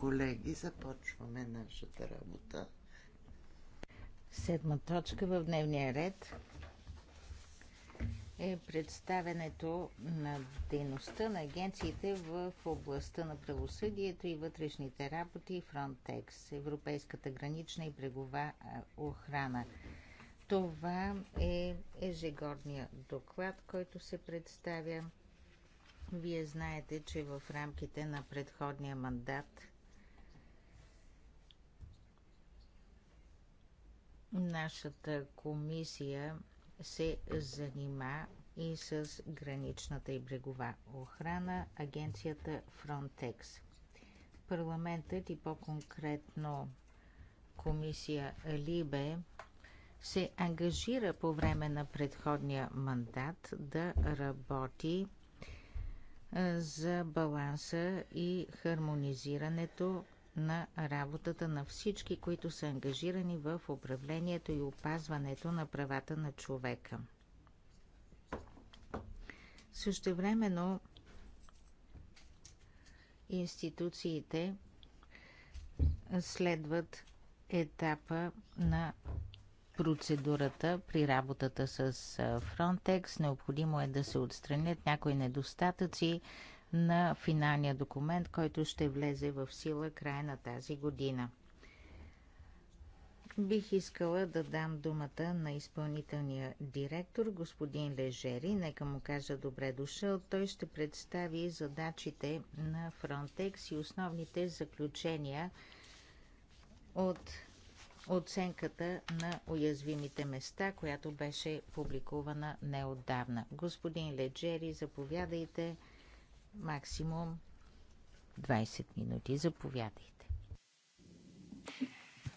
Колеги, започваме нашата работа. Седма точка в дневния ред е представенето на дейността на агенциите в областта на правосъдието и вътрешните работи Frontex, Европейската гранична и брегова охрана. Това е ежегодния доклад, който се представя. Вие знаете, че в рамките на предходния мандат Нашата комисия се занима и с граничната и брегова охрана, агенцията Frontex. Парламентът и по-конкретно комисия Либе се ангажира по време на предходния мандат да работи за баланса и хармонизирането на работата на всички, които са ангажирани в управлението и опазването на правата на човека. Същевременно институциите следват етапа на процедурата при работата с Frontex. Необходимо е да се отстранят някои недостатъци, на финалния документ, който ще влезе в сила края на тази година. Бих искала да дам думата на изпълнителния директор, господин Лежери. Нека му кажа добре дошъл. Той ще представи задачите на Frontex и основните заключения от оценката на уязвимите места, която беше публикувана неотдавна. Господин Леджери, заповядайте максимум 20 минути. Заповядайте.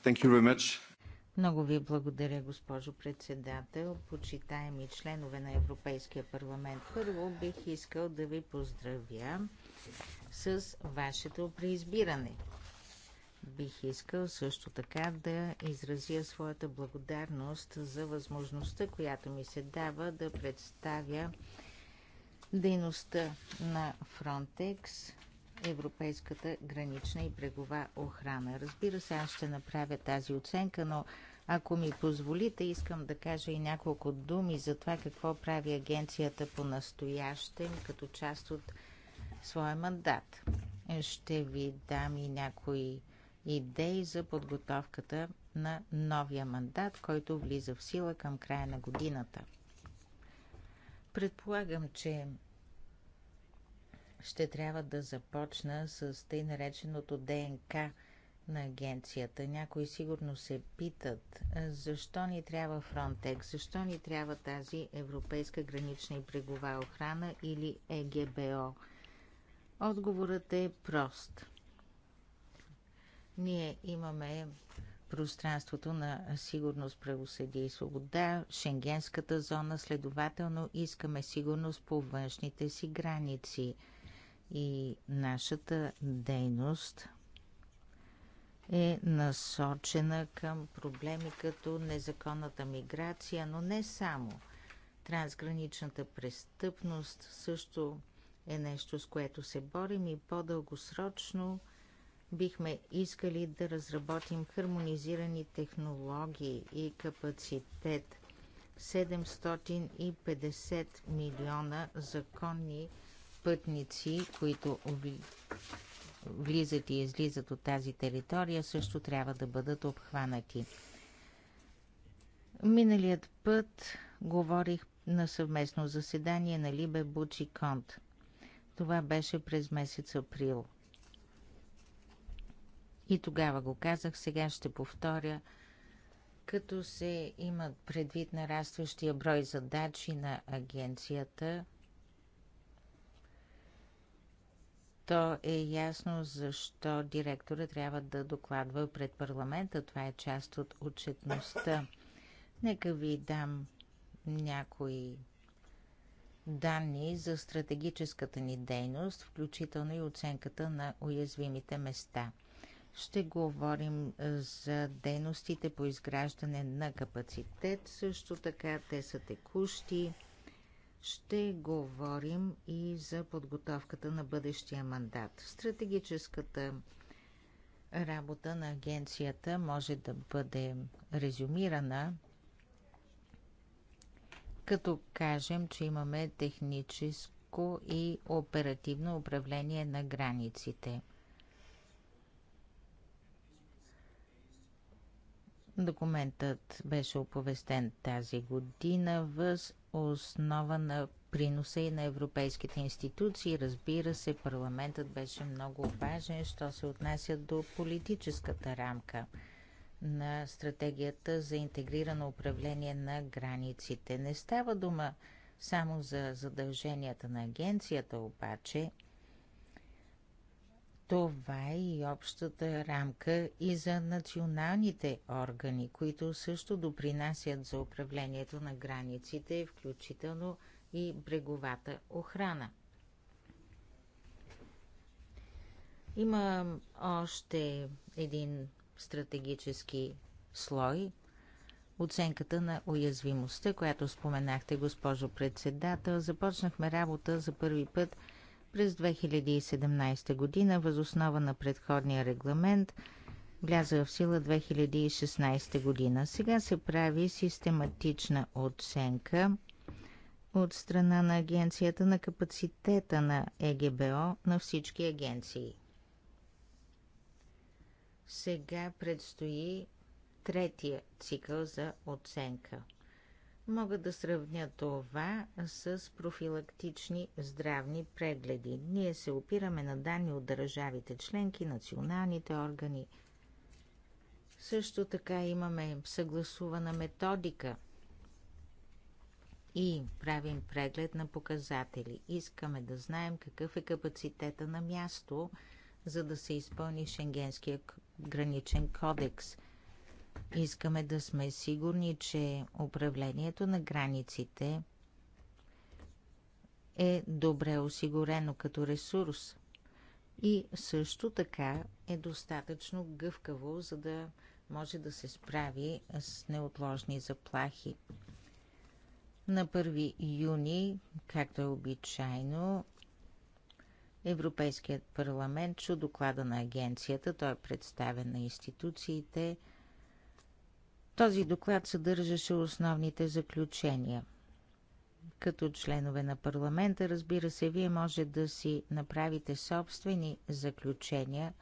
Thank you very much. Много ви благодаря, госпожо председател, почитаеми членове на Европейския парламент. Първо бих искал да ви поздравя с вашето преизбиране. Бих искал също така да изразя своята благодарност за възможността, която ми се дава да представя дейността на Фронтекс, Европейската гранична и брегова охрана. Разбира се, аз ще направя тази оценка, но ако ми позволите, искам да кажа и няколко думи за това какво прави агенцията по настоящем като част от своя мандат. Ще ви дам и някои идеи за подготовката на новия мандат, който влиза в сила към края на годината. Предполагам, че ще трябва да започна с тъй нареченото ДНК на агенцията. Някои сигурно се питат, защо ни трябва Frontex, защо ни трябва тази Европейска гранична и брегова охрана или ЕГБО. Отговорът е прост. Ние имаме пространството на сигурност, правосъдие и свобода, Шенгенската зона, следователно искаме сигурност по външните си граници – и нашата дейност е насочена към проблеми като незаконната миграция, но не само. Трансграничната престъпност също е нещо, с което се борим и по-дългосрочно бихме искали да разработим хармонизирани технологии и капацитет. 750 милиона законни пътници, които влизат и излизат от тази територия, също трябва да бъдат обхванати. Миналият път говорих на съвместно заседание на Либе Бучи Конт. Това беше през месец април. И тогава го казах, сега ще повторя, като се имат предвид нарастващия брой задачи на агенцията, то е ясно защо директора трябва да докладва пред парламента. Това е част от отчетността. Нека ви дам някои данни за стратегическата ни дейност, включително и оценката на уязвимите места. Ще говорим за дейностите по изграждане на капацитет, също така те са текущи, ще говорим и за подготовката на бъдещия мандат. Стратегическата работа на агенцията може да бъде резюмирана, като кажем, че имаме техническо и оперативно управление на границите. Документът беше оповестен тази година въз основа на приноса и на европейските институции. Разбира се, парламентът беше много важен, що се отнася до политическата рамка на стратегията за интегрирано управление на границите. Не става дума само за задълженията на агенцията, обаче – това е и общата рамка и за националните органи, които също допринасят за управлението на границите, включително и бреговата охрана. Има още един стратегически слой оценката на уязвимостта, която споменахте, госпожо председател. Започнахме работа за първи път през 2017 година, възоснова на предходния регламент, вляза в сила 2016 година. Сега се прави систематична оценка от страна на агенцията на капацитета на ЕГБО на всички агенции. Сега предстои третия цикъл за оценка – Мога да сравня това с профилактични здравни прегледи. Ние се опираме на данни от държавите членки, националните органи. Също така имаме съгласувана методика и правим преглед на показатели. Искаме да знаем какъв е капацитета на място, за да се изпълни Шенгенския граничен кодекс – Искаме да сме сигурни, че управлението на границите е добре осигурено като ресурс и също така е достатъчно гъвкаво, за да може да се справи с неотложни заплахи. На 1 юни, както е обичайно, Европейският парламент чу доклада на агенцията. Той е представен на институциите – този доклад съдържаше основните заключения. Като членове на парламента, разбира се, вие може да си направите собствени заключения,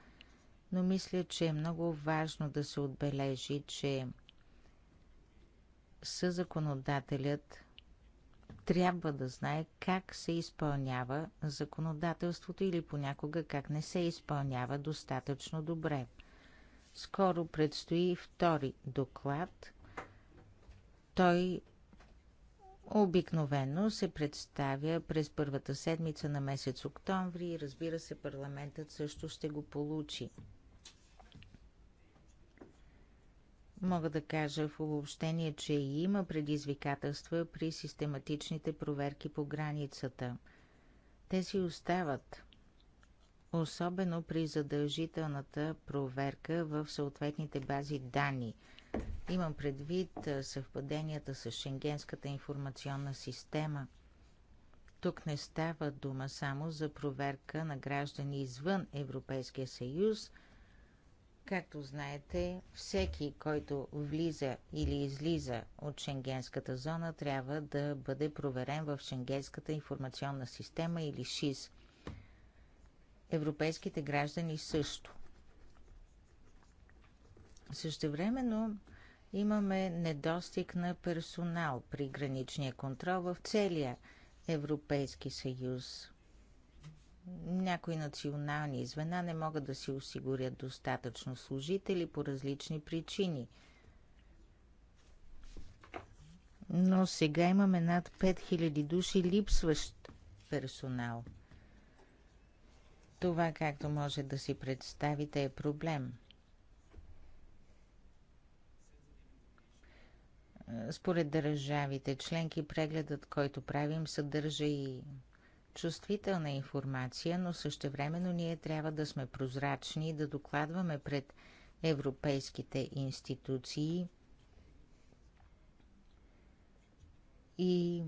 но мисля, че е много важно да се отбележи, че съзаконодателят трябва да знае как се изпълнява законодателството или понякога как не се изпълнява достатъчно добре – скоро предстои втори доклад. Той обикновено се представя през първата седмица на месец октомври и разбира се парламентът също ще го получи. Мога да кажа в обобщение, че и има предизвикателства при систематичните проверки по границата. Те си остават особено при задължителната проверка в съответните бази данни. Имам предвид съвпаденията с Шенгенската информационна система. Тук не става дума само за проверка на граждани извън Европейския съюз. Както знаете, всеки, който влиза или излиза от Шенгенската зона, трябва да бъде проверен в Шенгенската информационна система или ШИС – европейските граждани също. Същевременно имаме недостиг на персонал при граничния контрол в целия Европейски съюз. Някои национални звена не могат да си осигурят достатъчно служители по различни причини. Но сега имаме над 5000 души липсващ персонал – това, както може да си представите, е проблем. Според държавите членки, прегледът, който правим, съдържа и чувствителна информация, но същевременно ние трябва да сме прозрачни и да докладваме пред европейските институции и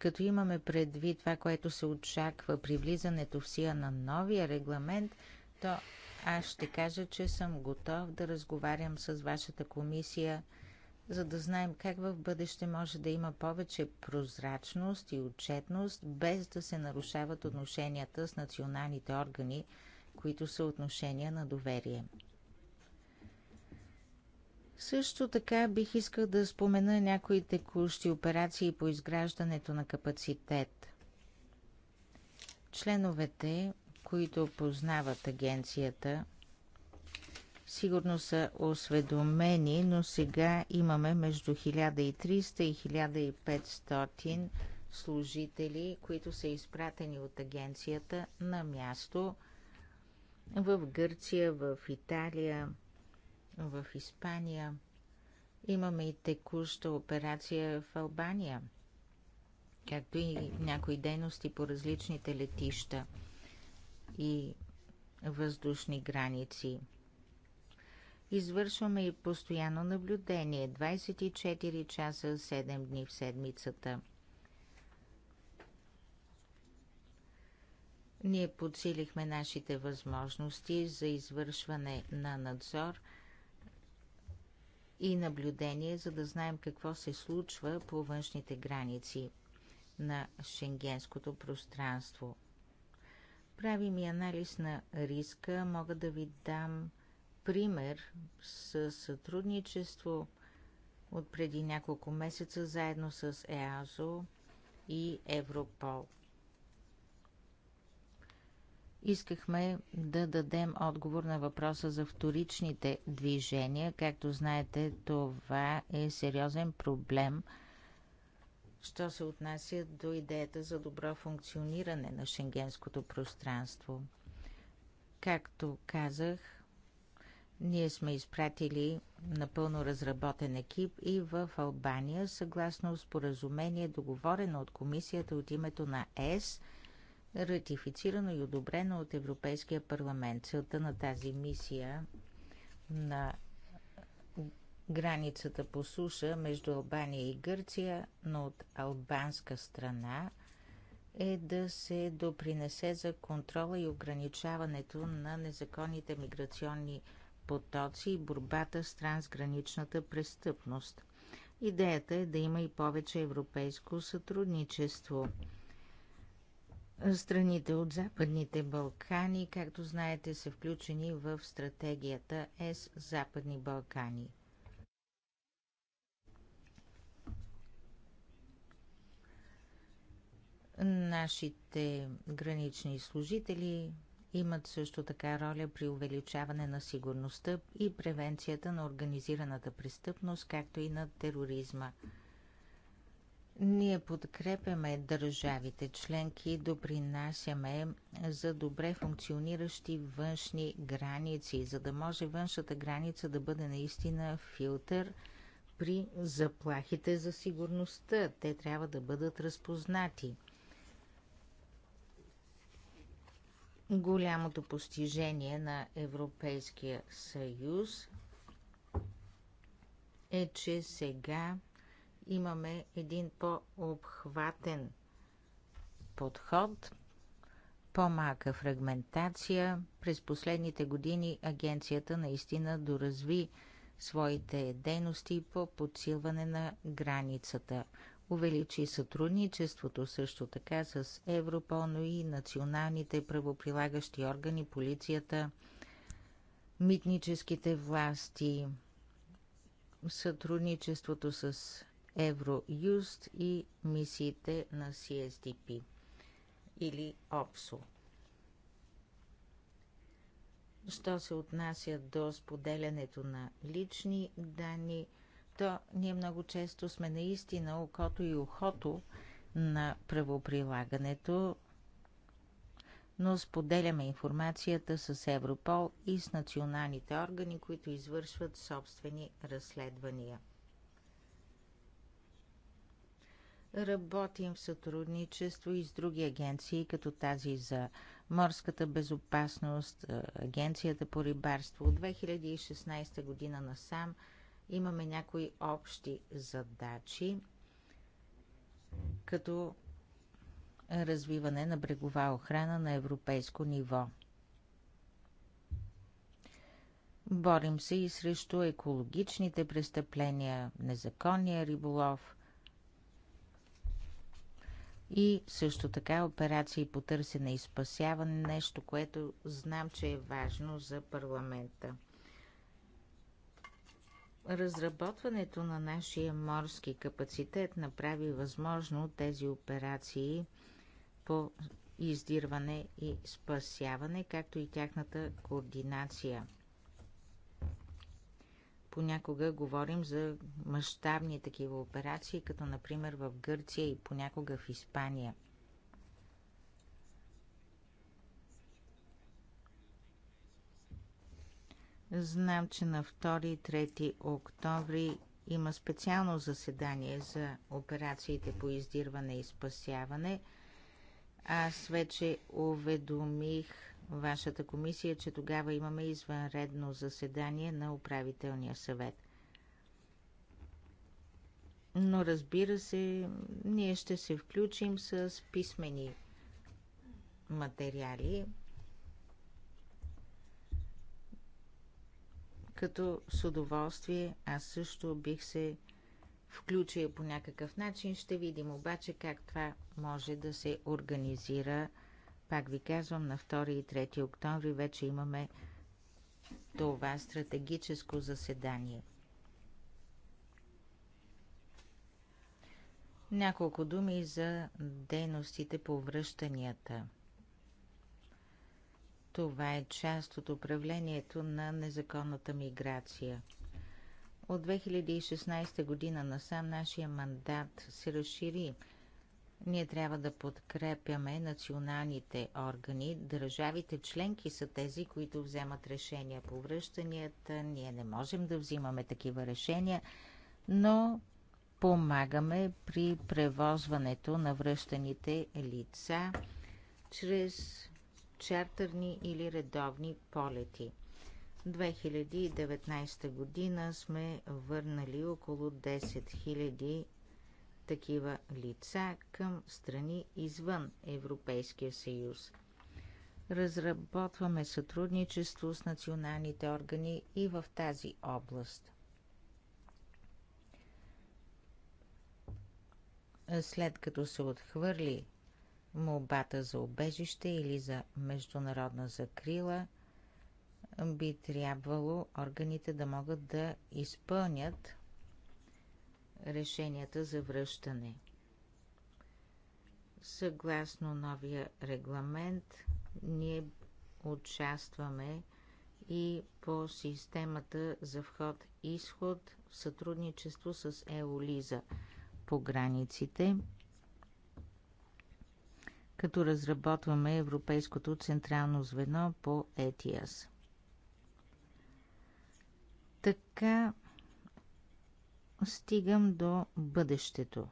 като имаме предвид това, което се очаква при влизането в сила на новия регламент, то аз ще кажа, че съм готов да разговарям с вашата комисия, за да знаем как в бъдеще може да има повече прозрачност и отчетност, без да се нарушават отношенията с националните органи, които са отношения на доверие. Също така бих искал да спомена някои текущи операции по изграждането на капацитет. Членовете, които познават агенцията, сигурно са осведомени, но сега имаме между 1300 и 1500 служители, които са изпратени от агенцията на място в Гърция, в Италия, в Испания. Имаме и текуща операция в Албания, както и някои дейности по различните летища и въздушни граници. Извършваме и постоянно наблюдение 24 часа 7 дни в седмицата. Ние подсилихме нашите възможности за извършване на надзор и наблюдение, за да знаем какво се случва по външните граници на шенгенското пространство. Правим и анализ на риска. Мога да ви дам пример с сътрудничество от преди няколко месеца заедно с ЕАЗО и Европол – Искахме да дадем отговор на въпроса за вторичните движения. Както знаете, това е сериозен проблем, що се отнася до идеята за добро функциониране на шенгенското пространство. Както казах, ние сме изпратили напълно разработен екип и в Албания, съгласно споразумение, договорено от комисията от името на ЕС – ратифицирано и одобрено от Европейския парламент. Целта на тази мисия на границата по суша между Албания и Гърция, но от албанска страна е да се допринесе за контрола и ограничаването на незаконните миграционни потоци и борбата с трансграничната престъпност. Идеята е да има и повече европейско сътрудничество – Страните от Западните Балкани, както знаете, са включени в стратегията с Западни Балкани. Нашите гранични служители имат също така роля при увеличаване на сигурността и превенцията на организираната престъпност, както и на тероризма – ние подкрепяме държавите членки, и допринасяме за добре функциониращи външни граници, за да може външната граница да бъде наистина филтър при заплахите за сигурността. Те трябва да бъдат разпознати. Голямото постижение на Европейския съюз е, че сега имаме един по-обхватен подход, по-малка фрагментация. През последните години агенцията наистина доразви своите дейности по подсилване на границата. Увеличи сътрудничеството също така с Европол, но и националните правоприлагащи органи, полицията, митническите власти, сътрудничеството с Евроюст и мисиите на CSDP или ОПСО. Що се отнася до споделянето на лични данни, то ние много често сме наистина окото и ухото на правоприлагането, но споделяме информацията с Европол и с националните органи, които извършват собствени разследвания – Работим в сътрудничество и с други агенции, като тази за морската безопасност, агенцията по рибарство. От 2016 година насам имаме някои общи задачи, като развиване на брегова охрана на европейско ниво. Борим се и срещу екологичните престъпления, незаконния риболов – и също така операции по търсене и спасяване, нещо, което знам, че е важно за парламента. Разработването на нашия морски капацитет направи възможно тези операции по издирване и спасяване, както и тяхната координация – Понякога говорим за мащабни такива операции, като например в Гърция и понякога в Испания. Знам, че на 2 3 октомври има специално заседание за операциите по издирване и спасяване. Аз вече уведомих вашата комисия, че тогава имаме извънредно заседание на управителния съвет. Но разбира се, ние ще се включим с писмени материали, като с удоволствие аз също бих се включил по някакъв начин. Ще видим обаче как това може да се организира пак ви казвам, на 2 и 3 октомври вече имаме това стратегическо заседание. Няколко думи за дейностите по връщанията. Това е част от управлението на незаконната миграция. От 2016 година насам нашия мандат се разшири – ние трябва да подкрепяме националните органи. Държавите членки са тези, които вземат решения по връщанията. Ние не можем да взимаме такива решения, но помагаме при превозването на връщаните лица чрез чартърни или редовни полети. 2019 година сме върнали около 10 000 такива лица към страни извън Европейския съюз. Разработваме сътрудничество с националните органи и в тази област. След като се отхвърли молбата за обежище или за международна закрила, би трябвало органите да могат да изпълнят решенията за връщане. Съгласно новия регламент, ние участваме и по системата за вход-изход в сътрудничество с Еолиза по границите, като разработваме Европейското централно звено по ETIAS. Така стигам до бъдещето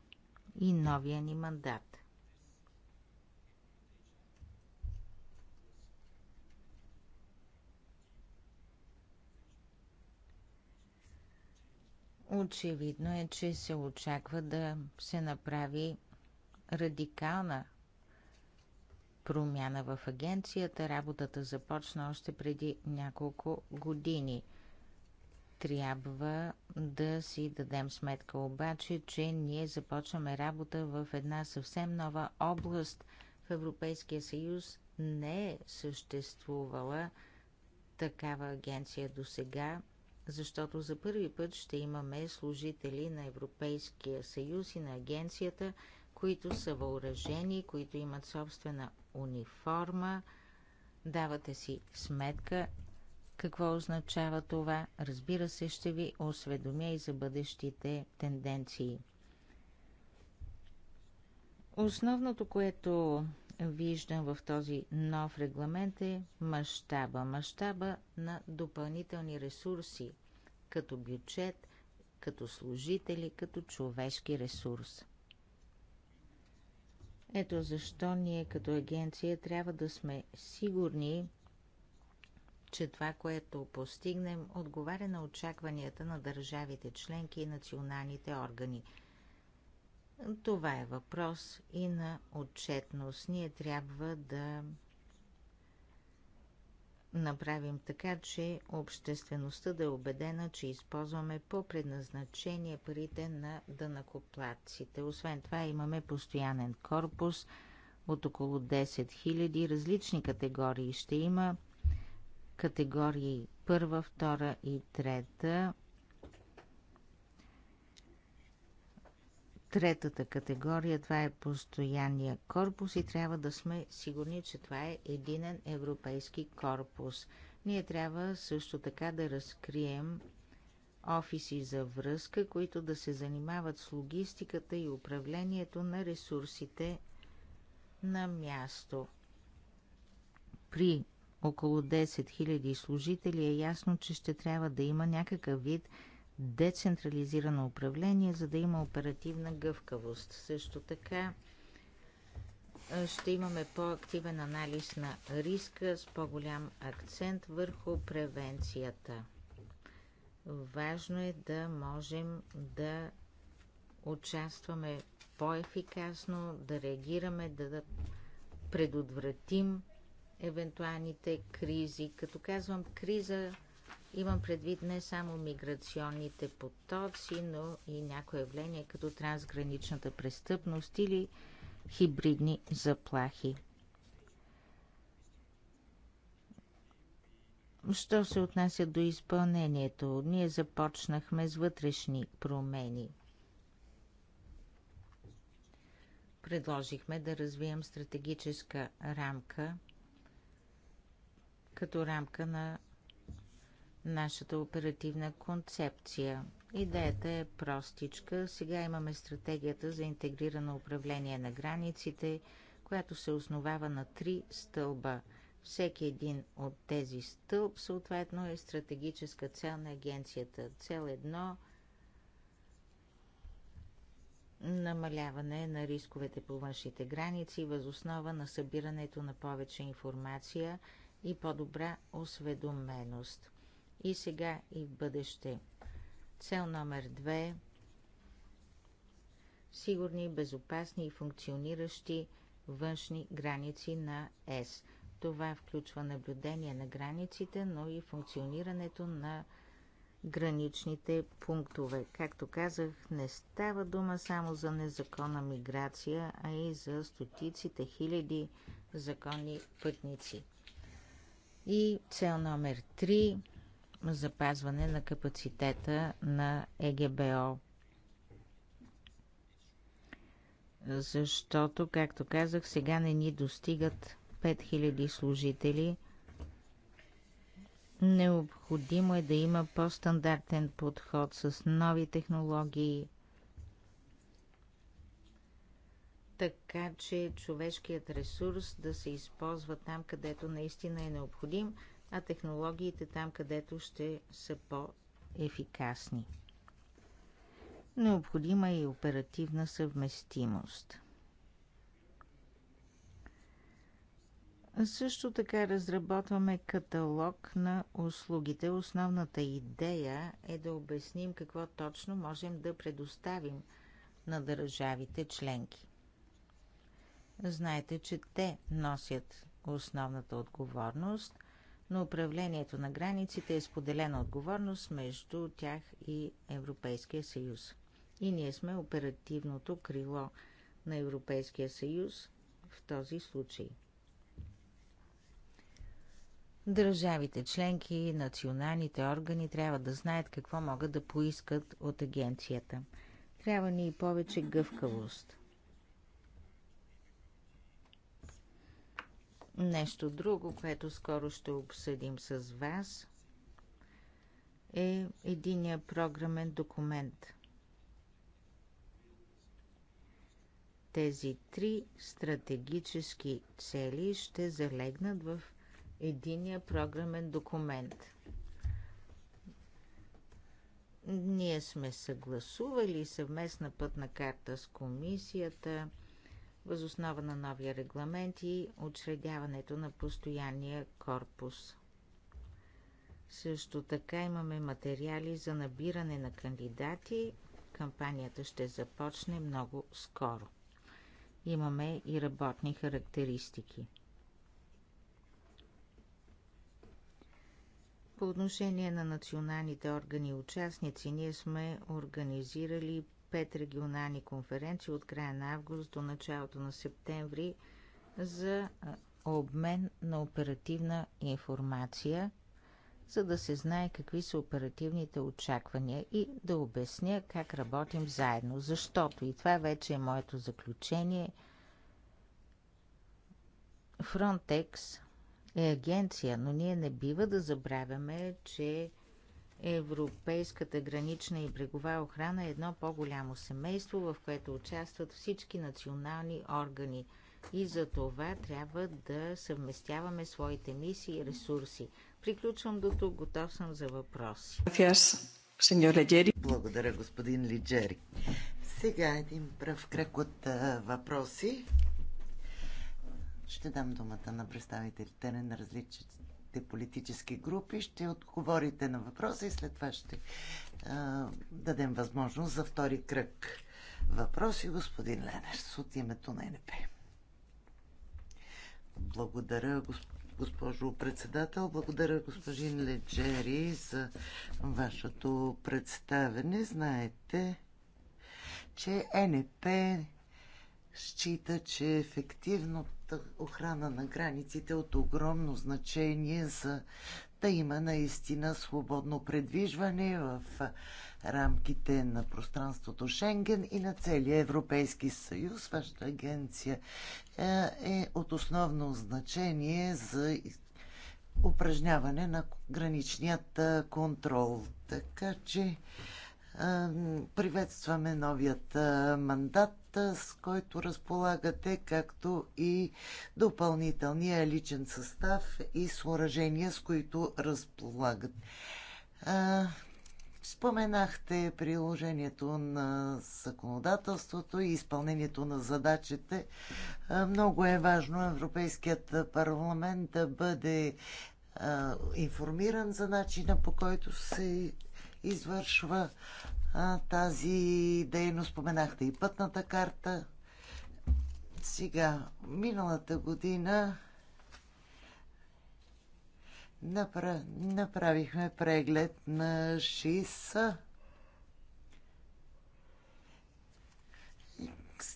и новия ни мандат. Очевидно е, че се очаква да се направи радикална промяна в агенцията. Работата започна още преди няколко години – трябва да си дадем сметка обаче, че ние започваме работа в една съвсем нова област в Европейския съюз. Не е съществувала такава агенция до сега, защото за първи път ще имаме служители на Европейския съюз и на агенцията, които са въоръжени, които имат собствена униформа. Давате си сметка какво означава това? Разбира се, ще ви осведомя и за бъдещите тенденции. Основното, което виждам в този нов регламент е мащаба. Мащаба на допълнителни ресурси, като бюджет, като служители, като човешки ресурс. Ето защо ние като агенция трябва да сме сигурни, че това, което постигнем, отговаря на очакванията на държавите членки и националните органи. Това е въпрос и на отчетност. Ние трябва да направим така, че обществеността да е убедена, че използваме по предназначение парите на дънакоплаците. Освен това имаме постоянен корпус от около 10 000 различни категории. Ще има категории първа, втора и трета. Третата категория, това е постоянния корпус и трябва да сме сигурни, че това е единен европейски корпус. Ние трябва също така да разкрием офиси за връзка, които да се занимават с логистиката и управлението на ресурсите на място. При около 10 000 служители, е ясно, че ще трябва да има някакъв вид децентрализирано управление, за да има оперативна гъвкавост. Също така ще имаме по-активен анализ на риска с по-голям акцент върху превенцията. Важно е да можем да участваме по-ефикасно, да реагираме, да предотвратим евентуалните кризи. Като казвам криза, имам предвид не само миграционните потоци, но и някои явления като трансграничната престъпност или хибридни заплахи. Що се отнася до изпълнението, ние започнахме с вътрешни промени. Предложихме да развием стратегическа рамка – като рамка на нашата оперативна концепция. Идеята е простичка. Сега имаме стратегията за интегрирано управление на границите, която се основава на три стълба. Всеки един от тези стълб съответно е стратегическа цел на агенцията. Цел едно намаляване на рисковете по външните граници, възоснова на събирането на повече информация – и по-добра осведоменост. И сега, и в бъдеще. Цел номер две – сигурни, безопасни и функциониращи външни граници на ЕС. Това включва наблюдение на границите, но и функционирането на граничните пунктове. Както казах, не става дума само за незаконна миграция, а и за стотиците хиляди законни пътници. И цел номер 3 запазване на капацитета на ЕГБО. Защото, както казах, сега не ни достигат 5000 служители. Необходимо е да има по-стандартен подход с нови технологии, така че човешкият ресурс да се използва там, където наистина е необходим, а технологиите там, където ще са по-ефикасни. Необходима е и оперативна съвместимост. Също така разработваме каталог на услугите. Основната идея е да обясним какво точно можем да предоставим на държавите членки. Знаете, че те носят основната отговорност, но управлението на границите е споделена отговорност между тях и Европейския съюз. И ние сме оперативното крило на Европейския съюз в този случай. Държавите членки, и националните органи трябва да знаят какво могат да поискат от агенцията. Трябва ни и повече гъвкавост. Нещо друго, което скоро ще обсъдим с вас, е единия програмен документ. Тези три стратегически цели ще залегнат в единия програмен документ. Ние сме съгласували съвместна пътна карта с комисията – възоснова на новия регламент и учредяването на постоянния корпус. Също така имаме материали за набиране на кандидати. Кампанията ще започне много скоро. Имаме и работни характеристики. По отношение на националните органи и участници, ние сме организирали пет регионални конференции от края на август до началото на септември за обмен на оперативна информация, за да се знае какви са оперативните очаквания и да обясня как работим заедно. Защото, и това вече е моето заключение, Frontex е агенция, но ние не бива да забравяме, че Европейската гранична и брегова охрана е едно по-голямо семейство, в което участват всички национални органи. И за това трябва да съвместяваме своите мисии и ресурси. Приключвам до тук. Готов съм за въпроси. Благодаря, господин Лиджери. Сега един пръв кръг от въпроси. Ще дам думата на представителите на различни другите политически групи. Ще отговорите на въпроса и след това ще а, дадем възможност за втори кръг въпроси. Господин Ленерс от името на НП. Благодаря, госпожо председател. Благодаря, господин Леджери, за вашето представене. Знаете, че НП счита, че ефективната охрана на границите е от огромно значение за да има наистина свободно предвижване в рамките на пространството Шенген и на целия Европейски съюз. Вашата агенция е, е от основно значение за упражняване на граничният контрол. Така че Приветстваме новият мандат, с който разполагате, както и допълнителния личен състав и съоръжения, с които разполагат. Споменахте приложението на законодателството и изпълнението на задачите. Много е важно Европейският парламент да бъде информиран за начина по който се извършва а, тази дейност. Споменахте и пътната карта. Сега, миналата година напра... направихме преглед на ШИСа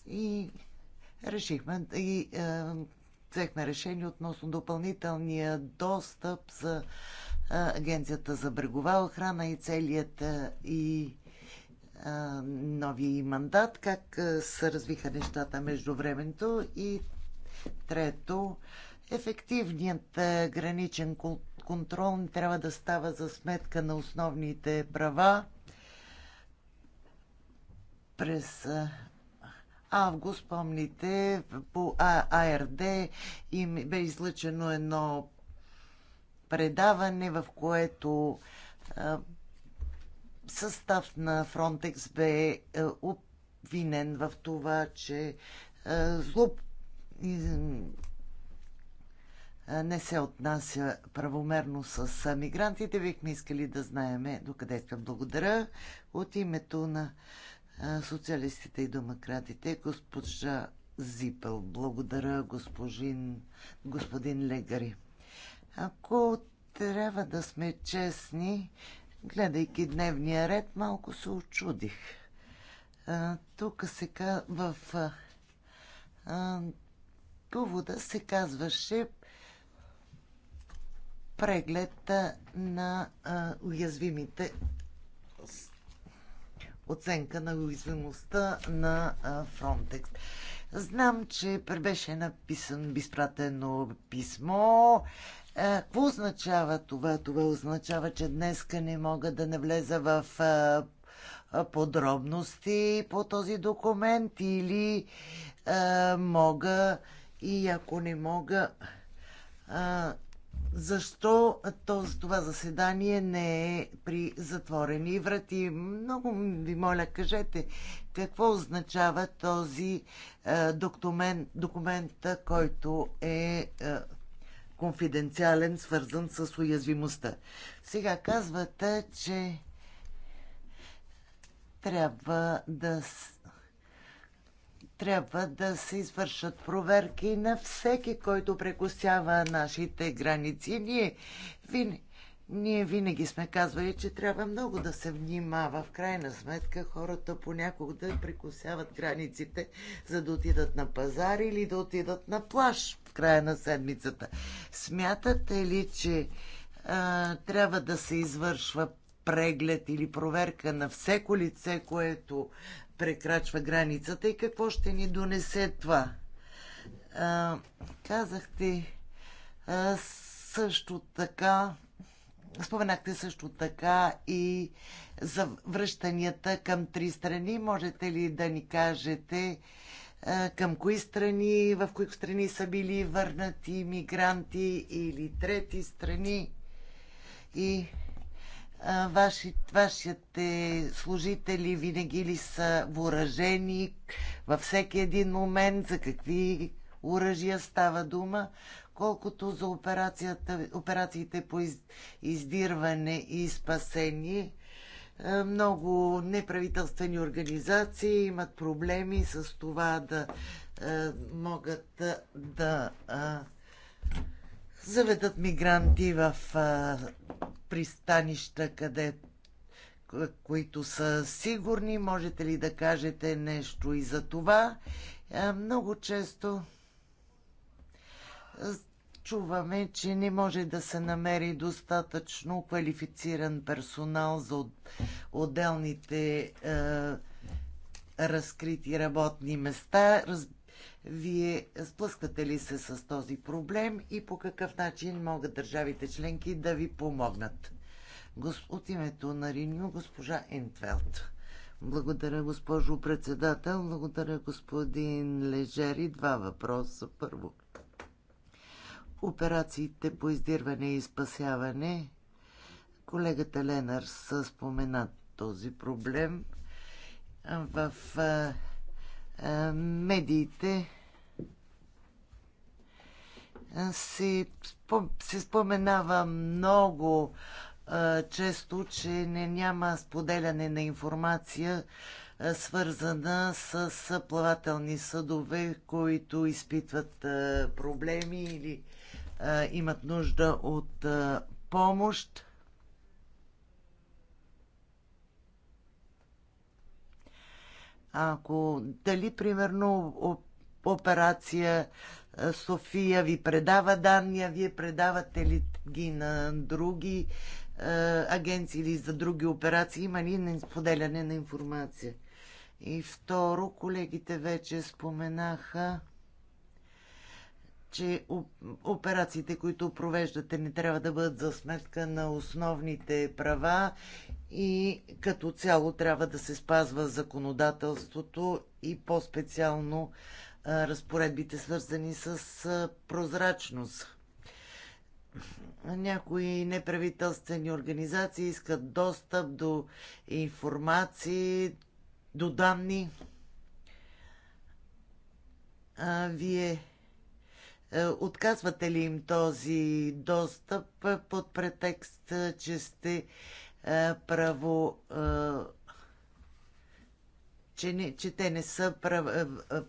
и решихме и е, взехме решение относно допълнителния достъп за Агенцията за брегова охрана и целият и новия мандат, как се развиха нещата между времето и трето, ефективният граничен контрол не трябва да става за сметка на основните права. През август, помните, по АРД им бе излъчено едно предаване, в което състав на Фронтекс бе е, обвинен в това, че злоб не се отнася правомерно с мигрантите. Бихме искали да знаеме докъде сме. Благодаря от името на социалистите и демократите, госпожа Зипел. Благодаря, госпожин, господин Легари. Ако трябва да сме честни, гледайки дневния ред, малко се очудих. Тук сега в повода се казваше преглед на а, уязвимите оценка на уязвимостта на Фронтекс. Знам, че беше написано безпратено писмо. Какво е, означава това? Това означава, че днеска не мога да не влеза в е, е, подробности по този документ или а, мога и ако не мога, а, защо този, това заседание не е при затворени врати? Много ви моля, кажете какво означава този а, документ, документ, който е конфиденциален, свързан с уязвимостта. Сега казвате, че трябва да трябва да се извършат проверки на всеки, който прекусява нашите граници. Ние винаги ние винаги сме казвали, че трябва много да се внимава. В крайна сметка хората понякога да прекусяват границите, за да отидат на пазар или да отидат на плаш в края на седмицата. Смятате ли, че а, трябва да се извършва преглед или проверка на всеко лице, което прекрачва границата и какво ще ни донесе това? А, казахте а, също така Споменахте също така и за връщанията към три страни. Можете ли да ни кажете е, към кои страни, в кои страни са били върнати мигранти или трети страни? И е, ваши, вашите служители винаги ли са въоръжени във всеки един момент? За какви оръжия става дума? Колкото за операцията, операциите по из, издирване и спасение, е, много неправителствени организации имат проблеми с това да е, могат да е, заведат мигранти в пристанища, къде които са сигурни. Можете ли да кажете нещо и за това? Много често чуваме, че не може да се намери достатъчно квалифициран персонал за отделните е, разкрити работни места. Раз... Вие сплъсквате ли се с този проблем и по какъв начин могат държавите членки да ви помогнат? Гос... От името на Риню, госпожа Ентвелт. Благодаря, госпожо председател. Благодаря, господин Лежери. Два въпроса. Първо операциите по издирване и спасяване. Колегата Ленар спомена този проблем в а, а, медиите се, се споменава много а, често, че не няма споделяне на информация, свързана с, плавателни съдове, които изпитват проблеми или имат нужда от помощ. Ако дали, примерно, операция София ви предава данни, а вие предавате ли ги на други агенции или за други операции? Има ли споделяне на информация? И второ, колегите вече споменаха че операциите, които провеждате, не трябва да бъдат за сметка на основните права и като цяло трябва да се спазва законодателството и по-специално разпоредбите, свързани с прозрачност. Някои неправителствени организации искат достъп до информации, до данни. А, вие е, отказвате ли им този достъп е, под претекст, е, че сте право че, не, че те не са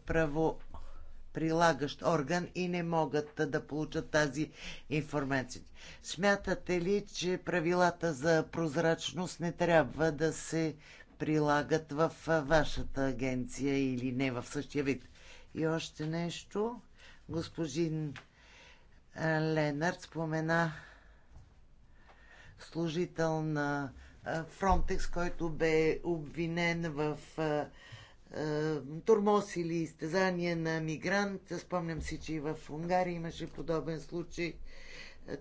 правоприлагащ право орган и не могат да получат тази информация. Смятате ли, че правилата за прозрачност не трябва да се прилагат в вашата агенция или не в същия вид? И още нещо. Господин Ленард спомена служител на Фронтекс, който бе обвинен в турмоз или изтезание на мигрант. Спомням си, че и в Унгария имаше подобен случай.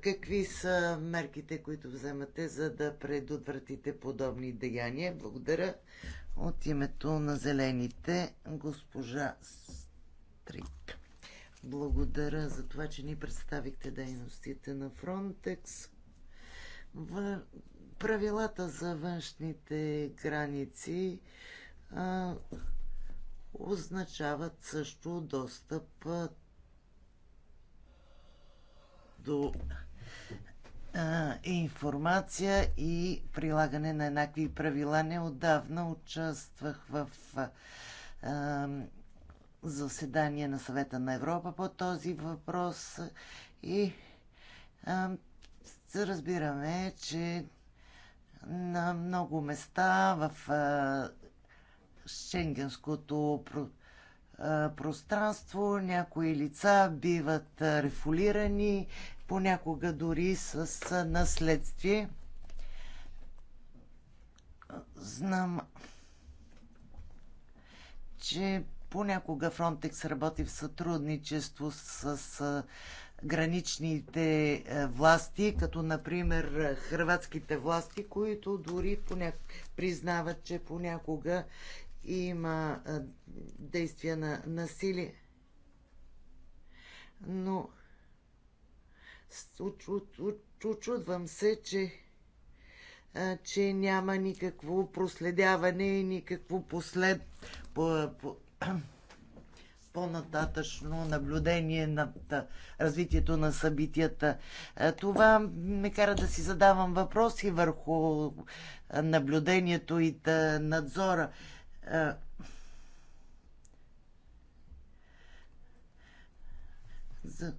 Какви са мерките, които вземате, за да предотвратите подобни деяния? Благодаря. От името на зелените, госпожа Стрик благодаря за това, че ни представихте дейностите на Фронтекс. В правилата за външните граници а, означават също достъп а, до а, информация и прилагане на еднакви правила. Неодавна участвах в а, заседание на съвета на Европа по този въпрос и а, разбираме, че на много места в а, шенгенското про, а, пространство някои лица биват рефулирани, понякога дори с, с наследствие. Знам, че Понякога Фронтекс работи в сътрудничество с, с граничните власти, като например хрватските власти, които дори поняк... признават, че понякога има действия на насилие. Но очудвам се, че, че няма никакво проследяване и никакво послед, по, по, по-нататъчно наблюдение над развитието на събитията. Това ме кара да си задавам въпроси върху наблюдението и надзора. За,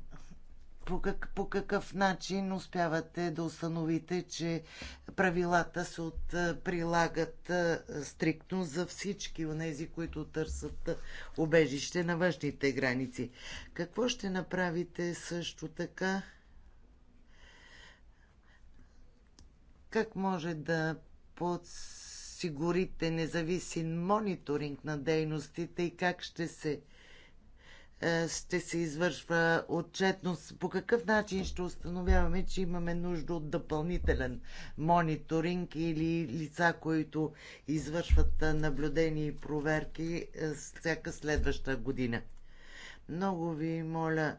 по, как, по какъв начин успявате да установите, че правилата се от, прилагат стриктно за всички от тези, които търсят убежище на външните граници? Какво ще направите също така? Как може да подсигурите независим мониторинг на дейностите и как ще се е, ще се извършва отчетност? По какъв начин ще установяваме, че имаме нужда от допълнителен мониторинг или лица, които извършват е, наблюдения и проверки е, всяка следваща година? Много ви моля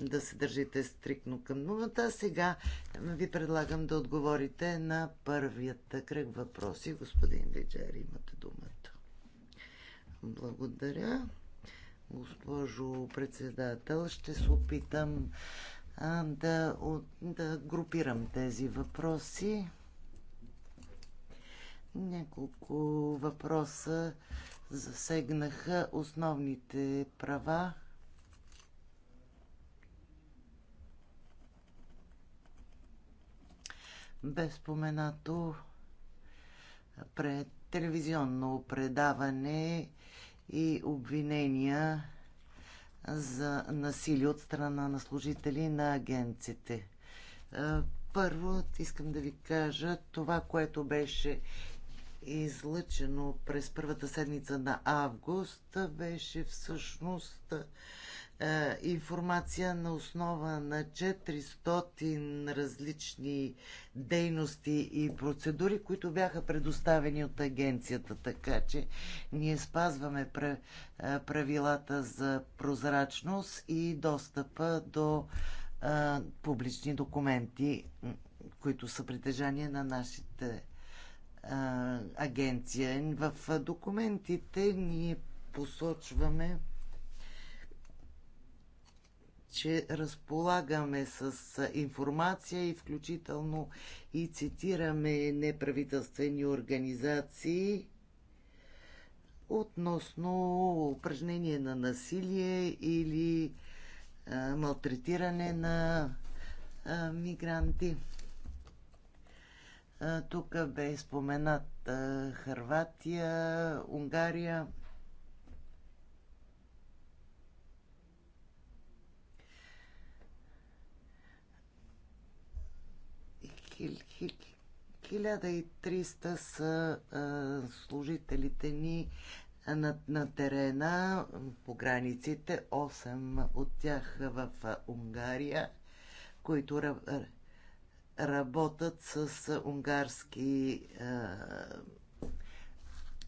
да се държите стрикно към думата. Сега ви предлагам да отговорите на първият кръг въпроси. Господин Лиджер, имате думата. Благодаря госпожо председател. Ще се опитам а, да, от, да групирам тези въпроси. Няколко въпроса засегнаха основните права. Без споменато пред телевизионно предаване и обвинения за насилие от страна на служители на агенците. Е, първо искам да ви кажа това, което беше излъчено през първата седмица на август, беше всъщност е, информация на основа на 400 различни дейности и процедури, които бяха предоставени от агенцията. Така че ние спазваме е, правилата за прозрачност и достъпа до е, публични документи, които са притежание на нашите агенция. В документите ние посочваме че разполагаме с информация и включително и цитираме неправителствени организации относно упражнение на насилие или а, малтретиране на а, мигранти. Тук бе споменат а, Харватия, Унгария. 1300 са служителите ни на, на терена по границите, 8 от тях в Унгария, които работят с унгарски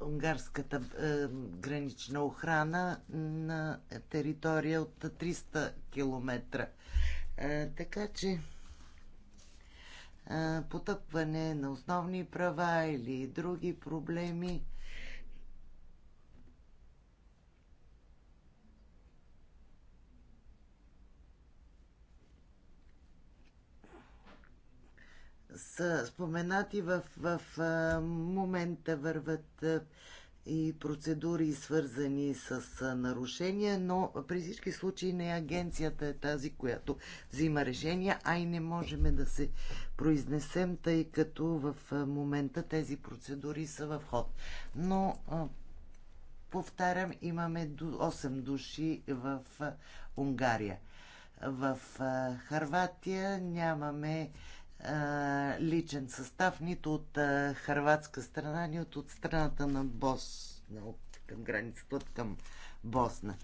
унгарската е, гранична охрана на територия от 300 км. Е, така че потъпване на основни права или други проблеми. са споменати в, в момента върват и процедури, свързани с нарушения, но при всички случаи не агенцията е тази, която взима решения, а и не можем да се произнесем, тъй като в момента тези процедури са в ход. Но, повтарям, имаме 8 души в Унгария. В Харватия нямаме личен състав, нито от хърватска страна, нито от страната на Босна, от към границата от към Босна.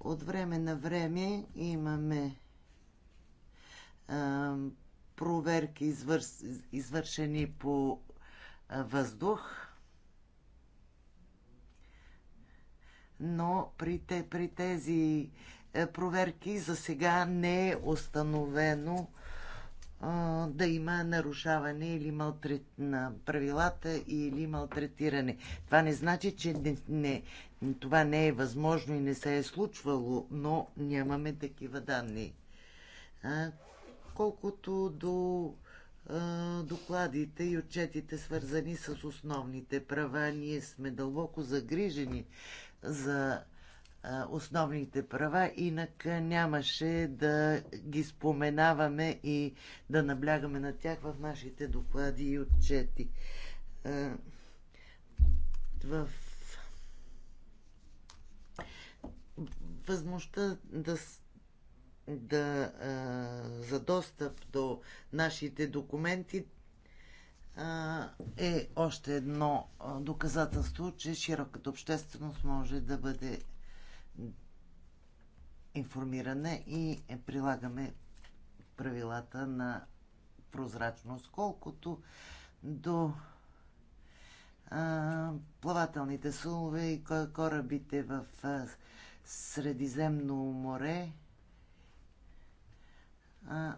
От време на време имаме а, проверки, извър... извършени по а, въздух, но при, те, при тези проверки за сега не е установено да има нарушаване или малтрет на правилата или малтретиране. Това не значи, че не, не, това не е възможно и не се е случвало, но нямаме такива данни. А, колкото до а, докладите и отчетите, свързани с основните права, ние сме дълбоко загрижени за основните права, инак нямаше да ги споменаваме и да наблягаме на тях в нашите доклади и отчети. В възможността да, да за достъп до нашите документи е още едно доказателство, че широката общественост може да бъде информиране и е, прилагаме правилата на прозрачност, колкото до а, плавателните сулове и корабите в а, Средиземно море. А,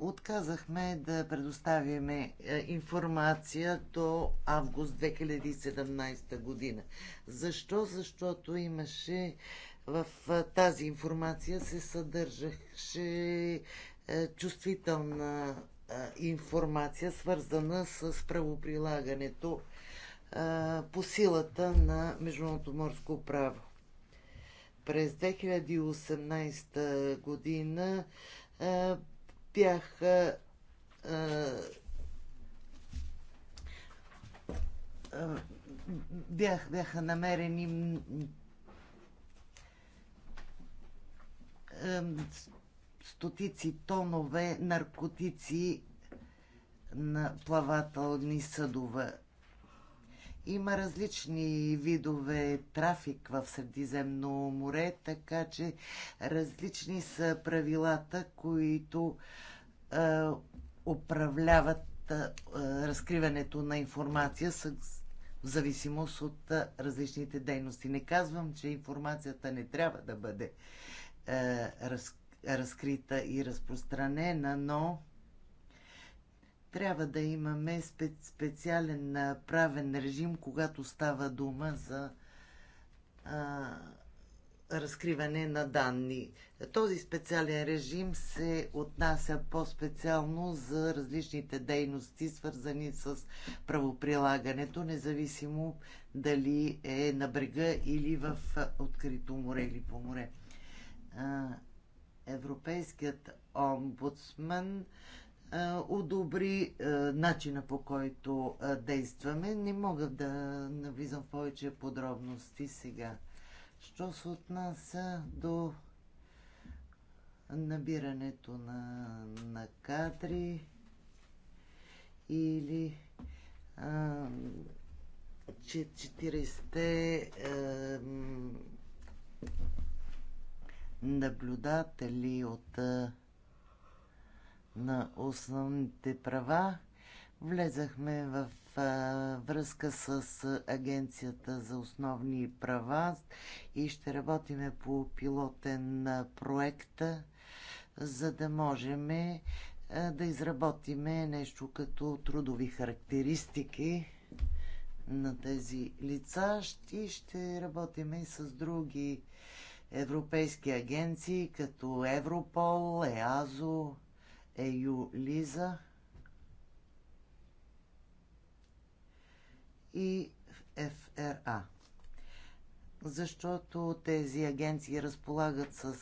отказахме да предоставяме е, информация до август 2017 година. Защо? Защото имаше в е, тази информация се съдържаше е, чувствителна информация, свързана с правоприлагането по силата на международното морско право. През 2018 година бяха бях, бяха намерени стотици тонове наркотици на плавателни съдове. Има различни видове трафик в Средиземно море, така че различни са правилата, които е, управляват е, разкриването на информация с, в зависимост от е, различните дейности. Не казвам, че информацията не трябва да бъде е, раз, разкрита и разпространена, но трябва да имаме специален правен режим, когато става дума за а, разкриване на данни. Този специален режим се отнася по-специално за различните дейности, свързани с правоприлагането, независимо дали е на брега или в открито море или по море. Европейският омбудсман одобри начина по който действаме. Не мога да навлизам в повече подробности сега. Що се отнася до набирането на, на кадри или а, 40-те наблюдатели от а, на основните права. Влезахме в връзка с Агенцията за основни права и ще работиме по пилотен проекта, за да можем да изработиме нещо като трудови характеристики на тези лица и ще работиме и с други европейски агенции, като Европол, ЕАЗО, Ею Лиза и ФРА. Защото тези агенции разполагат с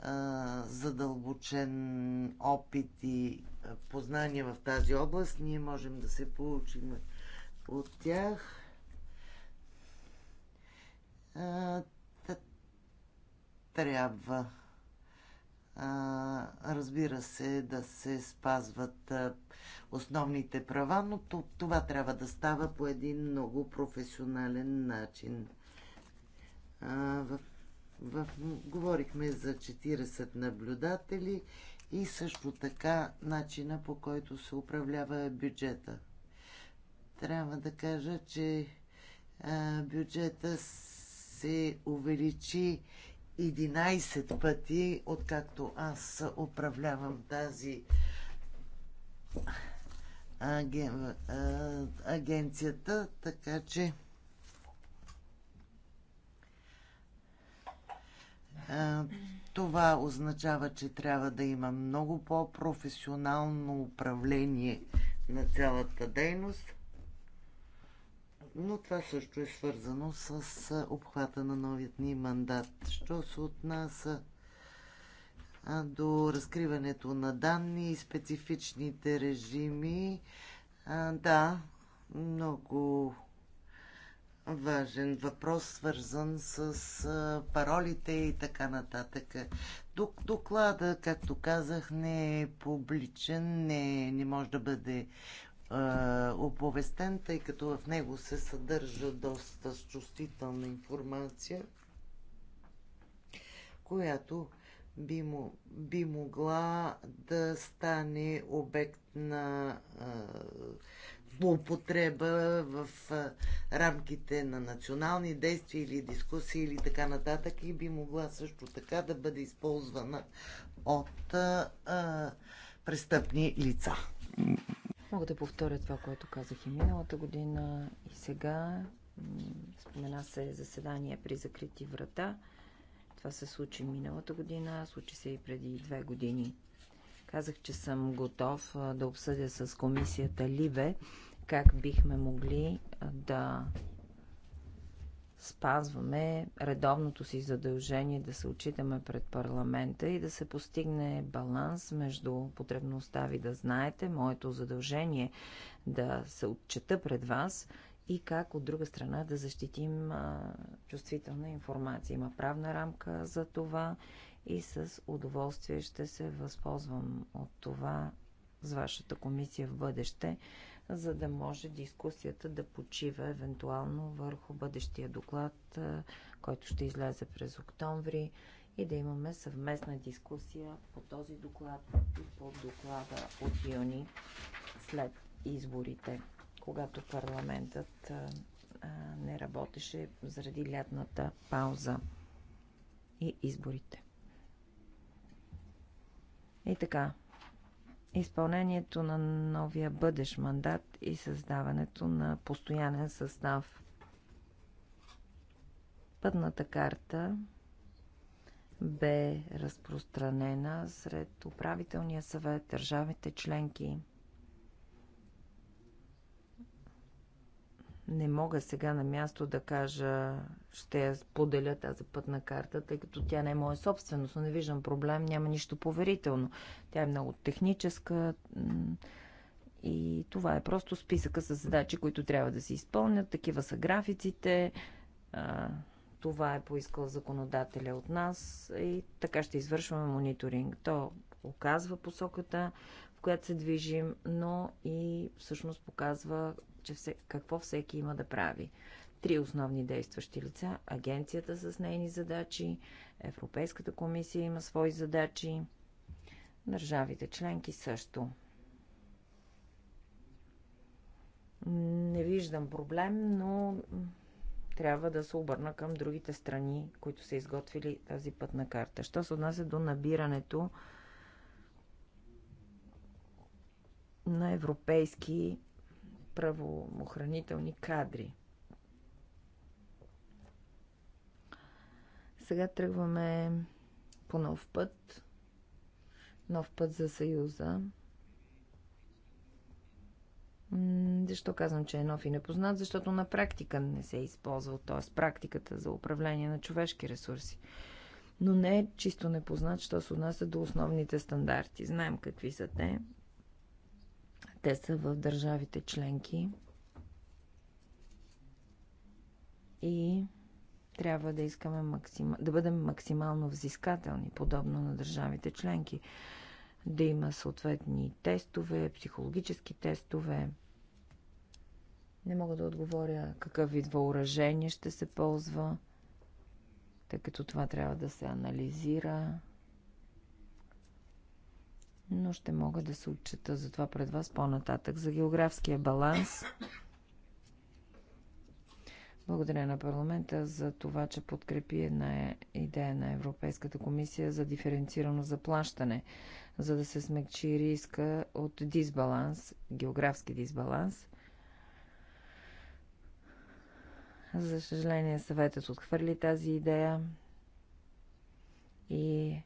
а, задълбочен опит и познания в тази област. Ние можем да се получим от тях. А, трябва разбира се, да се спазват основните права, но това трябва да става по един много професионален начин. В, в, говорихме за 40 наблюдатели и също така начина по който се управлява бюджета. Трябва да кажа, че бюджета се увеличи 11 пъти, откакто аз управлявам тази аген... агенцията, така че това означава, че трябва да има много по-професионално управление на цялата дейност но това също е свързано с обхвата на новият ни мандат. Що се отнася до разкриването на данни и специфичните режими, да, много важен въпрос, свързан с паролите и така нататък. Доклада, както казах, не е публичен, не, не може да бъде е, оповестен, тъй като в него се съдържа доста чувствителна информация, която би, му, би могла да стане обект на а, е, злоупотреба в а, е, рамките на национални действия или дискусии или така нататък и би могла също така да бъде използвана от а, а, престъпни лица. Мога да повторя това, което казах и миналата година, и сега. Спомена се заседание при закрити врата. Това се случи миналата година, случи се и преди две години. Казах, че съм готов да обсъдя с комисията Ливе как бихме могли да спазваме редовното си задължение да се отчитаме пред парламента и да се постигне баланс между потребността ви да знаете, моето задължение да се отчета пред вас и как от друга страна да защитим а, чувствителна информация. Има правна рамка за това и с удоволствие ще се възползвам от това с вашата комисия в бъдеще, за да може дискусията да почива евентуално върху бъдещия доклад, който ще излезе през октомври и да имаме съвместна дискусия по този доклад и по доклада от юни след изборите, когато парламентът не работеше заради лятната пауза и изборите. И така, изпълнението на новия бъдещ мандат и създаването на постоянен състав. Пътната карта бе разпространена сред управителния съвет, държавите членки – Не мога сега на място да кажа, ще я споделя тази пътна карта, тъй като тя не е моя собственост, но не виждам проблем, няма нищо поверително. Тя е много техническа и това е просто списъка с задачи, които трябва да се изпълнят. Такива са графиците, това е поискал законодателя от нас и така ще извършваме мониторинг. То оказва посоката, в която се движим, но и всъщност показва че все, какво всеки има да прави. Три основни действащи лица агенцията с нейни задачи, Европейската комисия има свои задачи, държавите членки също. Не виждам проблем, но трябва да се обърна към другите страни, които са изготвили тази пътна карта. Що се отнася до набирането на европейски правоохранителни кадри. Сега тръгваме по нов път. Нов път за Съюза. Защо казвам, че е нов и непознат? Защото на практика не се е използвал, т.е. практиката за управление на човешки ресурси. Но не е чисто непознат, що се отнася до основните стандарти. Знаем какви са те, те са в държавите членки и трябва да искаме максим... да бъдем максимално взискателни, подобно на държавите членки. Да има съответни тестове, психологически тестове. Не мога да отговоря какъв вид въоръжение ще се ползва, тъй като това трябва да се анализира но ще мога да се отчета за това пред вас по-нататък. За географския баланс. Благодаря на парламента за това, че подкрепи една идея на Европейската комисия за диференцирано заплащане, за да се смекчи риска от дисбаланс, географски дисбаланс. За съжаление, съветът отхвърли тази идея и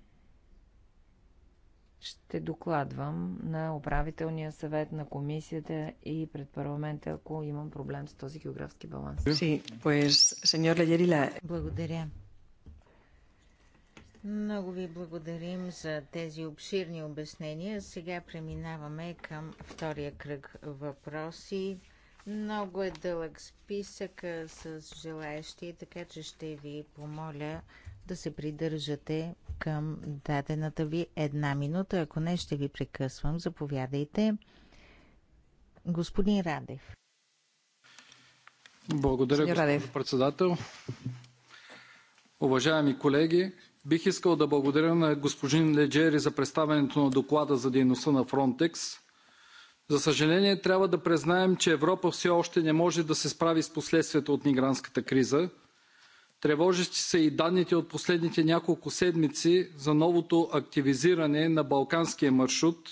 ще докладвам на управителния съвет, на комисията и пред парламента, ако имам проблем с този географски баланс. Sí, pues, Благодаря. Много ви благодарим за тези обширни обяснения. Сега преминаваме към втория кръг въпроси. Много е дълъг списък с желаящи, така че ще ви помоля да се придържате към дадената ви една минута. Ако не, ще ви прекъсвам. Заповядайте. Господин Радев. Благодаря, господин председател. Уважаеми колеги, бих искал да благодаря на господин Леджери за представянето на доклада за дейността на Фронтекс. За съжаление, трябва да признаем, че Европа все още не може да се справи с последствията от мигрантската криза – Тревожещи са и данните от последните няколко седмици за новото активизиране на балканския маршрут,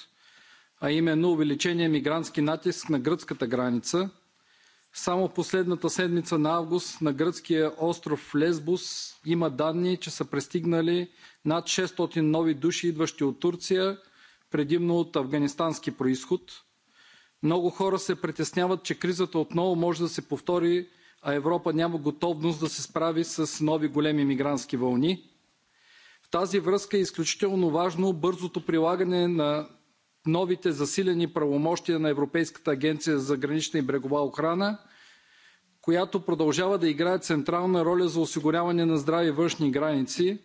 а именно увеличение мигрантски натиск на гръцката граница. Само последната седмица на август на гръцкия остров Лесбус има данни, че са пристигнали над 600 нови души, идващи от Турция, предимно от афганистански происход. Много хора се притесняват, че кризата отново може да се повтори а Европа няма готовност да се справи с нови големи мигрантски вълни. В тази връзка е изключително важно бързото прилагане на новите засилени правомощия на Европейската агенция за гранична и брегова охрана, която продължава да играе централна роля за осигуряване на здрави външни граници,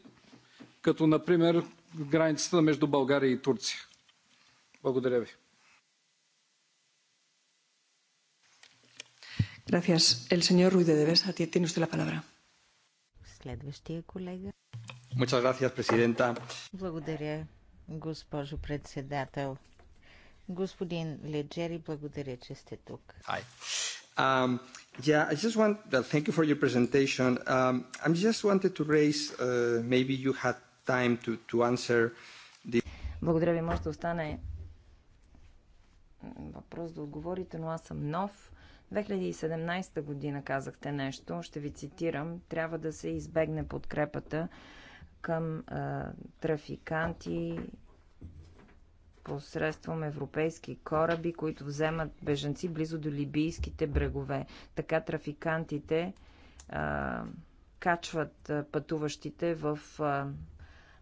като например границата между България и Турция. Благодаря ви. Gracias. El señor Ruiz de Devesa tiene usted la palabra. Следващия колега. Muchas gracias, президента. Благодаря, госпожо председател. Господин Леджери, благодаря, че сте тук. Hi. Um, yeah, I just want, well, thank you for your presentation. Um, I just wanted to raise, uh, maybe you had time to, to answer the... Благодаря ви, може да остане въпрос да отговорите, но аз съм нов 2017 година казахте нещо, ще ви цитирам, трябва да се избегне подкрепата към а, трафиканти посредством европейски кораби, които вземат бежанци близо до либийските брегове. Така трафикантите а, качват а, пътуващите в а,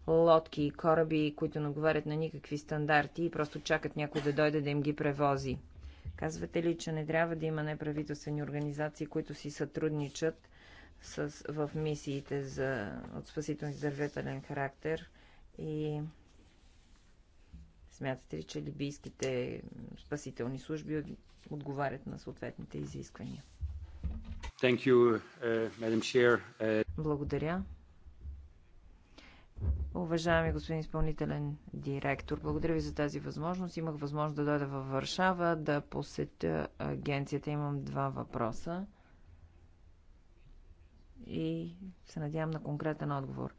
лодки и кораби, които не говорят на никакви стандарти и просто чакат някой да дойде да им ги превози. Казвате ли, че не трябва да има неправителствени организации, които си сътрудничат с, в мисиите за, от спасително-издържателен характер и смятате ли, че либийските спасителни служби отговарят на съответните изисквания? You, uh, uh Благодаря. Уважаеми господин изпълнителен директор, благодаря ви за тази възможност. Имах възможност да дойда във Варшава, да посетя агенцията. Имам два въпроса и се надявам на конкретен отговор.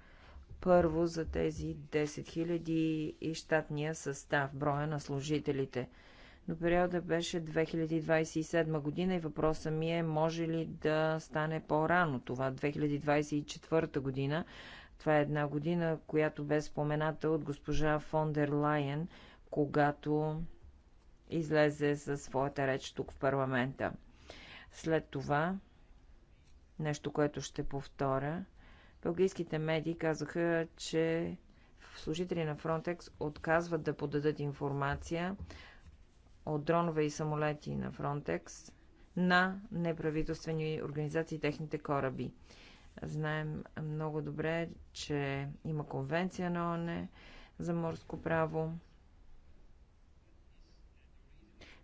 Първо за тези 10 000 и щатния състав, броя на служителите. Но периода беше 2027 година и въпросът ми е, може ли да стане по-рано това, 2024 година, това е една година, която бе спомената от госпожа фон дер Лайен, когато излезе със своята реч тук в парламента. След това, нещо, което ще повторя, белгийските медии казаха, че служители на Frontex отказват да подадат информация от дронове и самолети на Frontex на неправителствени организации и техните кораби. Знаем много добре, че има конвенция на ОНЕ за морско право.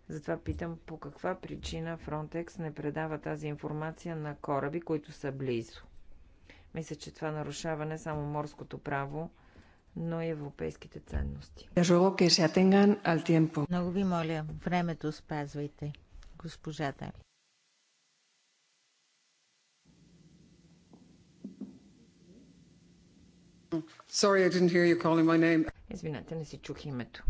Затова питам по каква причина Frontex не предава тази информация на кораби, които са близо. Мисля, че това нарушава не само морското право, но и европейските ценности. Много ви моля, времето спазвайте, госпожата. Sorry, I didn't hear you calling my name. Извинете, не си чух името.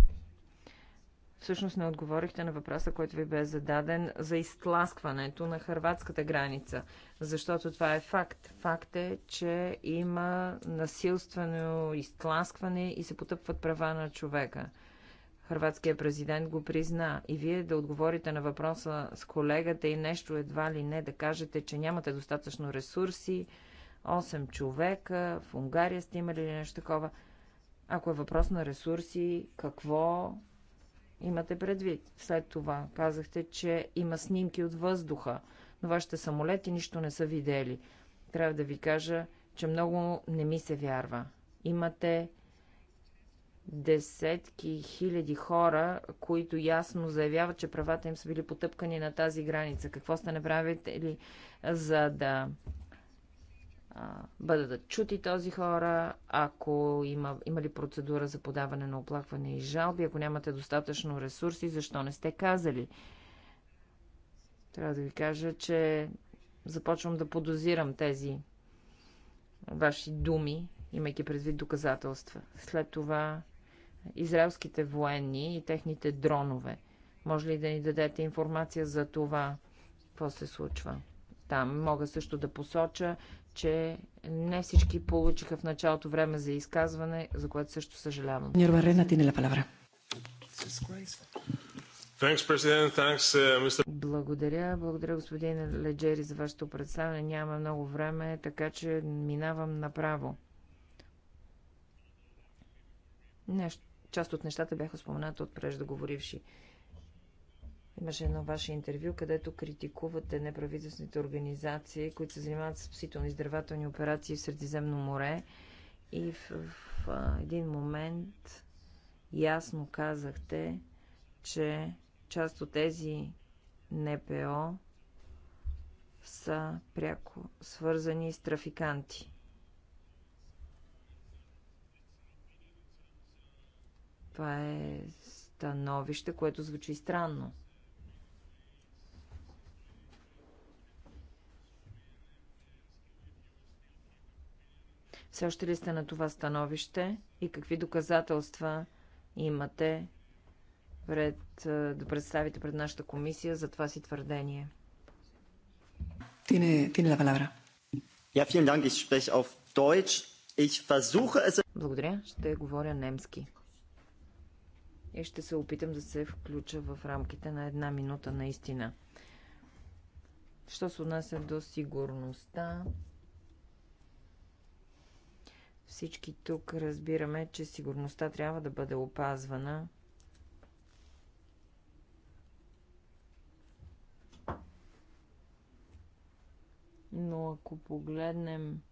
Всъщност не отговорихте на въпроса, който ви бе зададен за изтласкването на хърватската граница, защото това е факт. Факт е, че има насилствено изтласкване и се потъпват права на човека. Хрватският президент го призна. И вие да отговорите на въпроса с колегата и нещо едва ли не да кажете, че нямате достатъчно ресурси, 8 човека, в Унгария сте имали ли нещо такова? Ако е въпрос на ресурси, какво имате предвид? След това казахте, че има снимки от въздуха, но вашите самолети нищо не са видели. Трябва да ви кажа, че много не ми се вярва. Имате десетки хиляди хора, които ясно заявяват, че правата им са били потъпкани на тази граница. Какво сте направили, за да бъдат чути този хора, ако има, има ли процедура за подаване на оплакване и жалби, ако нямате достатъчно ресурси, защо не сте казали? Трябва да ви кажа, че започвам да подозирам тези ваши думи, имайки предвид доказателства. След това израелските военни и техните дронове. Може ли да ни дадете информация за това, какво се случва? там. Мога също да посоча, че не всички получиха в началото време за изказване, за което също съжалявам. Uh, Благодаря. Благодаря, господин Леджери, за вашето представяне. Няма много време, така че минавам направо. Нещо, част от нещата бяха споменати от преждоговоривши. Имаше едно ваше интервю, където критикувате неправителствените организации, които се занимават с спасителни здравателни операции в Средиземно море. И в, в в един момент ясно казахте, че част от тези НПО са пряко свързани с трафиканти. Това е становище, което звучи странно. Все още ли сте на това становище и какви доказателства имате пред, да представите пред нашата комисия за това си твърдение? Ich auf Deutsch. Ich versuche es... Благодаря. Ще говоря немски. И ще се опитам да се включа в рамките на една минута наистина. Що се отнася до сигурността всички тук разбираме, че сигурността трябва да бъде опазвана. Но ако погледнем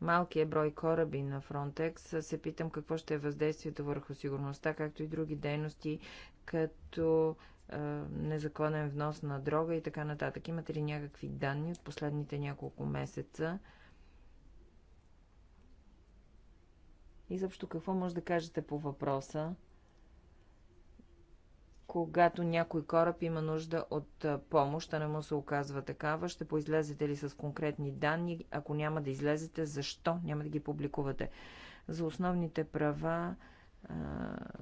малкия брой кораби на Frontex, се питам какво ще е въздействието върху сигурността, както и други дейности, като е, незаконен внос на дрога и така нататък. Имате ли някакви данни от последните няколко месеца? Изобщо какво може да кажете по въпроса, когато някой кораб има нужда от помощ, а не му се оказва такава, ще поизлезете ли с конкретни данни? Ако няма да излезете, защо няма да ги публикувате? За основните права,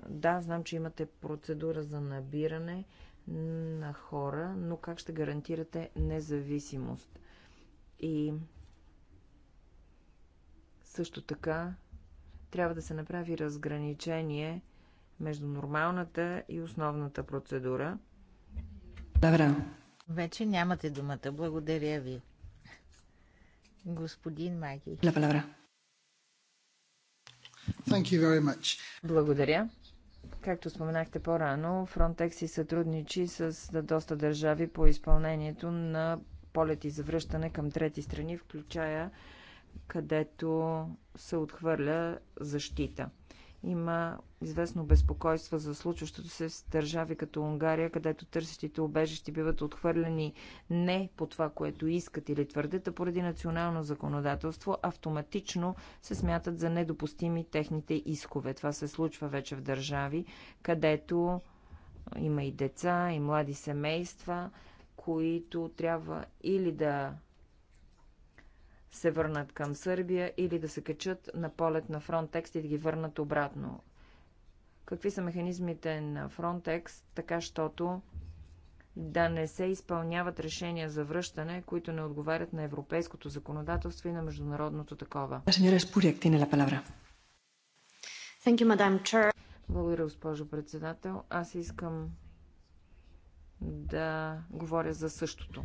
да, знам, че имате процедура за набиране на хора, но как ще гарантирате независимост? И също така трябва да се направи разграничение между нормалната и основната процедура. Добре. Вече нямате думата. Благодаря ви. Господин Маги. Добре. Thank you very much. Благодаря. Както споменахте по-рано, Frontex си сътрудничи с доста държави по изпълнението на полети за връщане към трети страни, включая където се отхвърля защита. Има известно безпокойство за случващото се с държави като Унгария, където търсещите обежище биват отхвърлени не по това, което искат или твърдят, а поради национално законодателство автоматично се смятат за недопустими техните искове. Това се случва вече в държави, където има и деца, и млади семейства, които трябва или да се върнат към Сърбия или да се качат на полет на Фронтекс и да ги върнат обратно. Какви са механизмите на Фронтекс, така щото да не се изпълняват решения за връщане, които не отговарят на европейското законодателство и на международното такова. Благодаря, госпожо председател. Аз искам да говоря за същото.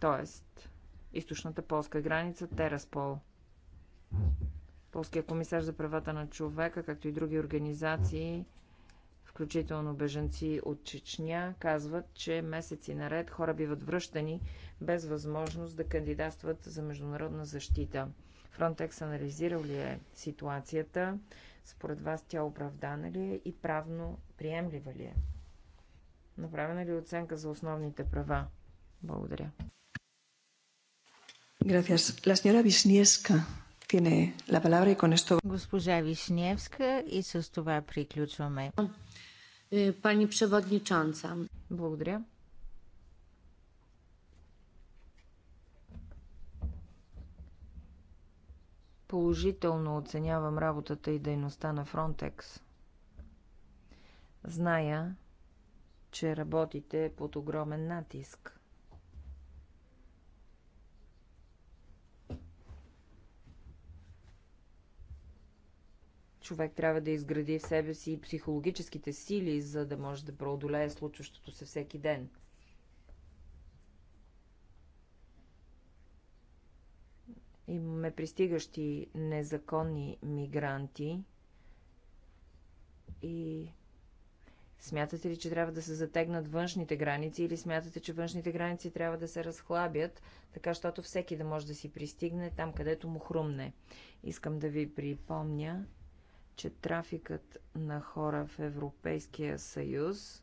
Тоест, източната полска граница Тераспол. Полския комисар за правата на човека, както и други организации, включително бежанци от Чечня, казват, че месеци наред хора биват връщани без възможност да кандидатстват за международна защита. Фронтекс анализирал ли е ситуацията? Според вас тя оправдана ли е и правно приемлива ли е? Направена ли е оценка за основните права? Благодаря. Gracias. La señora Вишневска tiene la palabra y con esto... Госпожа Вишневска и с това приключваме. Е, пани Преводничанца. Благодаря. Положително оценявам работата и дейността на Фронтекс. Зная, че работите под огромен натиск – човек трябва да изгради в себе си психологическите сили, за да може да преодолее случващото се всеки ден. Имаме пристигащи незаконни мигранти и Смятате ли, че трябва да се затегнат външните граници или смятате, че външните граници трябва да се разхлабят, така щото всеки да може да си пристигне там, където му хрумне? Искам да ви припомня, че трафикът на хора в Европейския съюз,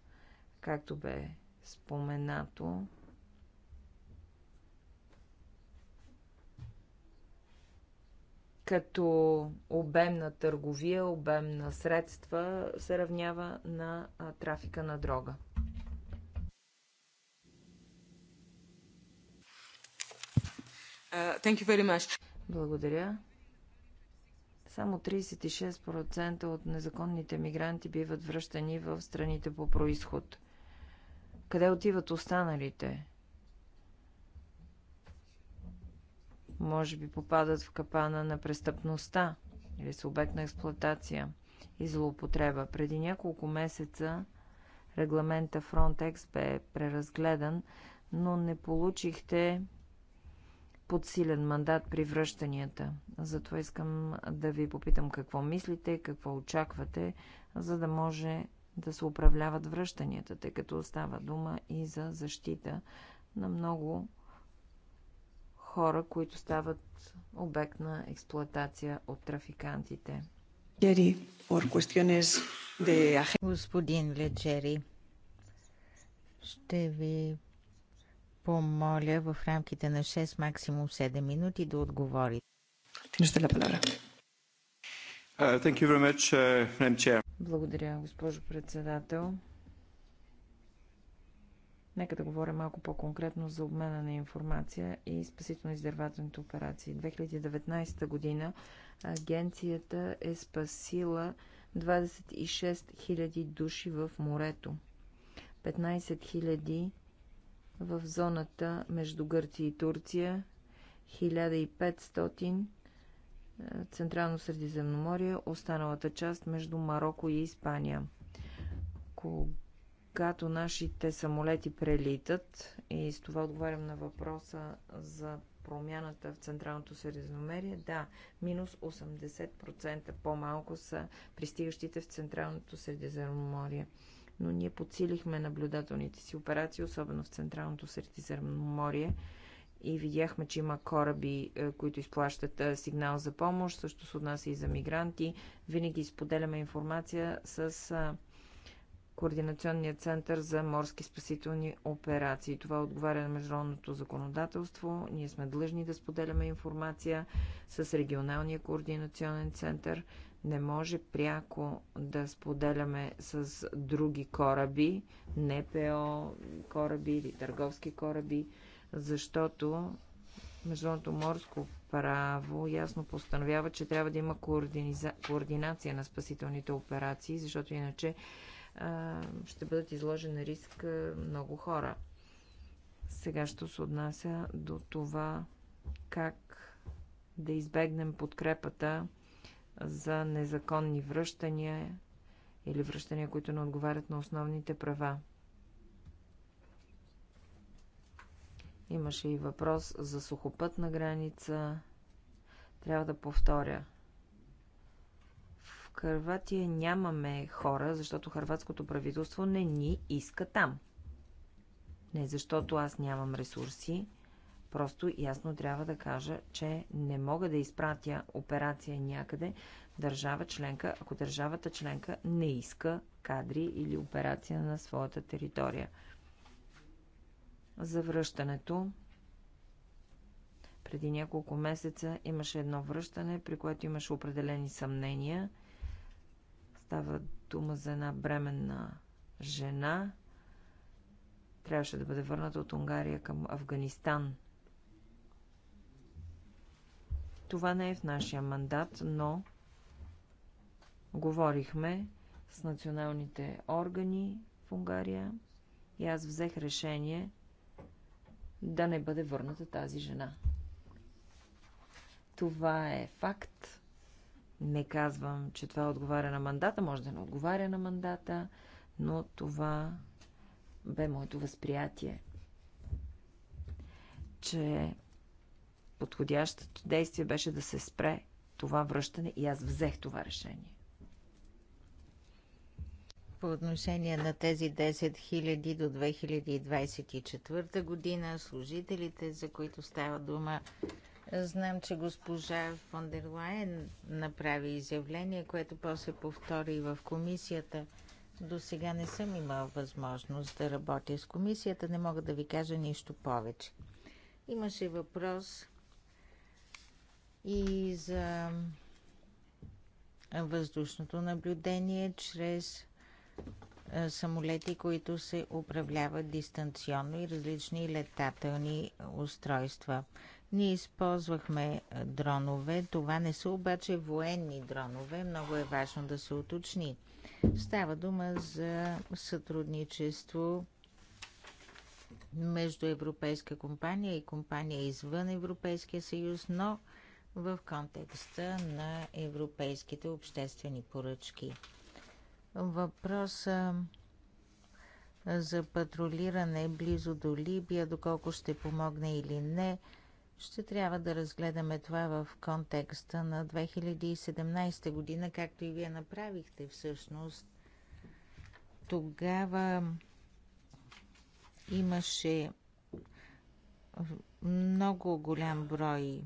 както бе споменато, като обем на търговия, обем на средства се равнява на трафика на дрога. Uh, Благодаря. Само 36% от незаконните мигранти биват връщани в страните по происход. Къде отиват останалите? Може би попадат в капана на престъпността или са обект на експлоатация и злоупотреба. Преди няколко месеца регламента Frontex бе преразгледан, но не получихте подсилен мандат при връщанията. Затова искам да ви попитам какво мислите, какво очаквате, за да може да се управляват връщанията, тъй като става дума и за защита на много хора, които стават обект на експлоатация от трафикантите. Господин Леджери, ще ви помоля в рамките на 6, максимум 7 минути да отговори. Uh, uh, Благодаря, госпожо председател. Нека да говоря малко по-конкретно за обмена на информация и спасително-издървателните операции. 2019 година агенцията е спасила 26 000 души в морето. 15 000 в зоната между Гърция и Турция 1500 е, Централно Средиземноморие, останалата част между Марокко и Испания. Когато нашите самолети прелитат, и с това отговарям на въпроса за промяната в Централното Средиземноморие, да, минус 80% по-малко са пристигащите в Централното Средиземноморие но ние подсилихме наблюдателните си операции, особено в Централното Средиземноморие и видяхме, че има кораби, е, които изплащат е, сигнал за помощ, също се отнася и за мигранти. Винаги споделяме информация с е, Координационния център за морски спасителни операции. Това отговаря на международното законодателство. Ние сме длъжни да споделяме информация с регионалния координационен център – не може пряко да споделяме с други кораби, НПО кораби или търговски кораби, защото Международното морско право ясно постановява, че трябва да има координиза... координация на спасителните операции, защото иначе а, ще бъдат изложени на риск много хора. Сега ще се отнася до това как да избегнем подкрепата за незаконни връщания или връщания, които не отговарят на основните права. Имаше и въпрос за сухопътна граница. Трябва да повторя. В Харватия нямаме хора, защото харватското правителство не ни иска там. Не защото аз нямам ресурси, Просто ясно трябва да кажа, че не мога да изпратя операция някъде държава членка, ако държавата членка не иска кадри или операция на своята територия. За връщането преди няколко месеца имаше едно връщане, при което имаше определени съмнения. Става дума за една бременна жена. Трябваше да бъде върната от Унгария към Афганистан. Това не е в нашия мандат, но говорихме с националните органи в Унгария и аз взех решение да не бъде върната тази жена. Това е факт. Не казвам, че това отговаря на мандата, може да не отговаря на мандата, но това бе моето възприятие, че подходящото действие беше да се спре това връщане и аз взех това решение. По отношение на тези 10 000 до 2024 година, служителите, за които става дума, знам, че госпожа Фондерлайн направи изявление, което после повтори и в комисията. До сега не съм имала възможност да работя с комисията, не мога да ви кажа нищо повече. Имаше въпрос и за въздушното наблюдение чрез е, самолети, които се управляват дистанционно и различни летателни устройства. Ние използвахме е, дронове. Това не са обаче военни дронове. Много е важно да се уточни. Става дума за сътрудничество между европейска компания и компания извън Европейския съюз, но в контекста на европейските обществени поръчки. Въпроса за патрулиране близо до Либия, доколко ще помогне или не, ще трябва да разгледаме това в контекста на 2017 година, както и вие направихте всъщност. Тогава имаше много голям брой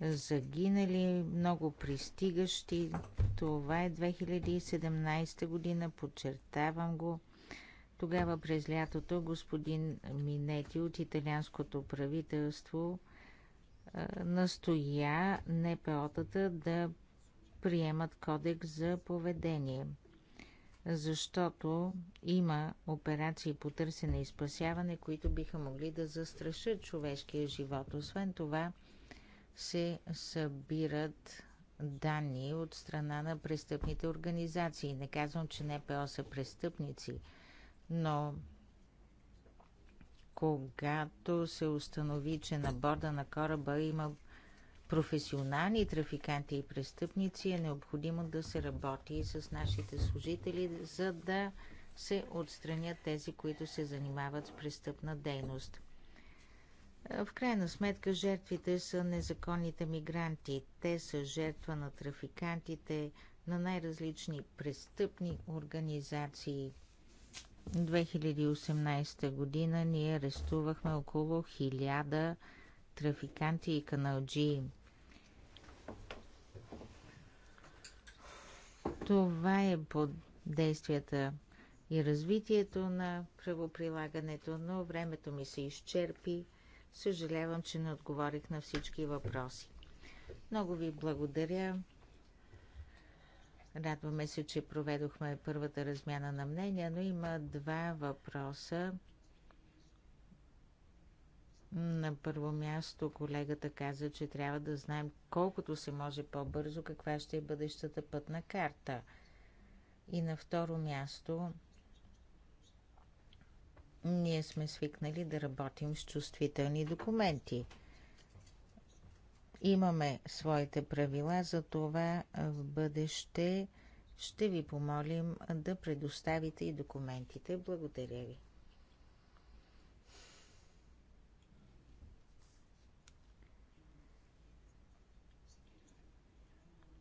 загинали, много пристигащи. Това е 2017 година, подчертавам го. Тогава през лятото господин Минети от италианското правителство настоя НПО-тата да приемат кодекс за поведение, защото има операции по търсене и спасяване, които биха могли да застрашат човешкия живот. Освен това, се събират данни от страна на престъпните организации. Не казвам, че НПО са престъпници, но когато се установи, че на борда на кораба има професионални трафиканти и престъпници, е необходимо да се работи и с нашите служители, за да се отстранят тези, които се занимават с престъпна дейност. В крайна сметка жертвите са незаконните мигранти. Те са жертва на трафикантите, на най-различни престъпни организации. 2018 година ние арестувахме около 1000 трафиканти и каналджии. Това е под действията и развитието на правоприлагането, но времето ми се изчерпи. Съжалявам, че не отговорих на всички въпроси. Много ви благодаря. Радваме се, че проведохме първата размяна на мнения, но има два въпроса. На първо място колегата каза, че трябва да знаем колкото се може по-бързо каква ще е бъдещата пътна карта. И на второ място ние сме свикнали да работим с чувствителни документи. Имаме своите правила, за това в бъдеще ще ви помолим да предоставите и документите. Благодаря ви.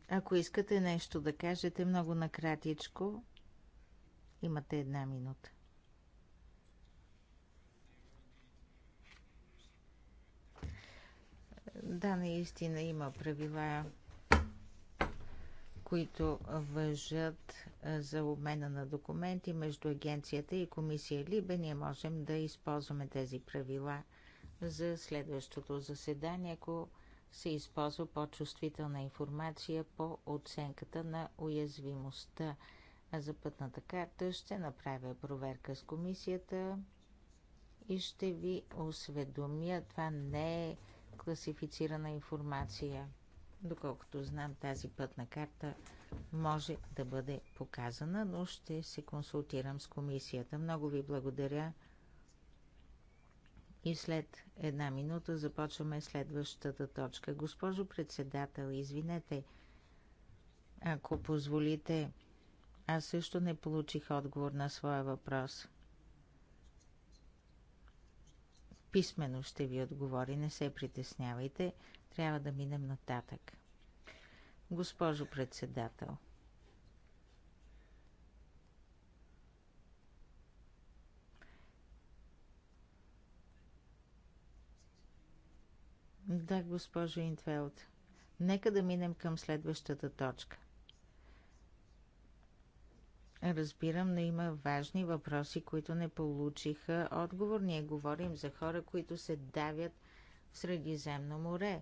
Ако искате нещо да кажете много накратичко, имате една минута. Да, наистина има правила, които въжат за обмена на документи между агенцията и комисия Либе. Ние можем да използваме тези правила за следващото заседание, ако се използва по-чувствителна информация по оценката на уязвимостта. А за пътната карта ще направя проверка с комисията и ще ви осведомя. Това не е класифицирана информация. Доколкото знам, тази пътна карта може да бъде показана, но ще се консултирам с комисията. Много ви благодаря. И след една минута започваме следващата точка. Госпожо председател, извинете, ако позволите, аз също не получих отговор на своя въпрос. Писмено ще ви отговори, не се притеснявайте, трябва да минем нататък. Госпожо председател, Да, госпожо Интвелд. Нека да минем към следващата точка. Разбирам, но има важни въпроси, които не получиха отговор. Ние говорим за хора, които се давят в Средиземно море.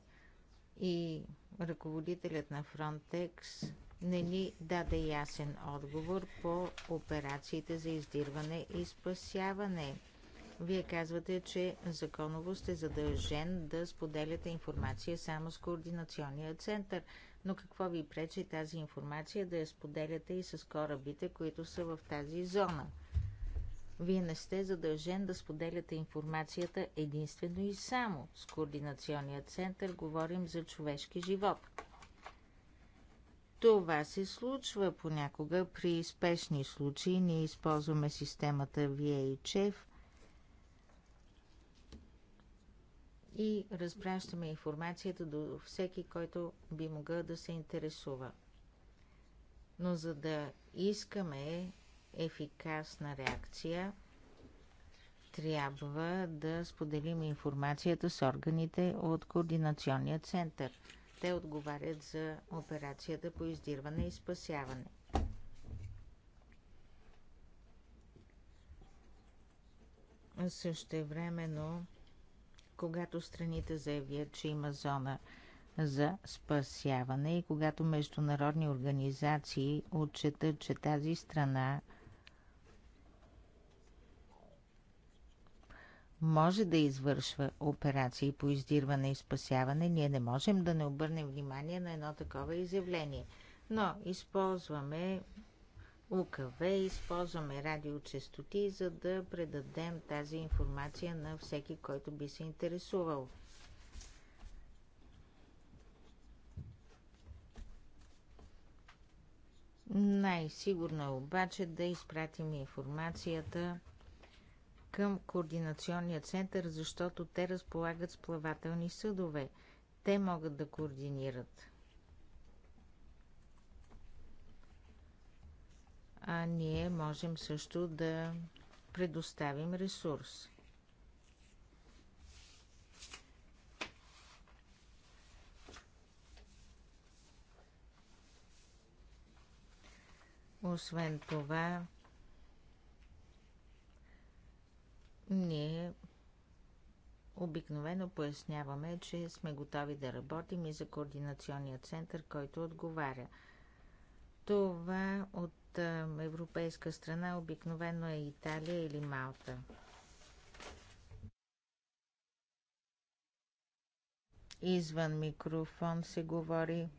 И ръководителят на Фронтекс не ни даде ясен отговор по операциите за издирване и спасяване. Вие казвате, че законово сте задължен да споделяте информация само с координационния център, но какво ви пречи тази информация да я споделяте и с корабите, които са в тази зона? Вие не сте задължен да споделяте информацията единствено и само с координационния център. Говорим за човешки живот. Това се случва понякога при спешни случаи. Ние използваме системата VHF – и разпращаме информацията до всеки, който би могъл да се интересува. Но за да искаме ефикасна реакция, трябва да споделим информацията с органите от Координационния център. Те отговарят за операцията по издирване и спасяване. Също времено когато страните заявят, че има зона за спасяване и когато международни организации отчетат, че тази страна може да извършва операции по издирване и спасяване, ние не можем да не обърнем внимание на едно такова изявление. Но използваме УКВ, използваме радиочестоти, за да предадем тази информация на всеки, който би се интересувал. Най-сигурно е обаче да изпратим информацията към Координационния център, защото те разполагат с плавателни съдове. Те могат да координират. а ние можем също да предоставим ресурс. Освен това, ние обикновено поясняваме, че сме готови да работим и за координационния център, който отговаря. Това от Другата европейска страна обикновено е Италия или Малта. Извън микрофон се говори.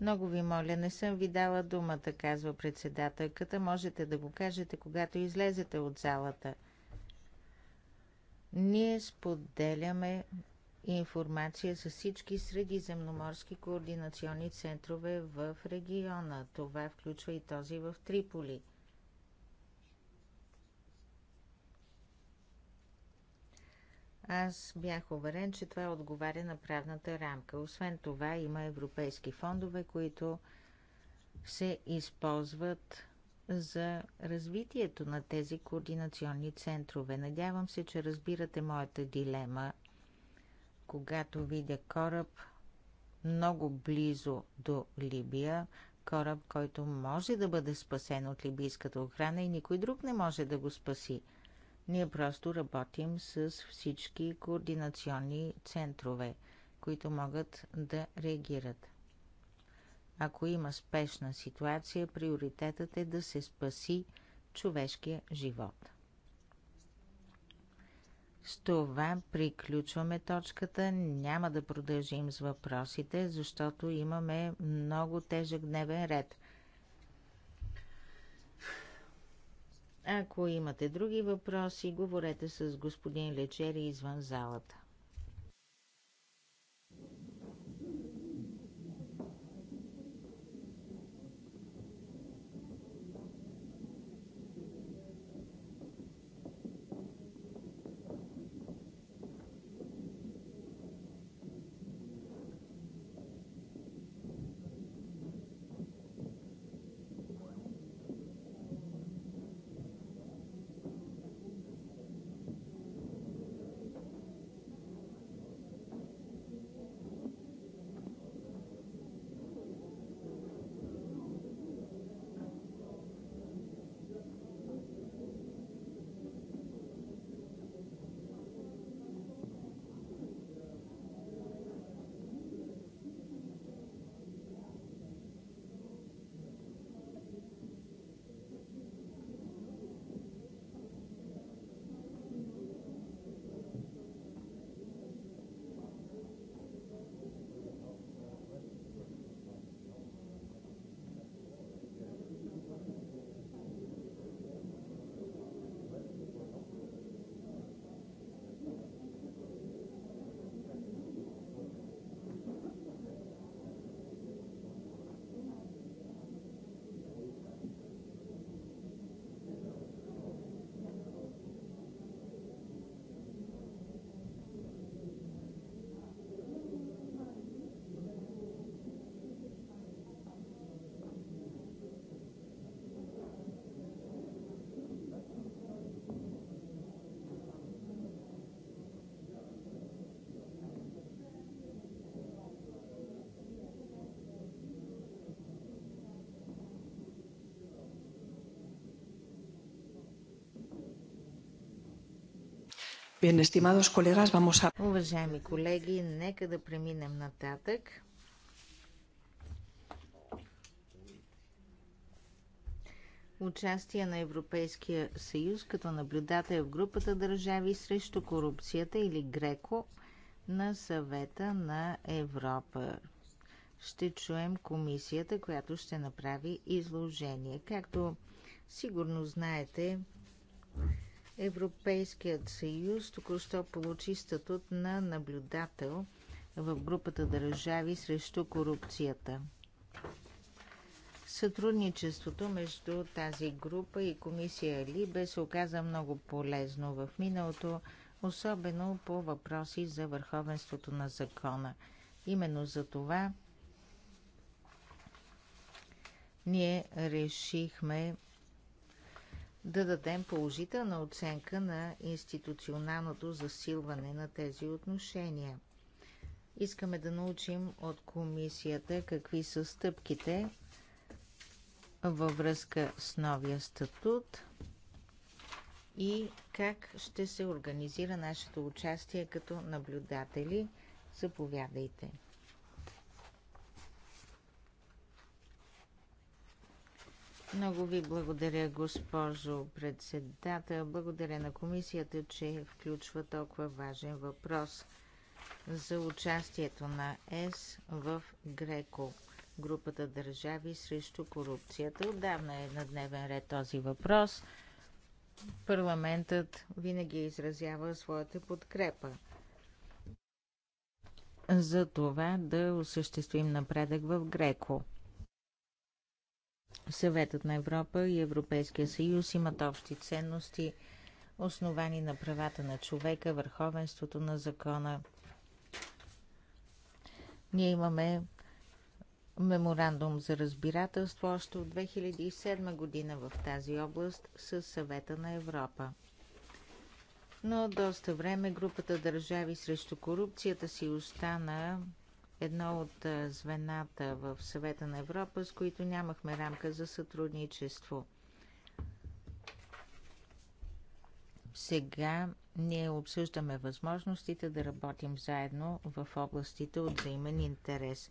Много ви моля, не съм ви дала думата, казва председателката. Можете да го кажете, когато излезете от залата. Ние споделяме информация за всички средиземноморски координационни центрове в региона. Това включва и този в Триполи. Аз бях уверен, че това отговаря на правната рамка. Освен това, има европейски фондове, които се използват за развитието на тези координационни центрове. Надявам се, че разбирате моята дилема когато видя кораб много близо до Либия, кораб, който може да бъде спасен от либийската охрана и никой друг не може да го спаси. Ние просто работим с всички координационни центрове, които могат да реагират. Ако има спешна ситуация, приоритетът е да се спаси човешкия живот. С това приключваме точката. Няма да продължим с въпросите, защото имаме много тежък дневен ред. Ако имате други въпроси, говорете с господин Лечери извън залата. Bien, estimados colegas, vamos a... Уважаеми колеги, нека да преминем нататък. Участие на Европейския съюз като наблюдател в групата държави срещу корупцията или Греко на съвета на Европа. Ще чуем комисията, която ще направи изложение. Както сигурно знаете, Европейският съюз току-що получи статут на наблюдател в групата държави срещу корупцията. Сътрудничеството между тази група и комисия Либе се оказа много полезно в миналото, особено по въпроси за върховенството на закона. Именно за това ние решихме да дадем положителна оценка на институционалното засилване на тези отношения. Искаме да научим от комисията какви са стъпките във връзка с новия статут и как ще се организира нашето участие като наблюдатели. Заповядайте. Много ви благодаря, госпожо председател. Благодаря на комисията, че включва толкова важен въпрос за участието на ЕС в Греко, групата държави срещу корупцията. Отдавна е на дневен ред този въпрос. Парламентът винаги изразява своята подкрепа за това да осъществим напредък в Греко. Съветът на Европа и Европейския съюз имат общи ценности, основани на правата на човека, върховенството на закона. Ние имаме меморандум за разбирателство още от 2007 година в тази област с Съвета на Европа. Но доста време групата Държави срещу корупцията си остана едно от звената в съвета на Европа, с които нямахме рамка за сътрудничество. Сега ние обсъждаме възможностите да работим заедно в областите от взаимен интерес.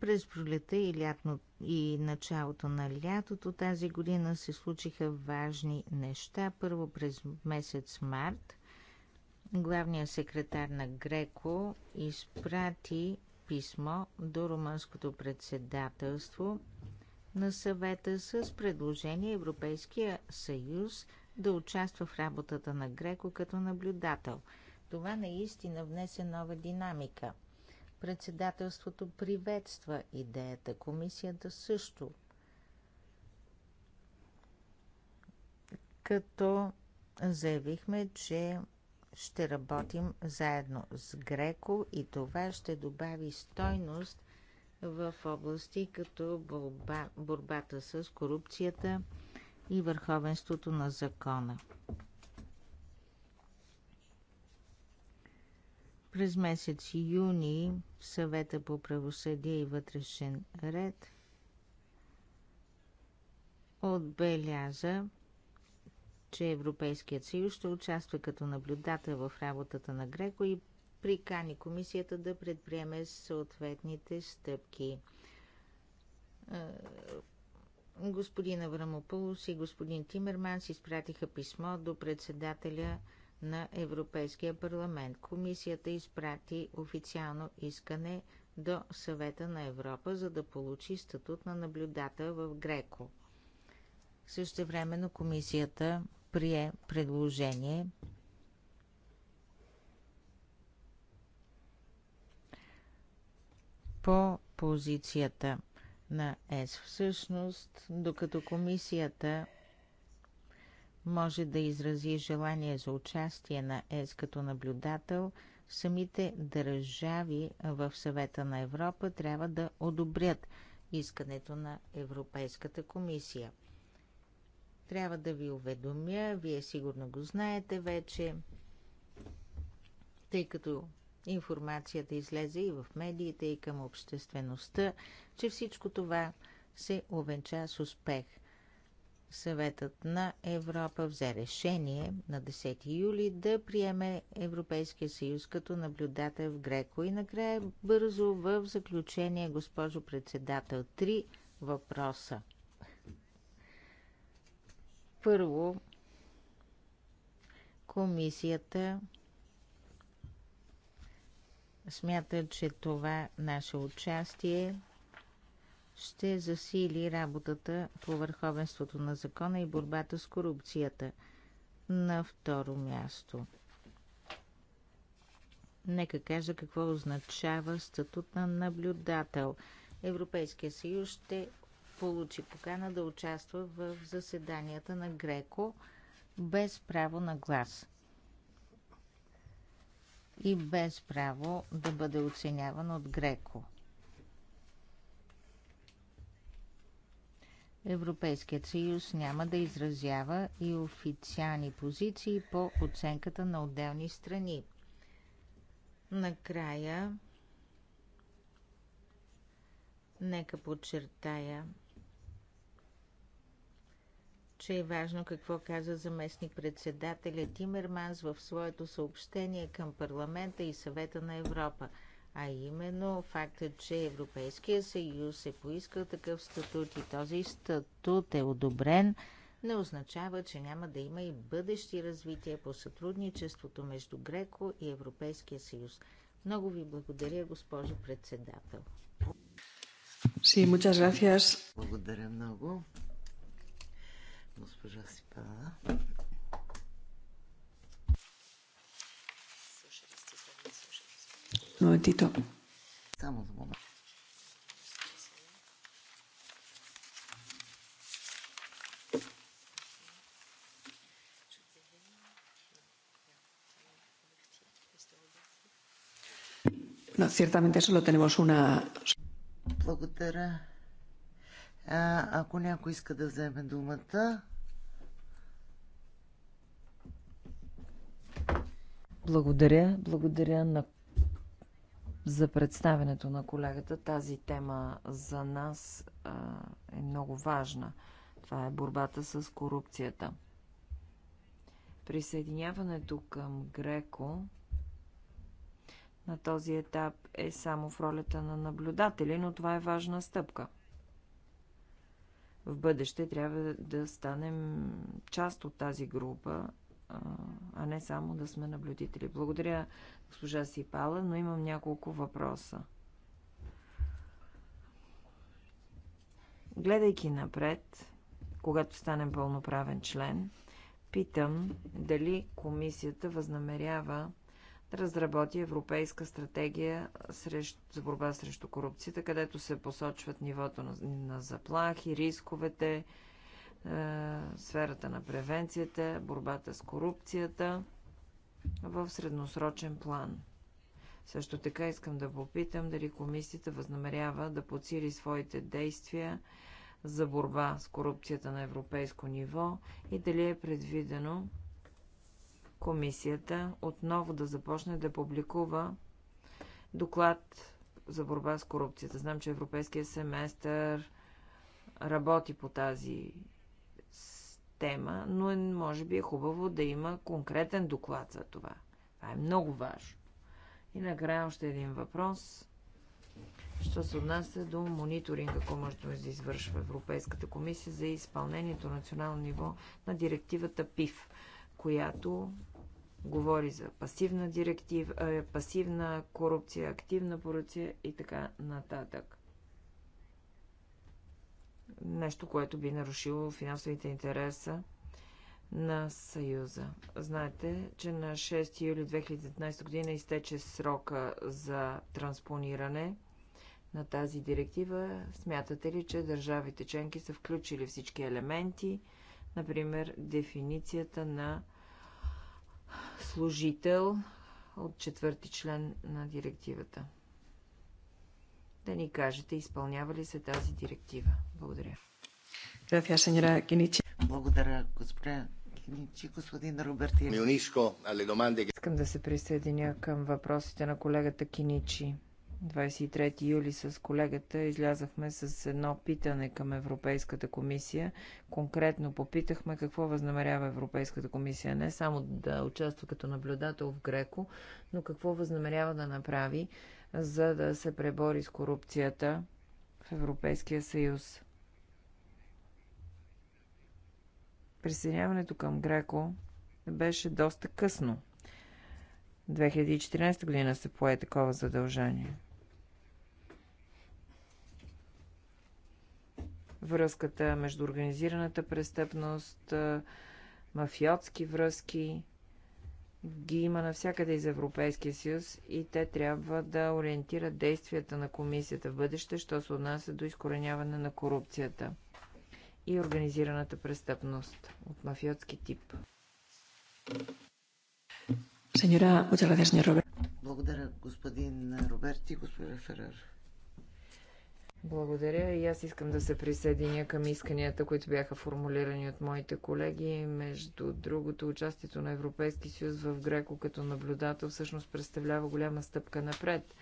През пролета и, лятно, и началото на лятото тази година се случиха важни неща. Първо през месец март Главният секретар на Греко изпрати писмо до румънското председателство на съвета с предложение Европейския съюз да участва в работата на Греко като наблюдател. Това наистина внесе нова динамика. Председателството приветства идеята, комисията също. Като заявихме, че ще работим заедно с Греко и това ще добави стойност в области като борба, борбата с корупцията и върховенството на закона. През месец юни в съвета по правосъдие и вътрешен ред отбеляза че Европейският съюз ще участва като наблюдател в работата на Греко и прикани комисията да предприеме съответните стъпки. Е, господин Аврамополос и господин Тимерманс изпратиха писмо до председателя на Европейския парламент. Комисията изпрати официално искане до Съвета на Европа, за да получи статут на наблюдател в Греко. Също времено комисията прие предложение по позицията на ЕС. Всъщност, докато комисията може да изрази желание за участие на ЕС като наблюдател, самите държави в съвета на Европа трябва да одобрят искането на Европейската комисия – трябва да ви уведомя, вие сигурно го знаете вече, тъй като информацията излезе и в медиите, и към обществеността, че всичко това се увенча с успех. Съветът на Европа взе решение на 10 юли да приеме Европейския съюз като наблюдател в Греко. И накрая бързо в заключение, госпожо председател, три въпроса – първо, комисията смята, че това наше участие ще засили работата по върховенството на закона и борбата с корупцията. На второ място. Нека кажа какво означава статут на наблюдател. Европейския съюз ще получи покана да участва в заседанията на Греко без право на глас и без право да бъде оценяван от Греко. Европейският съюз няма да изразява и официални позиции по оценката на отделни страни. Накрая, нека подчертая, че е важно какво каза заместник председателя Тимерманс в своето съобщение към парламента и съвета на Европа, а именно фактът, че Европейския съюз е поискал такъв статут и този статут е одобрен, не означава, че няма да има и бъдещи развития по сътрудничеството между Греко и Европейския съюз. Много ви благодаря, госпожо председател. Sí, muchas gracias. Благодаря много госпожа Сипала. Но е Тито. Само за момент. No, ciertamente solo tenemos una. Благодаря. А, ако някой иска да вземе думата. Благодаря. Благодаря на... за представенето на колегата. Тази тема за нас а, е много важна. Това е борбата с корупцията. Присъединяването към Греко на този етап е само в ролята на наблюдатели, но това е важна стъпка в бъдеще трябва да станем част от тази група, а не само да сме наблюдители. Благодаря, госпожа Сипала, но имам няколко въпроса. Гледайки напред, когато станем пълноправен член, питам дали комисията възнамерява да разработи европейска стратегия за борба срещу корупцията, където се посочват нивото на, на заплахи, рисковете, е, сферата на превенцията, борбата с корупцията в средносрочен план. Също така искам да попитам дали комисията възнамерява да подсили своите действия за борба с корупцията на европейско ниво и дали е предвидено комисията отново да започне да публикува доклад за борба с корупцията. Знам, че Европейския семестър работи по тази тема, но е, може би е хубаво да има конкретен доклад за това. Това е много важно. И накрая още един въпрос. Що се отнася до мониторинга, ако може да извършва Европейската комисия за изпълнението на национално ниво на директивата ПИФ която говори за пасивна, директив, е, пасивна корупция, активна корупция и така нататък. Нещо, което би нарушило финансовите интереса на Съюза. Знаете, че на 6 юли 2019 година изтече срока за транспониране на тази директива. Смятате ли, че държавите членки са включили всички елементи, например дефиницията на служител от четвърти член на директивата. Да ни кажете, изпълнява ли се тази директива? Благодаря. Благодаря, госпожа Киничи, господин Роберт. Искам да се присъединя към въпросите на колегата Киничи. 23 юли с колегата излязахме с едно питане към Европейската комисия. Конкретно попитахме какво възнамерява Европейската комисия не само да участва като наблюдател в Греко, но какво възнамерява да направи, за да се пребори с корупцията в Европейския съюз. Присъединяването към Греко беше доста късно. 2014 година се пое такова задължение. връзката между организираната престъпност, мафиотски връзки. Ги има навсякъде из Европейския съюз и те трябва да ориентират действията на комисията в бъдеще, що се отнася до изкореняване на корупцията и организираната престъпност от мафиотски тип. Благодаря, господин Роберти, господин Ферер. Благодаря и аз искам да се присъединя към исканията, които бяха формулирани от моите колеги. Между другото, участието на Европейски съюз в Греко като наблюдател всъщност представлява голяма стъпка напред.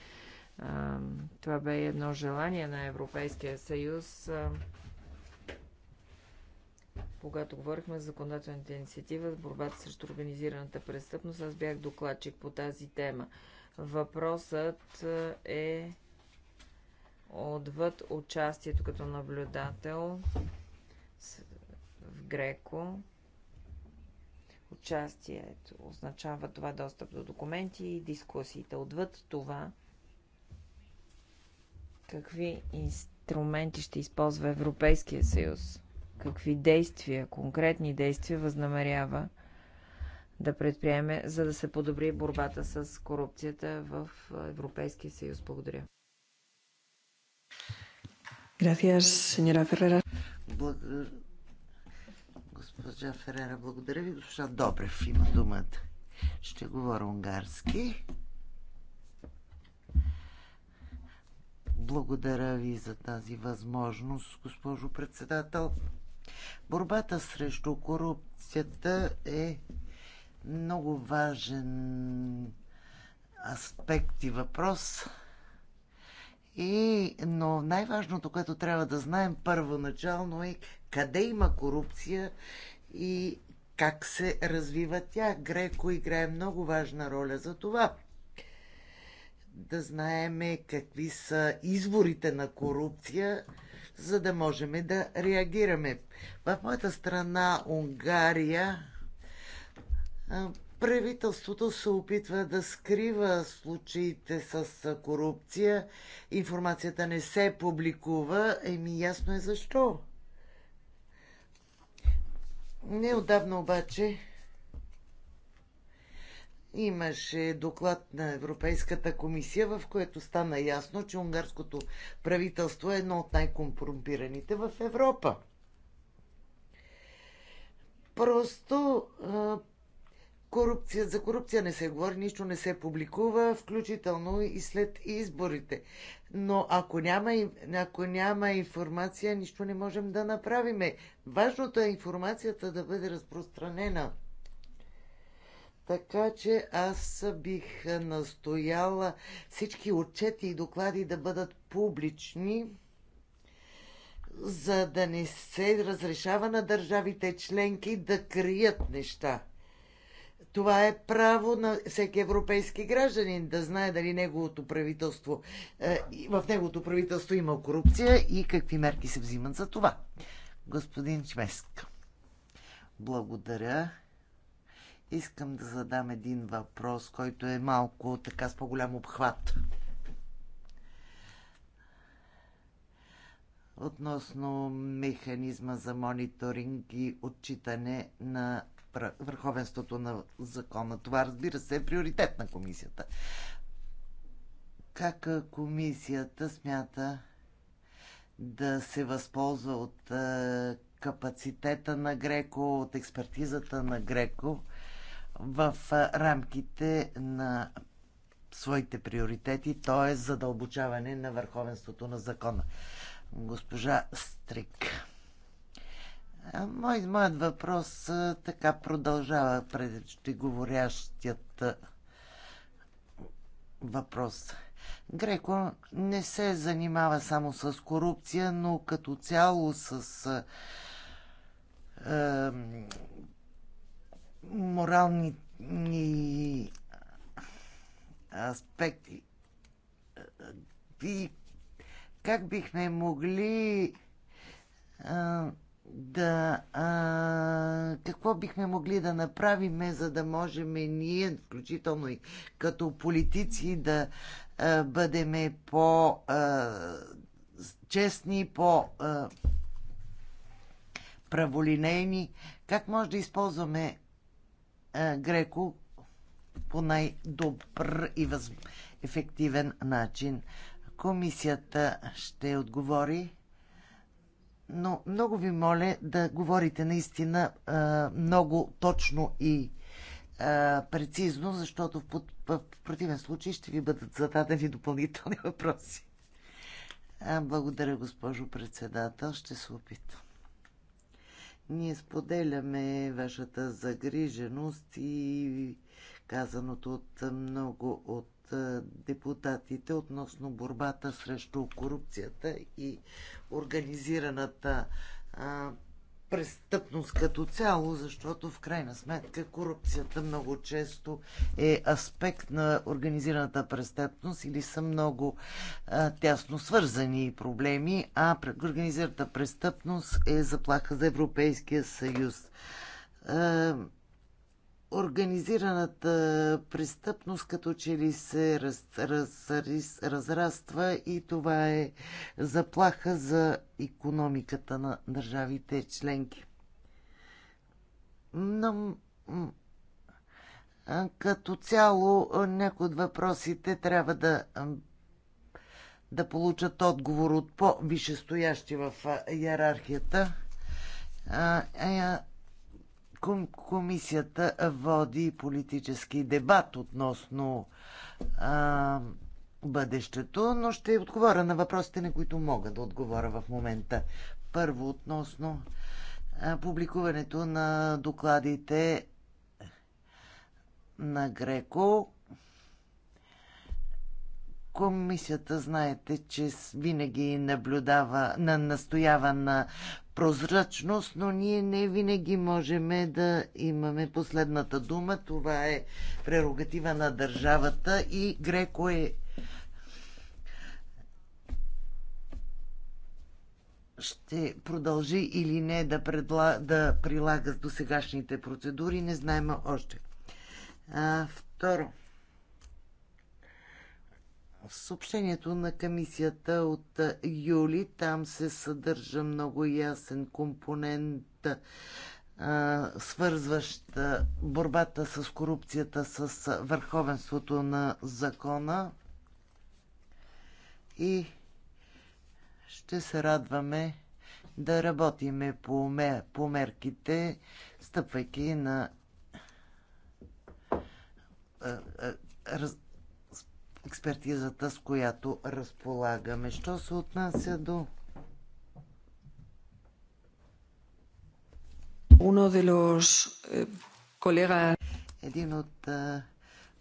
Това бе едно желание на Европейския съюз когато говорихме за законодателната инициатива в борбата срещу организираната престъпност, аз бях докладчик по тази тема. Въпросът е отвъд участието като наблюдател в Греко. Участието означава това достъп до документи и дискусиите. Отвъд това, какви инструменти ще използва Европейския съюз? Какви действия, конкретни действия възнамерява да предприеме, за да се подобри борбата с корупцията в Европейския съюз? Благодаря. Gracias, señora Ферера. Госпожа Ферера, благодаря ви. Госпожа Добрев има думата. Ще говоря унгарски. Благодаря ви за тази възможност, госпожо председател. Борбата срещу корупцията е много важен аспект и въпрос – и, но най-важното, което трябва да знаем първоначално е къде има корупция и как се развива тя. Греко играе много важна роля за това. Да знаеме какви са изворите на корупция, за да можем да реагираме. В моята страна, Унгария, Правителството се опитва да скрива случаите с корупция. Информацията не се публикува. Еми, ясно е защо. Неодавна обаче имаше доклад на Европейската комисия, в което стана ясно, че унгарското правителство е едно от най-компромпираните в Европа. Просто корупция, за корупция не се говори, нищо не се публикува, включително и след изборите. Но ако няма, ако няма информация, нищо не можем да направим. Важното е информацията да бъде разпространена. Така че аз бих настояла всички отчети и доклади да бъдат публични, за да не се разрешава на държавите членки да крият неща това е право на всеки европейски гражданин да знае дали неговото правителство, е, в неговото правителство има корупция и какви мерки се взимат за това. Господин Чмеск, благодаря. Искам да задам един въпрос, който е малко така с по-голям обхват. Относно механизма за мониторинг и отчитане на върховенството на закона. Това, разбира се, е приоритет на комисията. Как комисията смята да се възползва от капацитета на Греко, от експертизата на Греко в рамките на своите приоритети, т.е. задълбочаване на върховенството на закона. Госпожа Стрик. Мой, моят въпрос така продължава говорящият въпрос. Греко не се занимава само с корупция, но като цяло с е, морални и аспекти. И как бихме могли а, да. А, какво бихме могли да направим, за да можем ние, включително и като политици, да а, бъдеме по. честни, по. праволинейни. Как може да използваме а, Греко по най-добър и въз... ефективен начин? Комисията ще отговори но много ви моля да говорите наистина много точно и прецизно, защото в противен случай ще ви бъдат зададени допълнителни въпроси. Благодаря, госпожо председател. Ще се опитам. Ние споделяме вашата загриженост и казаното от много от е, депутатите относно борбата срещу корупцията и организираната а, е, престъпност като цяло, защото в крайна сметка корупцията много често е аспект на организираната престъпност или са много а, е, тясно свързани проблеми, а организираната престъпност е заплаха за Европейския съюз. А, организираната престъпност като че ли се раз, раз, раз, разраства и това е заплаха за економиката на държавите членки. Но, като цяло някои от въпросите трябва да, да получат отговор от по-висшестоящи в иерархията. А, а, комисията води политически дебат относно а, бъдещето, но ще отговоря на въпросите, на които мога да отговоря в момента. Първо относно а, публикуването на докладите на Греко. Комисията, знаете, че винаги наблюдава, на, настоява на прозрачност, но ние не винаги можем да имаме последната дума. Това е прерогатива на държавата и Греко е ще продължи или не да, предла... да прилага сегашните процедури, не знаем още. А, второ. В съобщението на комисията от юли там се съдържа много ясен компонент, а, свързващ борбата с корупцията с върховенството на закона. И ще се радваме да работиме по, мер, по мерките, стъпвайки на раз, експертизата, с която разполагаме. Що се отнася до Uno de los eh, colega... Един от uh,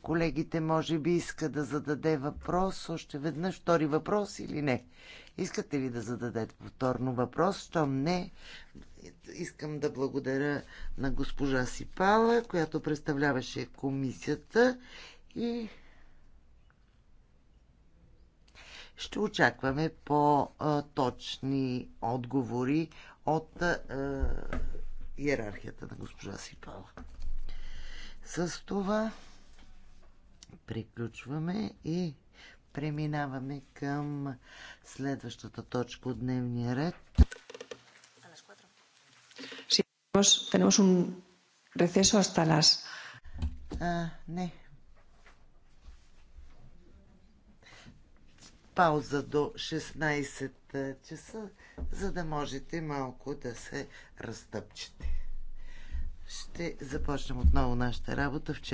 колегите може би иска да зададе въпрос, още веднъж втори въпрос или не. Искате ли да зададете повторно въпрос? Щом не, искам да благодаря на госпожа Сипала, която представляваше комисията и Ще очакваме по-точни отговори от е, иерархията на госпожа Сипала. С това приключваме и преминаваме към следващата точка от дневния ред. Tenemos un receso hasta las. Uh, не. пауза до 16 часа, за да можете малко да се разтъпчете. Ще започнем отново нашата работа. в 4.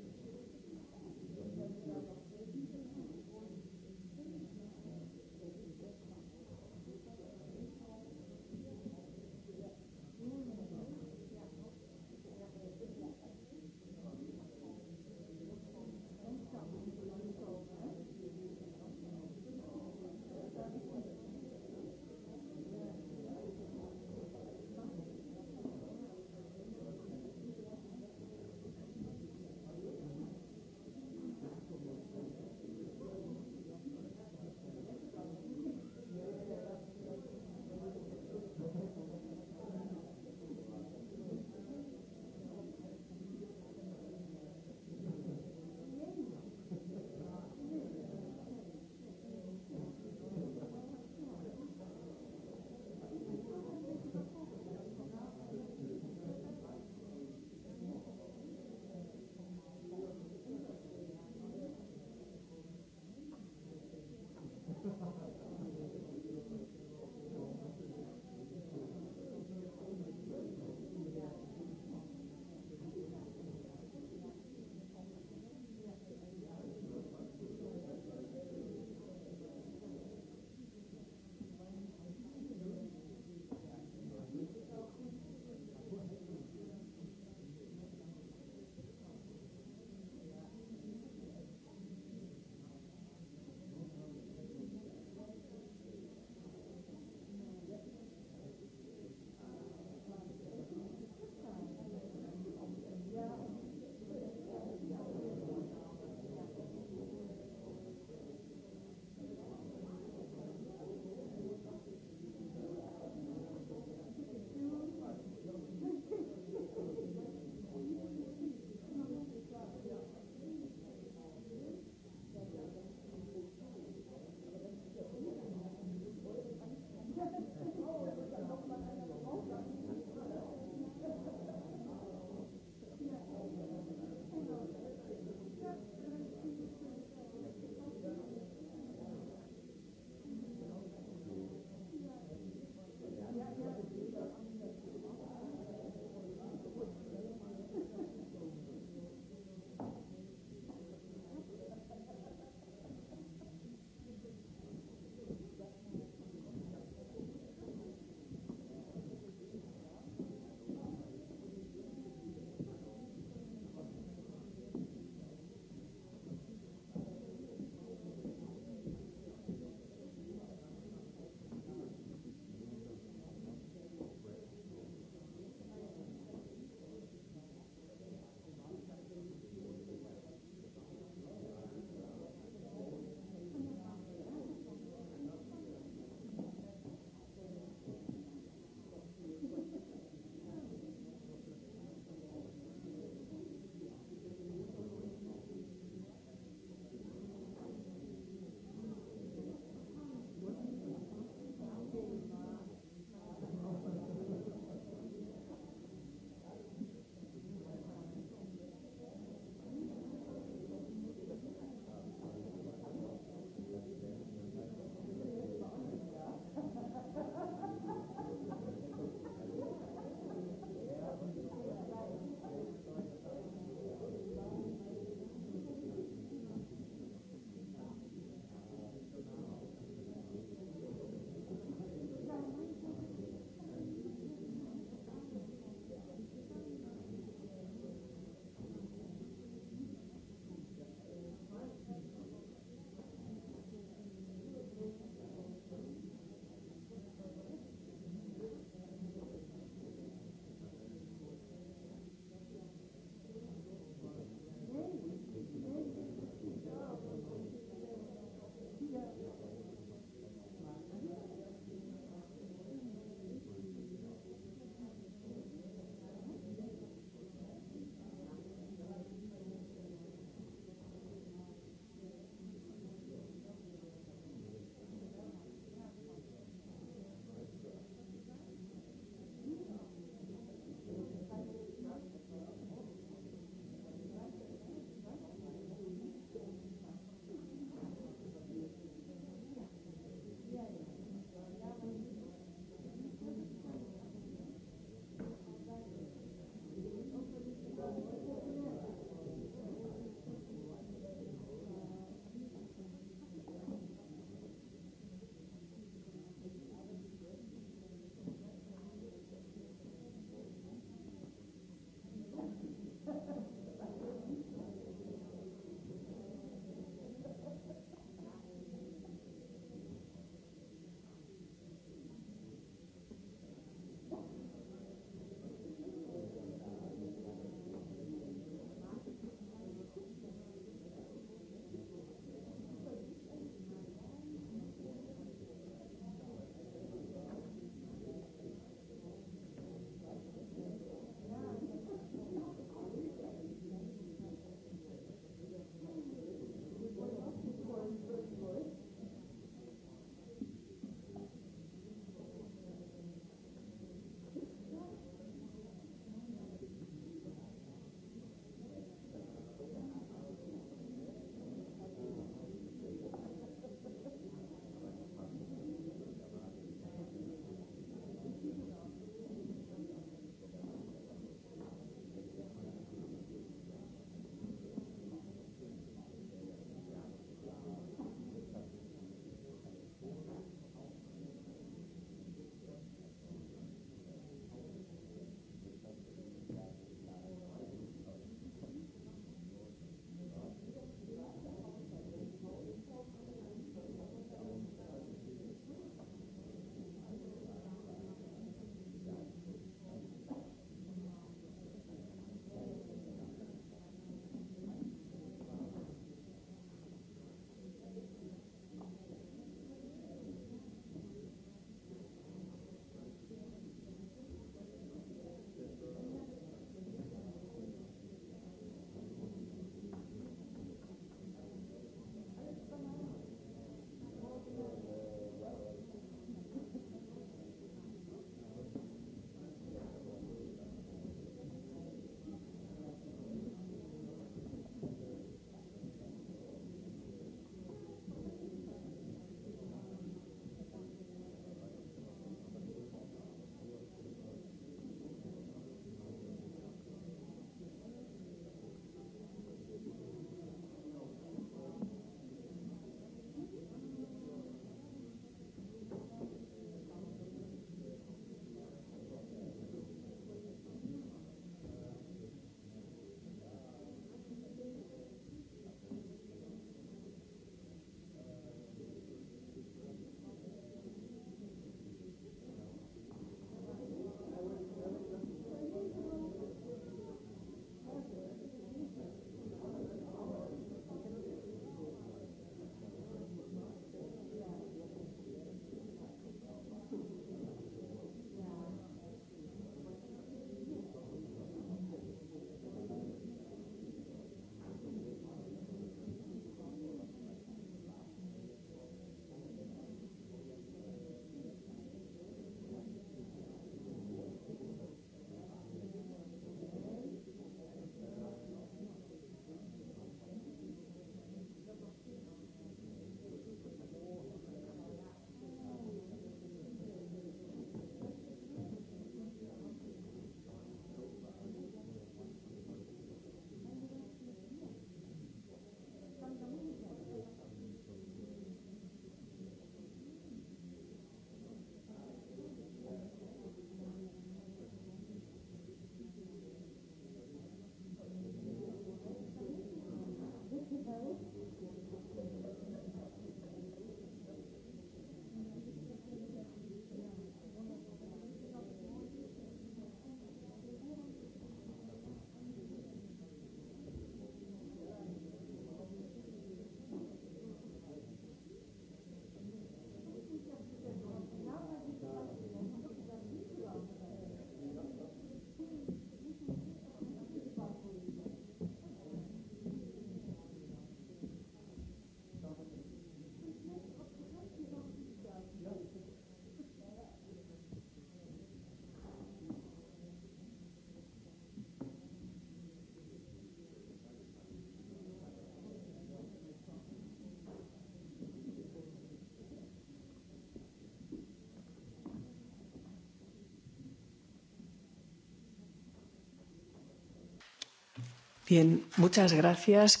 Bien, muchas gracias.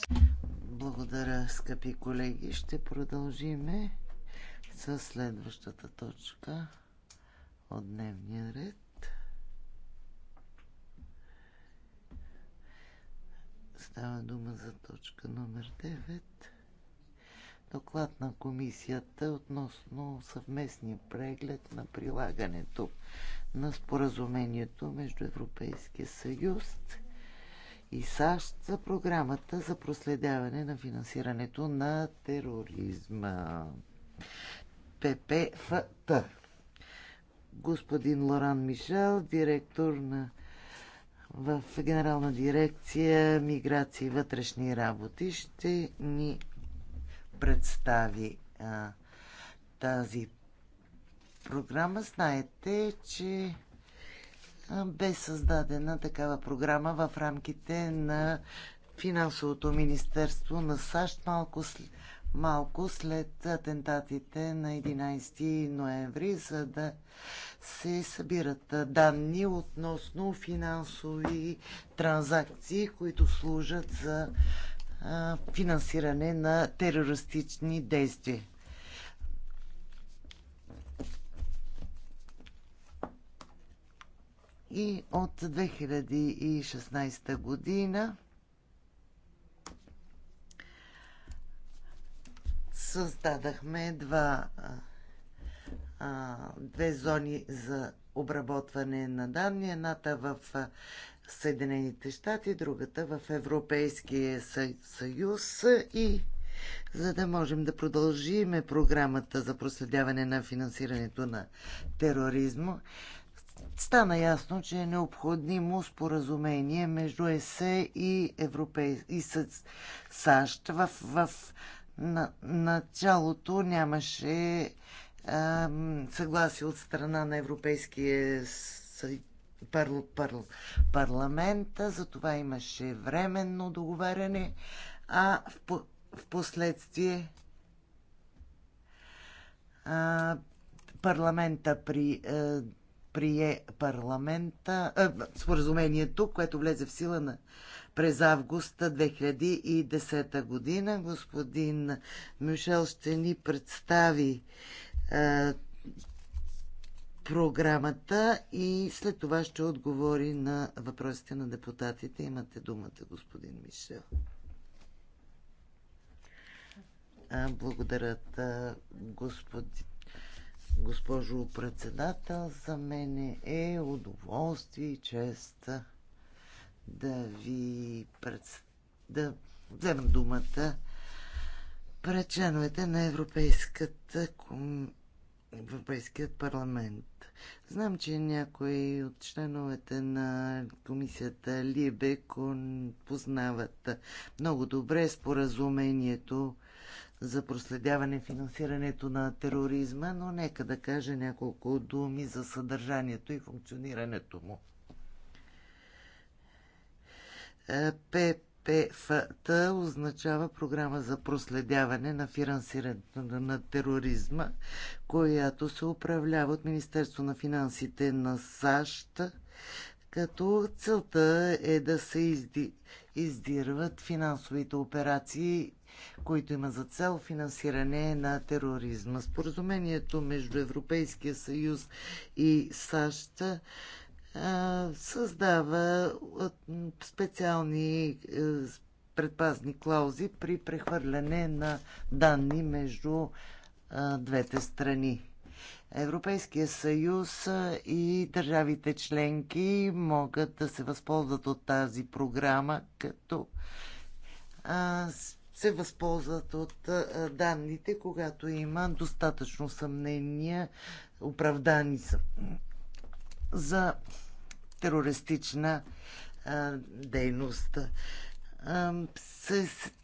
Благодаря, скъпи колеги. Ще продължиме с следващата точка от дневния ред. Става дума за точка номер 9. Доклад на комисията относно съвместния преглед на прилагането на споразумението между Европейския съюз и САЩ за програмата за проследяване на финансирането на тероризма. ППФТ. Господин Лоран Мишел, директор на в Генерална дирекция Миграция и вътрешни работи, ще ни представи а, тази програма. Знаете, че бе създадена такава програма в рамките на финансовото министерство на САЩ малко, малко след атентатите на 11 ноември, за да се събират данни относно финансови транзакции, които служат за финансиране на терористични действия. И от 2016 година създадахме два, а, две зони за обработване на данни. Едната в Съединените щати, другата в Европейския съюз и за да можем да продължиме програмата за проследяване на финансирането на тероризма, стана ясно, че е необходимо споразумение между ЕСЕ и, Европей... и САЩ. В, в на, началото нямаше ам, съгласие от страна на Европейския пар, пар, парламент, затова имаше временно договаряне, а в, в последствие а, парламента при а, е, прие парламента, а, споразумението, което влезе в сила на, през август 2010 година. Господин Мишел ще ни представи а, програмата и след това ще отговори на въпросите на депутатите. Имате думата, господин Мишел. Благодаря, господин госпожо председател. За мен е удоволствие и чест да ви пред... да взема думата пред членовете на Европейската ком... Европейският парламент. Знам, че някои от членовете на комисията Либе познават много добре споразумението за проследяване финансирането на тероризма, но нека да кажа няколко думи за съдържанието и функционирането му. Е, ППФТ означава програма за проследяване на финансирането на тероризма, която се управлява от Министерство на финансите на САЩ като целта е да се изди, издирват финансовите операции, които има за цел финансиране на тероризма. Споразумението между Европейския съюз и САЩ създава специални предпазни клаузи при прехвърляне на данни между двете страни. Европейския съюз и държавите членки могат да се възползват от тази програма, като се възползват от данните, когато има достатъчно съмнения, оправдани са за терористична дейност.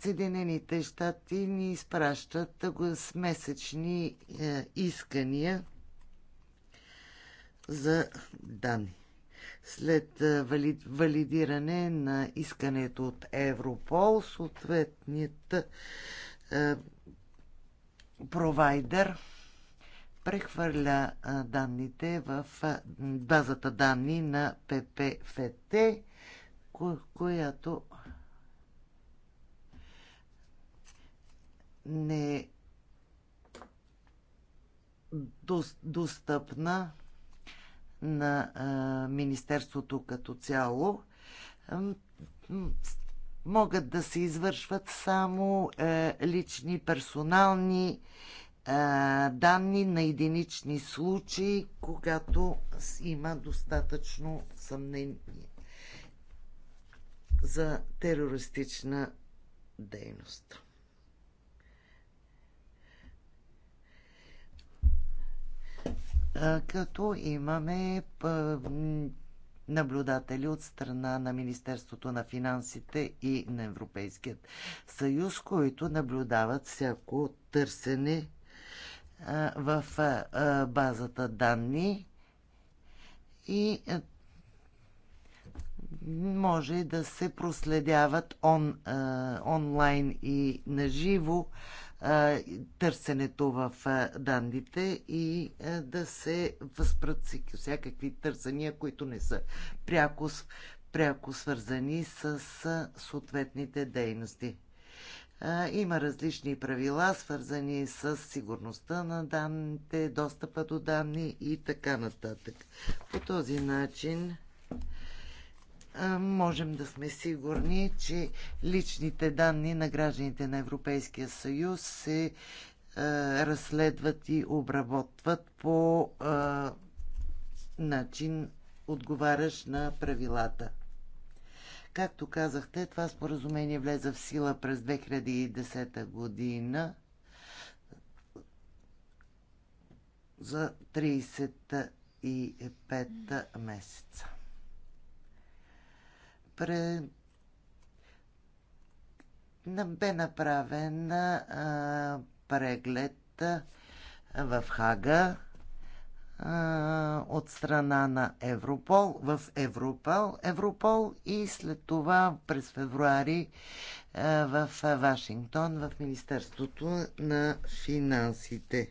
Съединените щати ни изпращат месечни искания за данни. След валидиране на искането от Европол, съответният провайдер прехвърля данните в базата данни на ППФТ, която не е достъпна на Министерството като цяло могат да се извършват само а, е, лични персонални а, данни на единични случаи, когато има достатъчно съмнение за терористична дейност. като имаме наблюдатели от страна на Министерството на финансите и на Европейският съюз, които наблюдават всяко търсене в базата данни и може да се проследяват он, онлайн и наживо търсенето в данните и да се възпрат всякакви търсения, които не са пряко, пряко свързани с съответните дейности. Има различни правила, свързани с сигурността на данните, достъпа до данни и така нататък. По този начин можем да сме сигурни, че личните данни на гражданите на Европейския съюз се разследват и обработват по начин, отговарящ на правилата. Както казахте, това споразумение влезе в сила през 2010 година за 35 месеца пре... бе направен а, преглед а, в Хага от страна на Европол в Европол, Европол и след това през февруари в Вашингтон в Министерството на финансите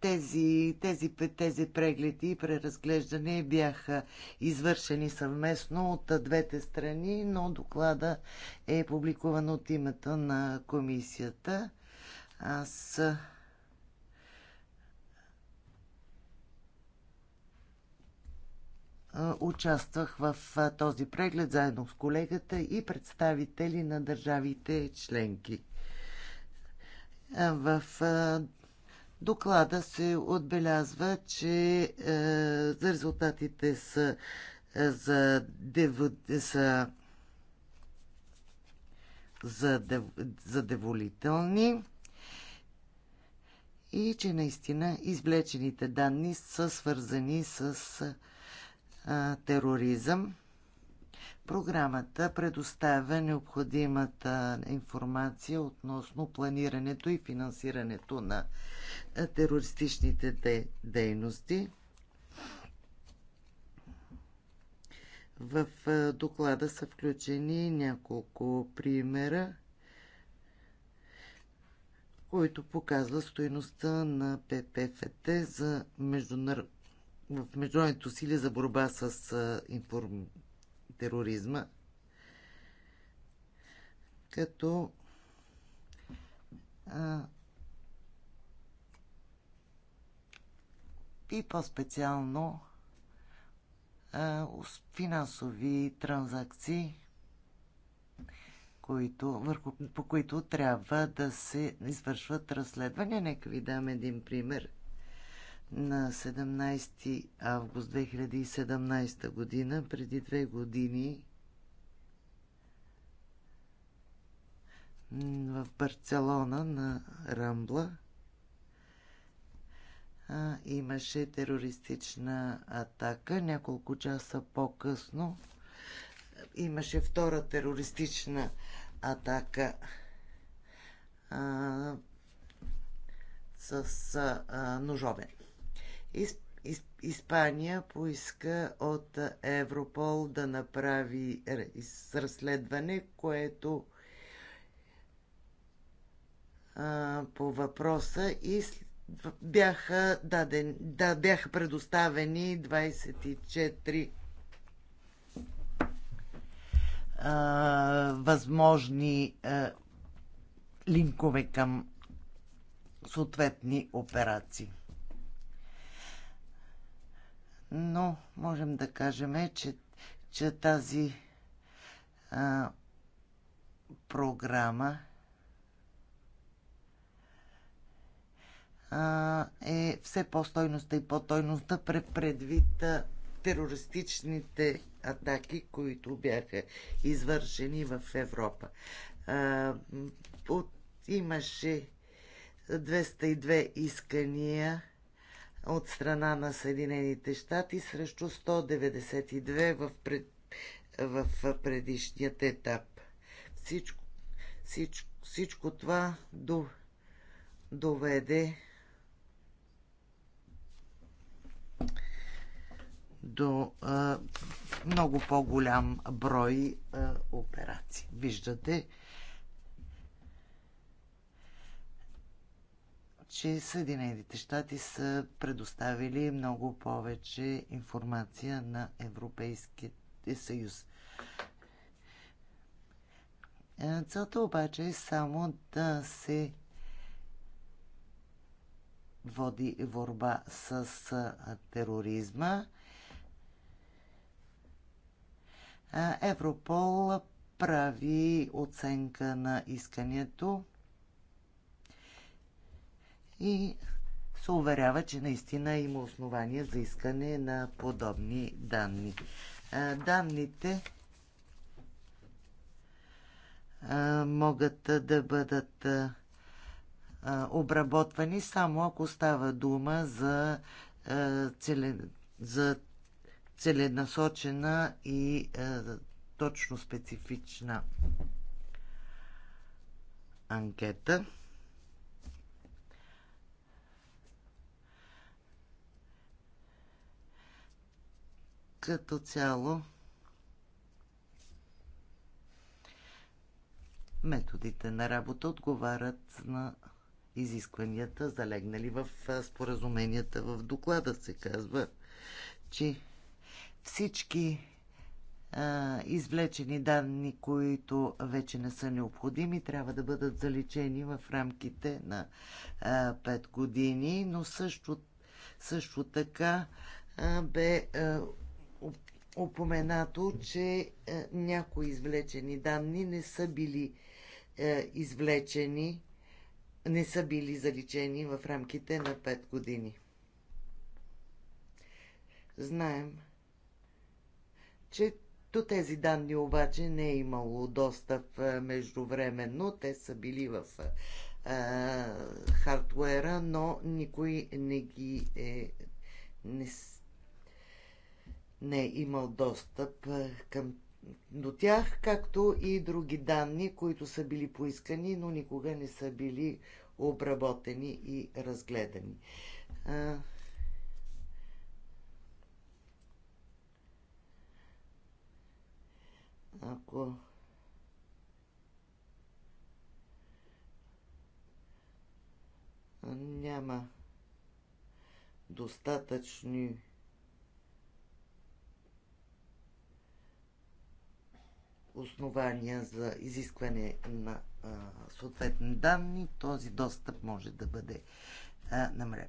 тези, тези, тези прегледи и преразглеждане бяха извършени съвместно от двете страни, но доклада е публикуван от името на комисията. Аз участвах в този преглед заедно с колегата и представители на държавите членки. В доклада се отбелязва, че е, за резултатите са, е, за, дев, са задоволителни и че наистина извлечените данни са свързани с е, тероризъм. Програмата предоставя необходимата информация относно планирането и финансирането на е, терористичните де дейности. В е, доклада са включени няколко примера, които показва стоеността на ППФТ за междунар... в международните усилия за борба с е, информацията тероризма, като а, и по-специално финансови транзакции, които, върху, по които трябва да се извършват разследвания. Нека ви дам един пример на 17 август 2017 година, преди две години, в Барселона на Рамбла имаше терористична атака. Няколко часа по-късно имаше втора терористична атака а, с а, ножове. Испания поиска от Европол да направи разследване, което по въпроса и бяха, даден, да, бяха предоставени 24 а, възможни а, линкове към съответни операции но можем да кажем, че, че тази а, програма а, е все по-стойността и по тойността предвид терористичните атаки, които бяха извършени в Европа. А, от, имаше 202 искания от страна на Съединените щати срещу 192 в, пред, в предишният етап. Всичко, всичко, всичко това до, доведе до а, много по-голям брой а, операции. Виждате, че Съединените щати са предоставили много повече информация на Европейския съюз. Е, целта обаче е само да се води борба с тероризма. Европол прави оценка на искането и се уверява, че наистина има основания за искане на подобни данни. Данните могат да бъдат обработвани само ако става дума за, целен, за целенасочена и точно специфична анкета. като цяло методите на работа отговарят на изискванията, залегнали в споразуменията. В доклада се казва, че всички а, извлечени данни, които вече не са необходими, трябва да бъдат заличени в рамките на а, 5 години, но също, също така а, бе а, упоменато, че е, някои извлечени данни не са били е, извлечени, не са били заличени в рамките на 5 години. Знаем, че до тези данни обаче не е имало достъп е, междувременно. Те са били в е, хардуера, но никой не ги е, не, не е имал достъп е, към, до тях, както и други данни, които са били поискани, но никога не са били обработени и разгледани. ако няма достатъчни основания за изискване на а, съответни данни, този достъп може да бъде а, намерен.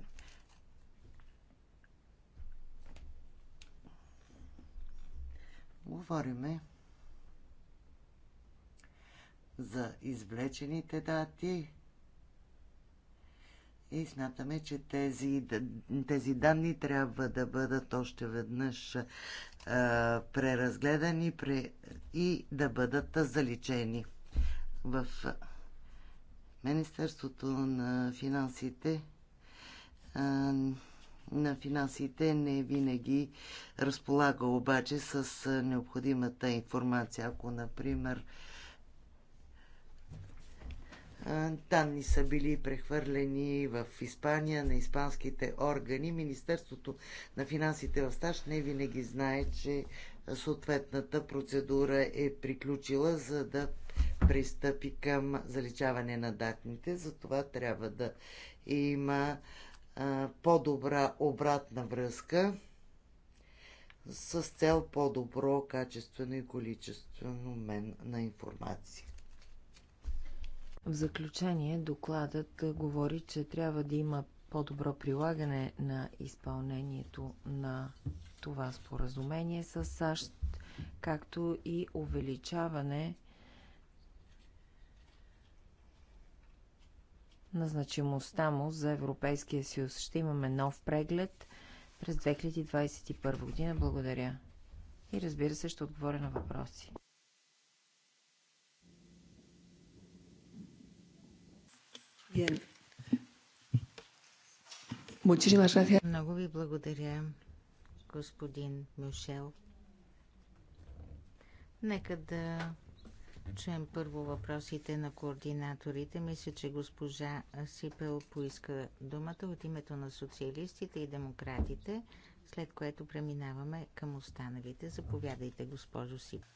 Говориме за извлечените дати и смятаме, че тези, тези данни трябва да бъдат още веднъж преразгледани и да бъдат заличени. В Министерството на финансите на финансите не винаги разполага обаче с необходимата информация. Ако, например, Данни са били прехвърлени в Испания на испанските органи. Министерството на финансите в САЩ не винаги знае, че съответната процедура е приключила, за да пристъпи към заличаване на датните. Затова трябва да има по-добра обратна връзка с цел по-добро качествено и количествено мен на информация. В заключение, докладът говори, че трябва да има по-добро прилагане на изпълнението на това споразумение с САЩ, както и увеличаване на значимостта му за Европейския съюз. Ще имаме нов преглед през 2021 година. Благодаря. И разбира се, ще отговоря на въпроси. Много ви благодаря, господин Мишел. Нека да чуем първо въпросите на координаторите. Мисля, че госпожа Сипел поиска думата от името на социалистите и демократите, след което преминаваме към останалите. Заповядайте, госпожо Сипел.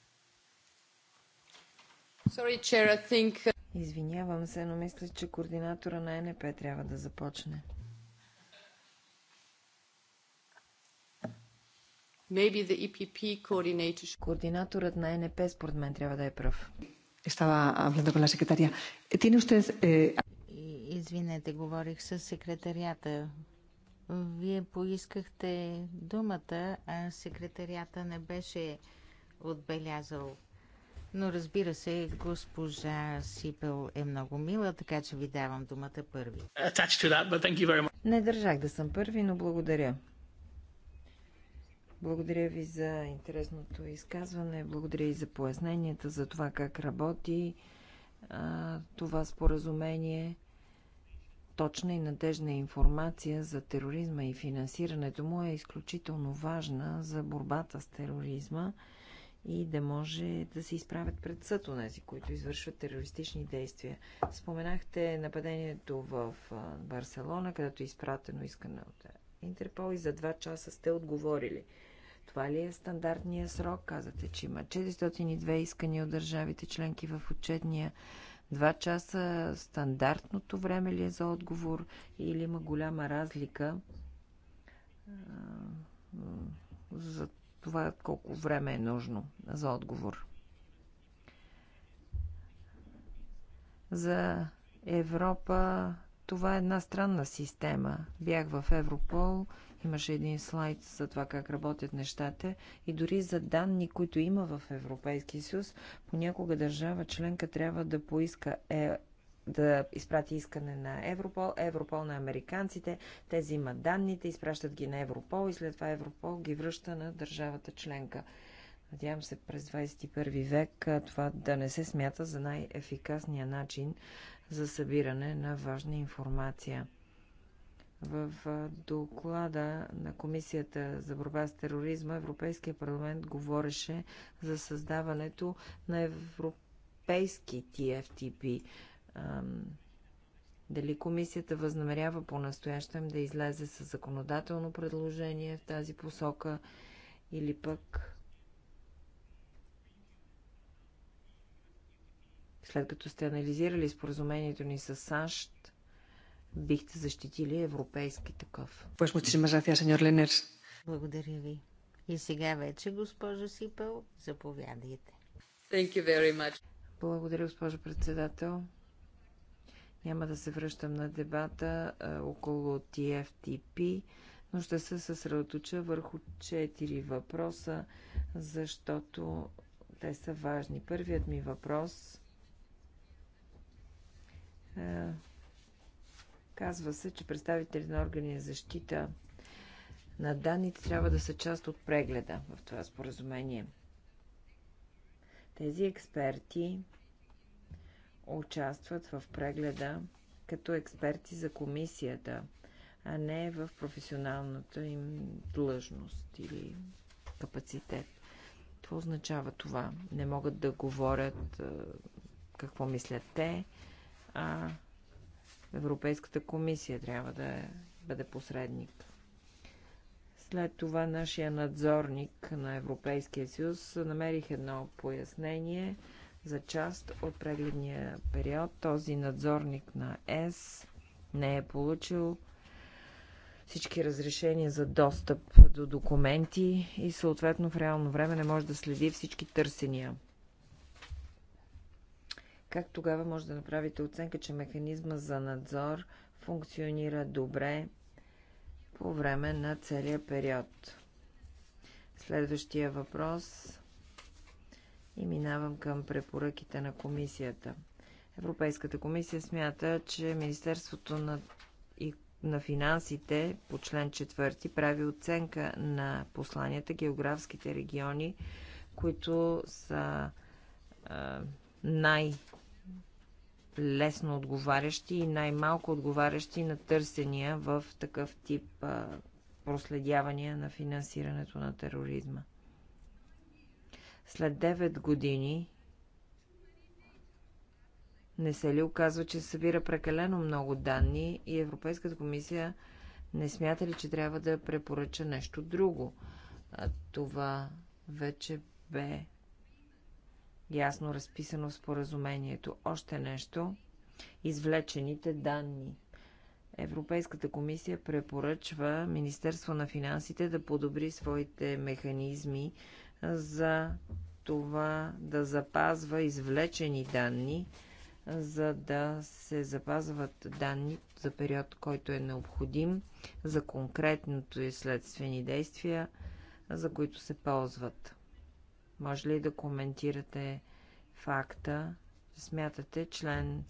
Sorry, Chair, I think Извинявам се, но мисля, че координатора на НП трябва да започне. Maybe the EPP coordinator... Координаторът на НП според мен трябва да е пръв. Estaba hablando con la secretaria. ¿Tiene usted, eh... Извинете, говорих с секретарията. Вие поискахте думата, а секретарията не беше отбелязал но разбира се, госпожа Сипел е много мила, така че ви давам думата първи. Не държах да съм първи, но благодаря. Благодаря ви за интересното изказване, благодаря и за поясненията за това как работи а, това споразумение. Точна и надежна информация за тероризма и финансирането му е изключително важна за борбата с тероризма и да може да се изправят пред съд у нези, които извършват терористични действия. Споменахте нападението в Барселона, където е изпратено искане от Интерпол и за два часа сте отговорили. Това ли е стандартния срок? Казате, че има 402 искания от държавите членки в отчетния. Два часа стандартното време ли е за отговор или има голяма разлика за това колко време е нужно за отговор. За Европа това е една странна система. Бях в Европол, имаше един слайд за това как работят нещата и дори за данни, които има в Европейския съюз, понякога държава членка трябва да поиска е, да изпрати искане на Европол, Европол на американците, те взимат данните, изпращат ги на Европол и след това Европол ги връща на държавата членка. Надявам се през 21 век това да не се смята за най-ефикасния начин за събиране на важна информация. В доклада на Комисията за борба с тероризма Европейския парламент говореше за създаването на европейски TFTP дали комисията възнамерява по-настоящем да излезе с законодателно предложение в тази посока или пък след като сте анализирали споразумението ни с САЩ, бихте защитили европейски такъв. Благодаря ви. И сега вече, госпожо Сипел, заповядайте. Благодаря, госпожо председател. Няма да се връщам на дебата около TFTP, но ще се съсредоточа върху четири въпроса, защото те са важни. Първият ми въпрос е, казва се, че представители на органи за защита на данните трябва да са част от прегледа в това споразумение. Тези експерти участват в прегледа като експерти за комисията, а не в професионалната им длъжност или капацитет. Това означава това? Не могат да говорят какво мислят те, а Европейската комисия трябва да бъде посредник. След това нашия надзорник на Европейския съюз намерих едно пояснение – за част от прегледния период. Този надзорник на ЕС не е получил всички разрешения за достъп до документи и съответно в реално време не може да следи всички търсения. Как тогава може да направите оценка, че механизма за надзор функционира добре по време на целия период? Следващия въпрос и минавам към препоръките на комисията. Европейската комисия смята, че Министерството на, и, на финансите по член 4 прави оценка на посланията, географските региони, които са а, най- лесно отговарящи и най-малко отговарящи на търсения в такъв тип а, проследявания на финансирането на тероризма. След 9 години не се ли оказва, че събира прекалено много данни и Европейската комисия не смята ли, че трябва да препоръча нещо друго? Това вече бе ясно разписано в споразумението. Още нещо извлечените данни. Европейската комисия препоръчва Министерство на финансите да подобри своите механизми за това да запазва извлечени данни, за да се запазват данни за период, който е необходим за конкретното и следствени действия, за които се ползват. Може ли да коментирате факта, смятате член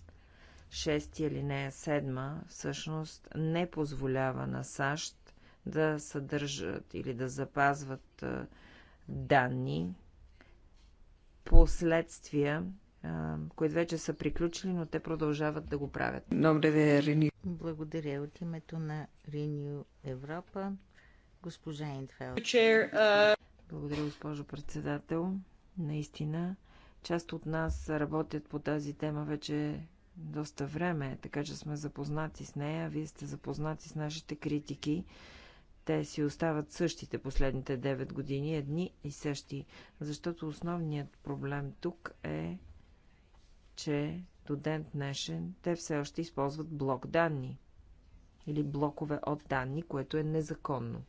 6 алинея 7 всъщност не позволява на САЩ да съдържат или да запазват данни, последствия, които вече са приключили, но те продължават да го правят. Благодаря от името на Renew Европа, госпожа Интфелд. Uh, Благодаря, госпожо председател. Наистина, част от нас работят по тази тема вече доста време, така че сме запознати с нея. Вие сте запознати с нашите критики те си остават същите последните 9 години, едни и същи, защото основният проблем тук е, че до ден днешен те все още използват блок данни или блокове от данни, което е незаконно.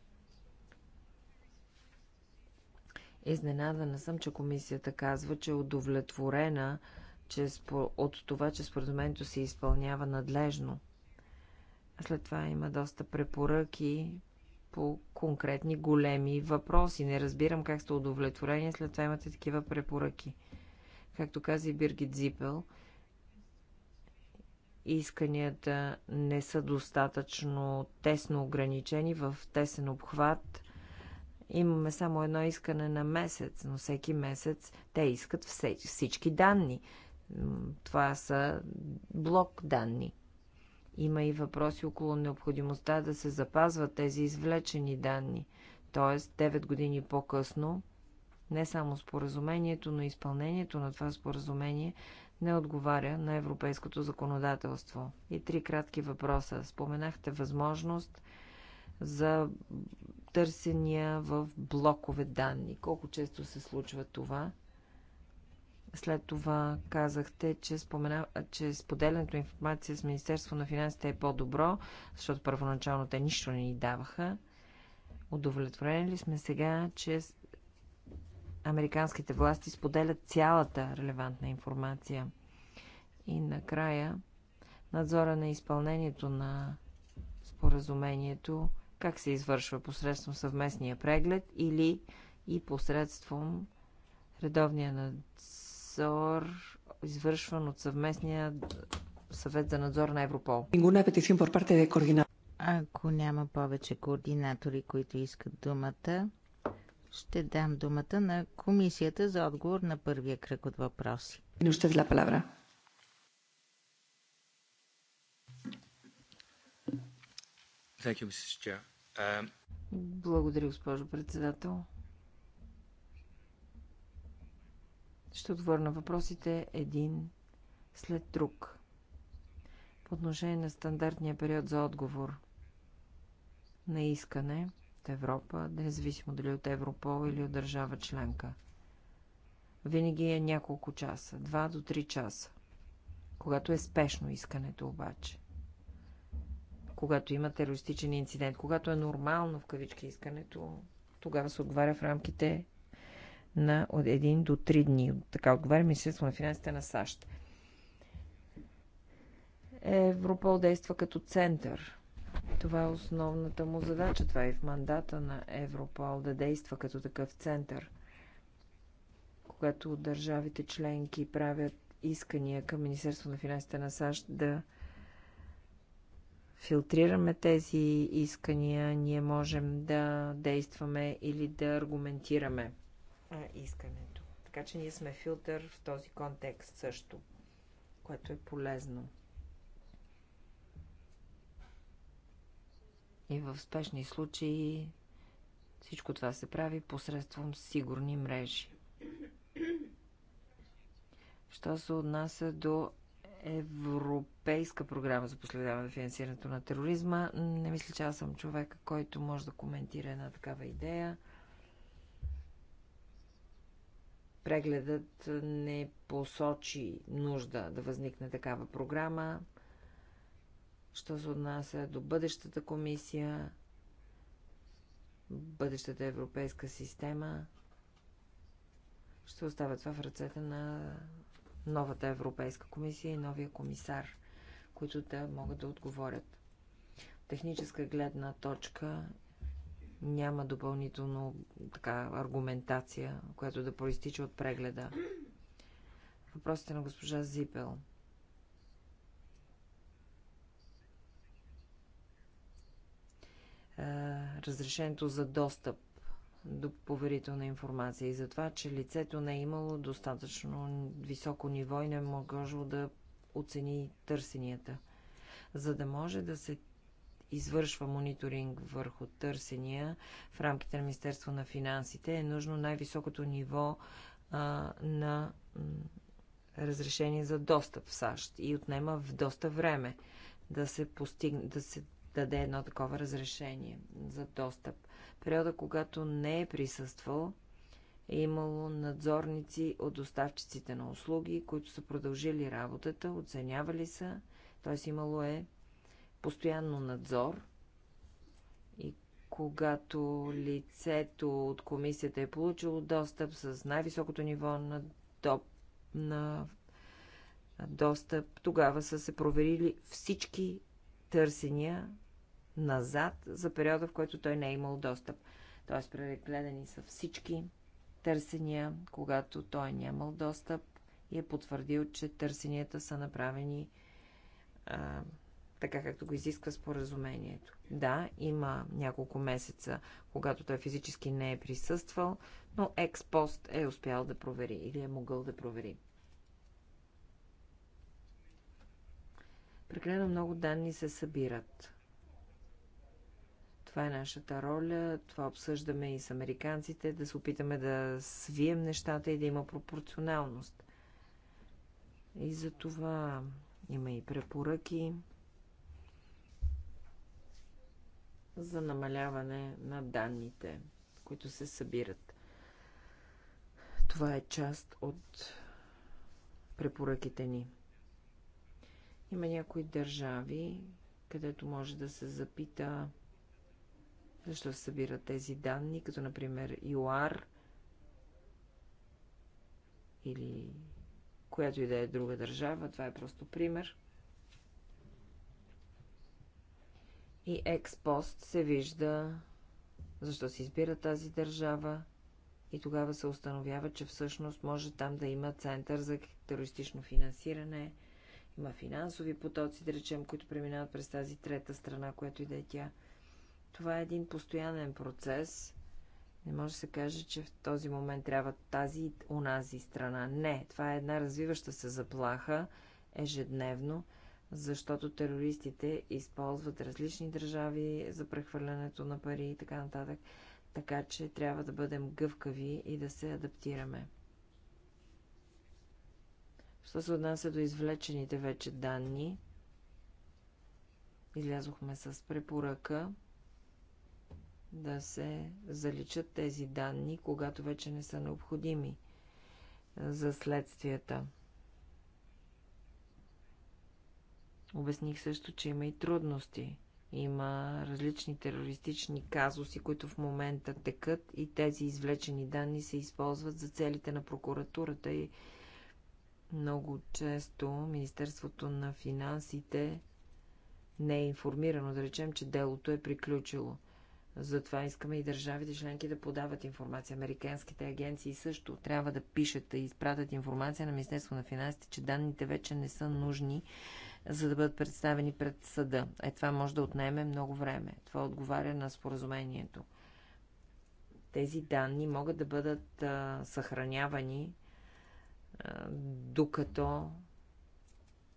Изненадана съм, че комисията казва, че е удовлетворена че от това, че споразумението се изпълнява надлежно. След това има доста препоръки по конкретни големи въпроси. Не разбирам как сте удовлетворени, след това имате такива препоръки. Както каза и Биргит Зипел, исканията не са достатъчно тесно ограничени в тесен обхват. Имаме само едно искане на месец, но всеки месец те искат всички данни. Това са блок данни. Има и въпроси около необходимостта да се запазват тези извлечени данни. т.е. 9 години по-късно, не само споразумението, но и изпълнението на това споразумение не отговаря на европейското законодателство. И три кратки въпроса. Споменахте възможност за търсения в блокове данни. Колко често се случва това? След това казахте, че, спомена, че споделянето информация с Министерство на финансите е по-добро, защото първоначално те нищо не ни даваха. Удовлетворени ли сме сега, че американските власти споделят цялата релевантна информация? И накрая, надзора на изпълнението на споразумението, как се извършва посредством съвместния преглед или и посредством редовния надзор надзор, извършван от съвместния съвет за надзор на Европол. Ако няма повече координатори, които искат думата, ще дам думата на комисията за отговор на първия кръг от въпроси. Um, Благодаря, госпожо председател. Ще отвърна въпросите един след друг. По отношение на стандартния период за отговор на искане от Европа, независимо дали от Европол или от държава членка, винаги е няколко часа, 2 до 3 часа, когато е спешно искането обаче когато има терористичен инцидент. Когато е нормално в кавички искането, тогава се отговаря в рамките на от 1 до 3 дни. Така отговаря Министерството на финансите на САЩ. Европол действа като център. Това е основната му задача. Това е в мандата на Европол да действа като такъв център. Когато държавите членки правят искания към Министерството на финансите на САЩ да филтрираме тези искания, ние можем да действаме или да аргументираме а, искането. Така че ние сме филтър в този контекст също, което е полезно. И в спешни случаи всичко това се прави посредством сигурни мрежи. Що се отнася до Европейска програма за последяване на финансирането на тероризма, не мисля, че аз съм човек, който може да коментира една такава идея. прегледът не посочи нужда да възникне такава програма. Що се отнася до бъдещата комисия, бъдещата европейска система, ще оставя това в ръцете на новата Европейска комисия и новия комисар, които да могат да отговорят. Техническа гледна точка няма допълнително така аргументация, която да проистича от прегледа. Въпросите на госпожа Зипел. разрешението за достъп до поверителна информация и за това, че лицето не е имало достатъчно високо ниво и не е могло да оцени търсенията. За да може да се извършва мониторинг върху търсения в рамките на Министерство на финансите, е нужно най-високото ниво а, на разрешение за достъп в САЩ и отнема в доста време да се, постигне, да се даде едно такова разрешение за достъп. Периода, когато не е присъствал, е имало надзорници от доставчиците на услуги, които са продължили работата, оценявали са, т.е. имало е постоянно надзор и когато лицето от комисията е получило достъп с най-високото ниво на, доп, на достъп, тогава са се проверили всички търсения назад за периода, в който той не е имал достъп. Тоест, прегледани са всички търсения, когато той е нямал достъп и е потвърдил, че търсенията са направени а, така както го изисква споразумението. Да, има няколко месеца, когато той физически не е присъствал, но експост е успял да провери или е могъл да провери. Прекалено много данни се събират. Това е нашата роля, това обсъждаме и с американците, да се опитаме да свием нещата и да има пропорционалност. И за това има и препоръки. за намаляване на данните, които се събират. Това е част от препоръките ни. Има някои държави, където може да се запита защо се събират тези данни, като например ЮАР или която и да е друга държава. Това е просто пример. и експост се вижда защо се избира тази държава и тогава се установява, че всъщност може там да има център за терористично финансиране, има финансови потоци, да речем, които преминават през тази трета страна, която и да е тя. Това е един постоянен процес. Не може да се каже, че в този момент трябва тази и онази страна. Не, това е една развиваща се заплаха ежедневно – защото терористите използват различни държави за прехвърлянето на пари и така нататък. Така че трябва да бъдем гъвкави и да се адаптираме. Що се отнася до извлечените вече данни, излязохме с препоръка да се заличат тези данни, когато вече не са необходими за следствията. Обясних също, че има и трудности. Има различни терористични казуси, които в момента текат и тези извлечени данни се използват за целите на прокуратурата и много често Министерството на финансите не е информирано, да речем, че делото е приключило. Затова искаме и държавите членки да подават информация. Американските агенции също трябва да пишат и изпратят информация на Министерство на финансите, че данните вече не са нужни за да бъдат представени пред съда. Е, това може да отнеме много време. Това отговаря на споразумението. Тези данни могат да бъдат а, съхранявани а, докато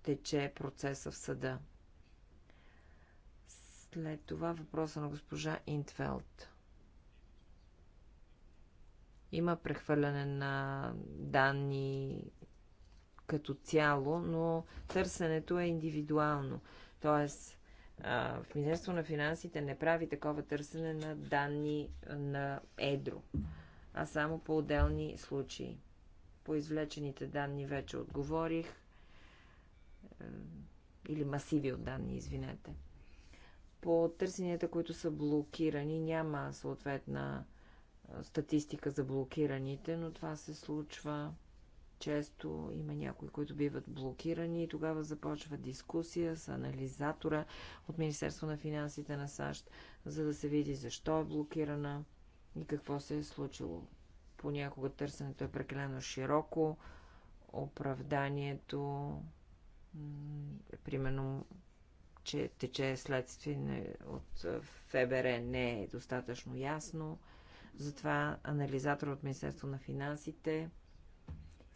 тече процеса в съда. След това въпроса на госпожа Интфелд. Има прехвърляне на данни като цяло, но търсенето е индивидуално. Тоест, в Министерство на финансите не прави такова търсене на данни на едро, а само по отделни случаи. По извлечените данни вече отговорих. Е, или масиви от данни, извинете. По търсенията, които са блокирани, няма съответна статистика за блокираните, но това се случва често има някои, които биват блокирани и тогава започва дискусия с анализатора от Министерство на финансите на САЩ, за да се види защо е блокирана и какво се е случило. Понякога търсенето е прекалено широко, оправданието, е примерно, че тече следствие от е, ФБР не е достатъчно ясно. Затова анализатор от Министерство на финансите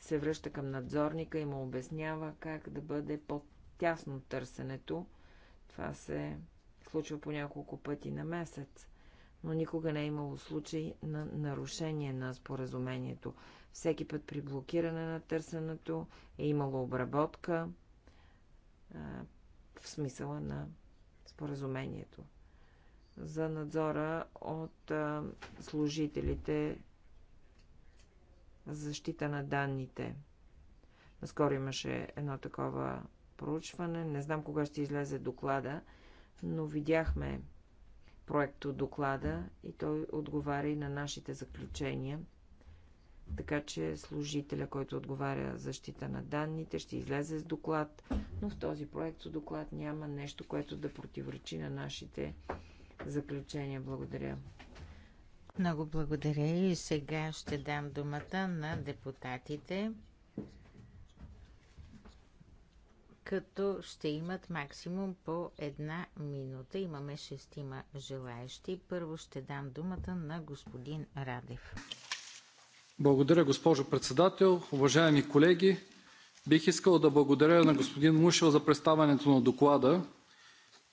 се връща към надзорника и му обяснява как да бъде по-тясно търсенето. Това се случва по няколко пъти на месец, но никога не е имало случай на нарушение на споразумението. Всеки път при блокиране на търсенето е имало обработка а, в смисъла на споразумението за надзора от а, служителите за защита на данните. Наскоро имаше едно такова проучване. Не знам кога ще излезе доклада, но видяхме проекто доклада и той отговаря и на нашите заключения. Така че служителя, който отговаря защита на данните, ще излезе с доклад, но в този проект доклад няма нещо, което да противоречи на нашите заключения. Благодаря. Много благодаря и сега ще дам думата на депутатите, като ще имат максимум по една минута. Имаме шестима желаящи. Първо ще дам думата на господин Радев. Благодаря, госпожо председател. Уважаеми колеги, бих искал да благодаря на господин Мушел за представянето на доклада.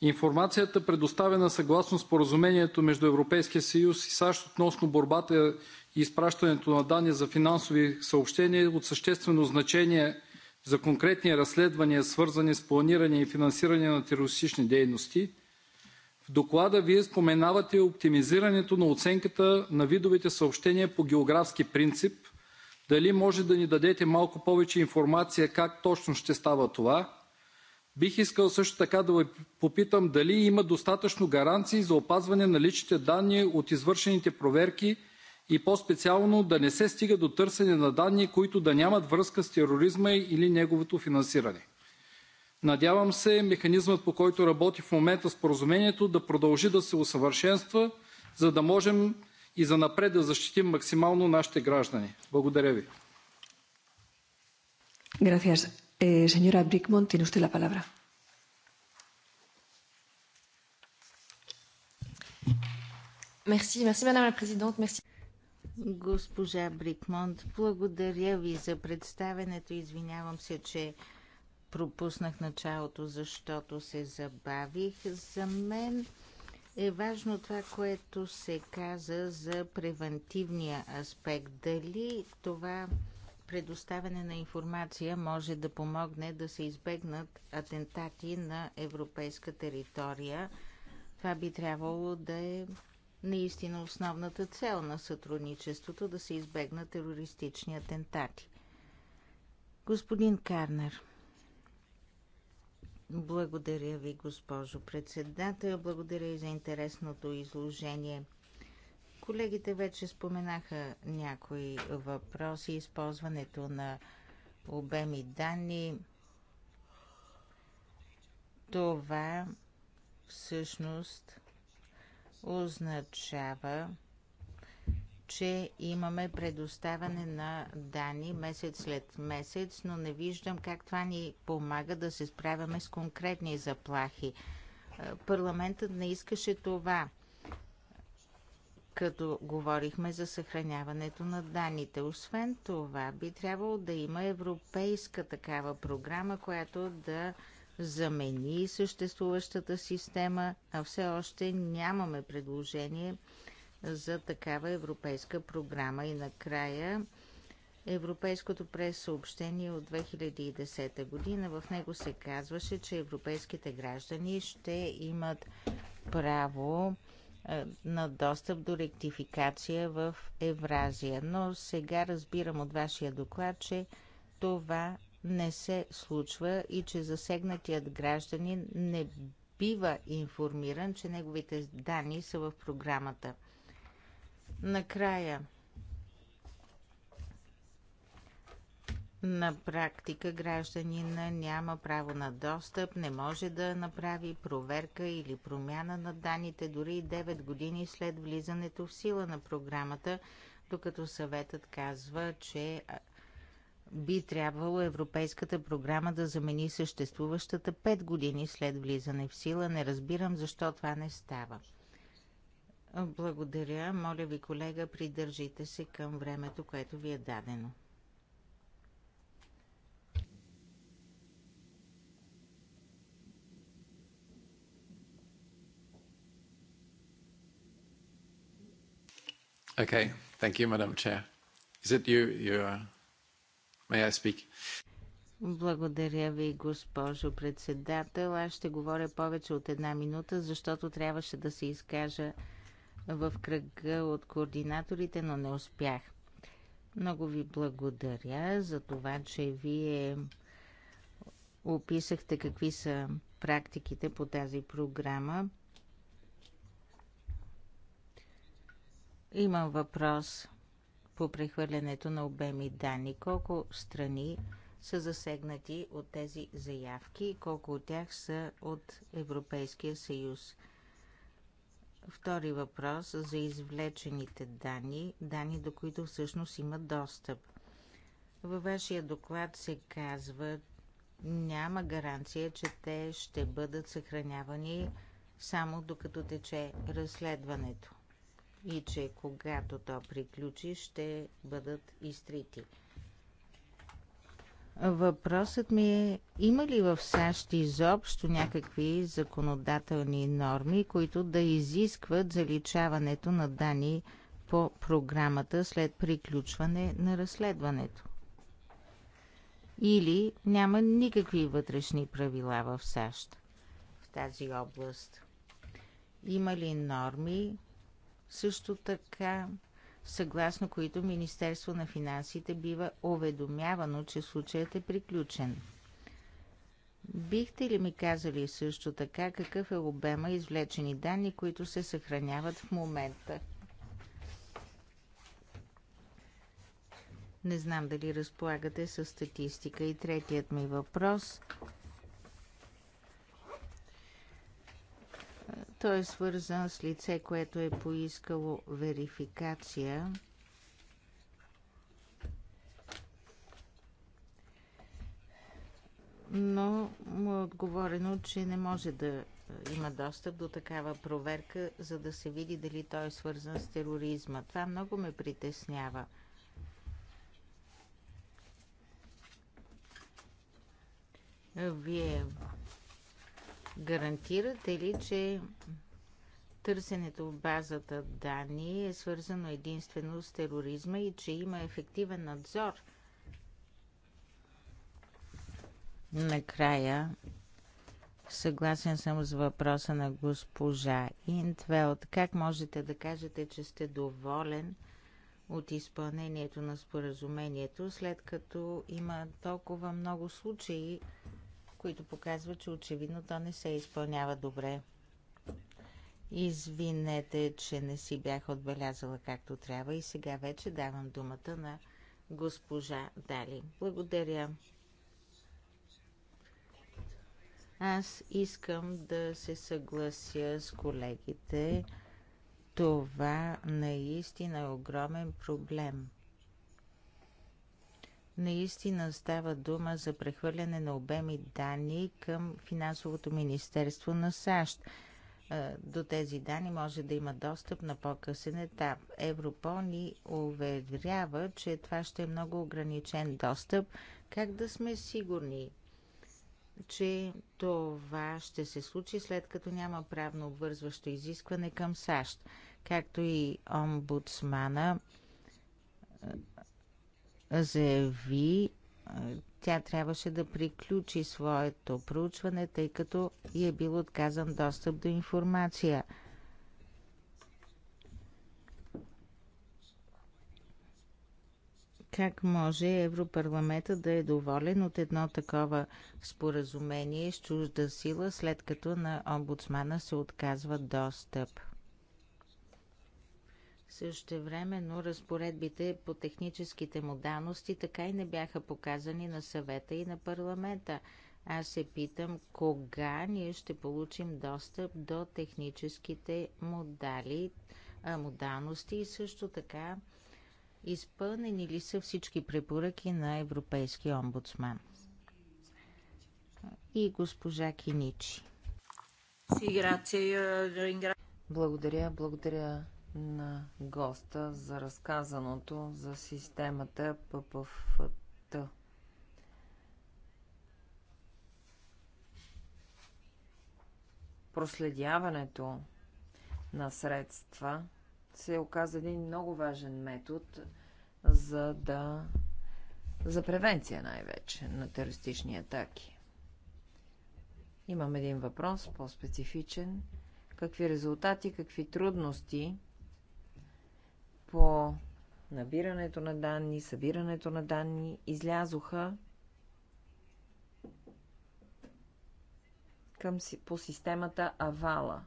Информацията, предоставена съгласно Споразумението между Европейския съюз и САЩ относно борбата и изпращането на данни за финансови съобщения, е от съществено значение за конкретни разследвания, свързани с планиране и финансиране на терористични дейности. В доклада Вие споменавате оптимизирането на оценката на видовете съобщения по географски принцип. Дали може да ни дадете малко повече информация как точно ще става това? Бих искал също така да Ви попитам дали има достатъчно гаранции за опазване на личните данни от извършените проверки и по-специално да не се стига до търсене на данни, които да нямат връзка с тероризма или неговото финансиране. Надявам се механизмът, по който работи в момента споразумението, да продължи да се усъвършенства, за да можем и занапред да защитим максимално нашите граждани. Благодаря ви. Gracias. Eh, señora Brickmont, tiene usted la palabra. Merci, merci, madame la présidente. Merci. Госпожа Брикмонт, благодаря ви за представенето. Извинявам се, че пропуснах началото, защото се забавих. За мен е важно това, което се каза за превентивния аспект. Дали това предоставяне на информация може да помогне да се избегнат атентати на европейска територия. Това би трябвало да е наистина основната цел на сътрудничеството да се избегнат терористични атентати. Господин Карнер. Благодаря ви, госпожо председател. Благодаря и за интересното изложение. Колегите вече споменаха някои въпроси, използването на обеми данни. Това всъщност означава, че имаме предоставяне на данни месец след месец, но не виждам как това ни помага да се справяме с конкретни заплахи. Е, парламентът не искаше това като говорихме за съхраняването на данните. Освен това, би трябвало да има европейска такава програма, която да замени съществуващата система, а все още нямаме предложение за такава европейска програма. И накрая Европейското прес-съобщение от 2010 година. В него се казваше, че европейските граждани ще имат право е, на достъп до ректификация в Евразия. Но сега разбирам от вашия доклад, че това не се случва и че засегнатият гражданин не бива информиран, че неговите данни са в програмата. Накрая, На практика гражданина няма право на достъп, не може да направи проверка или промяна на данните дори и 9 години след влизането в сила на програмата, докато съветът казва, че би трябвало Европейската програма да замени съществуващата 5 години след влизане в сила. Не разбирам защо това не става. Благодаря. Моля ви, колега, придържите се към времето, което ви е дадено. Okay. Thank you, Madam Chair. Is it you? you are... May I speak? Благодаря ви, госпожо председател. Аз ще говоря повече от една минута, защото трябваше да се изкажа в кръга от координаторите, но не успях. Много ви благодаря за това, че вие описахте какви са практиките по тази програма. Имам въпрос по прехвърлянето на обеми данни. Колко страни са засегнати от тези заявки и колко от тях са от Европейския съюз? Втори въпрос за извлечените данни, данни до които всъщност има достъп. Във вашия доклад се казва, няма гаранция, че те ще бъдат съхранявани само докато тече разследването и че когато то приключи, ще бъдат изтрити. Въпросът ми е, има ли в САЩ изобщо някакви законодателни норми, които да изискват заличаването на данни по програмата след приключване на разследването? Или няма никакви вътрешни правила в САЩ в тази област? Има ли норми, също така, съгласно които Министерство на финансите бива уведомявано, че случаят е приключен. Бихте ли ми казали също така какъв е обема извлечени данни, които се съхраняват в момента? Не знам дали разполагате с статистика. И третият ми въпрос – Той е свързан с лице, което е поискало верификация. Но му е отговорено, че не може да има достъп до такава проверка, за да се види дали той е свързан с тероризма. Това много ме притеснява. Вие Гарантирате ли, че търсенето в базата данни е свързано единствено с тероризма и че има ефективен надзор? Накрая Съгласен съм с въпроса на госпожа Интвелт. Как можете да кажете, че сте доволен от изпълнението на споразумението, след като има толкова много случаи които показват, че очевидно то не се изпълнява добре. Извинете, че не си бях отбелязала както трябва и сега вече давам думата на госпожа Дали. Благодаря. Аз искам да се съглася с колегите. Това наистина е огромен проблем. Наистина става дума за прехвърляне на обеми данни към Финансовото министерство на САЩ. Е, до тези данни може да има достъп на по-късен етап. Европол ни уверява, че това ще е много ограничен достъп. Как да сме сигурни, че това ще се случи след като няма правно обвързващо изискване към САЩ? Както и омбудсмана заяви, тя трябваше да приключи своето проучване, тъй като й е бил отказан достъп до информация. Как може Европарламента да е доволен от едно такова споразумение с чужда сила, след като на омбудсмана се отказва достъп? Същевременно разпоредбите по техническите му данности така и не бяха показани на съвета и на парламента. Аз се питам кога ние ще получим достъп до техническите му, дали, а, и също така изпълнени ли са всички препоръки на Европейския омбудсман. И госпожа Киничи. Благодаря, благодаря на госта за разказаното за системата ППФТ. Проследяването на средства се оказа един много важен метод за да за превенция най-вече на терористични атаки. Имам един въпрос, по-специфичен. Какви резултати, какви трудности по набирането на данни, събирането на данни излязоха към, по системата Авала.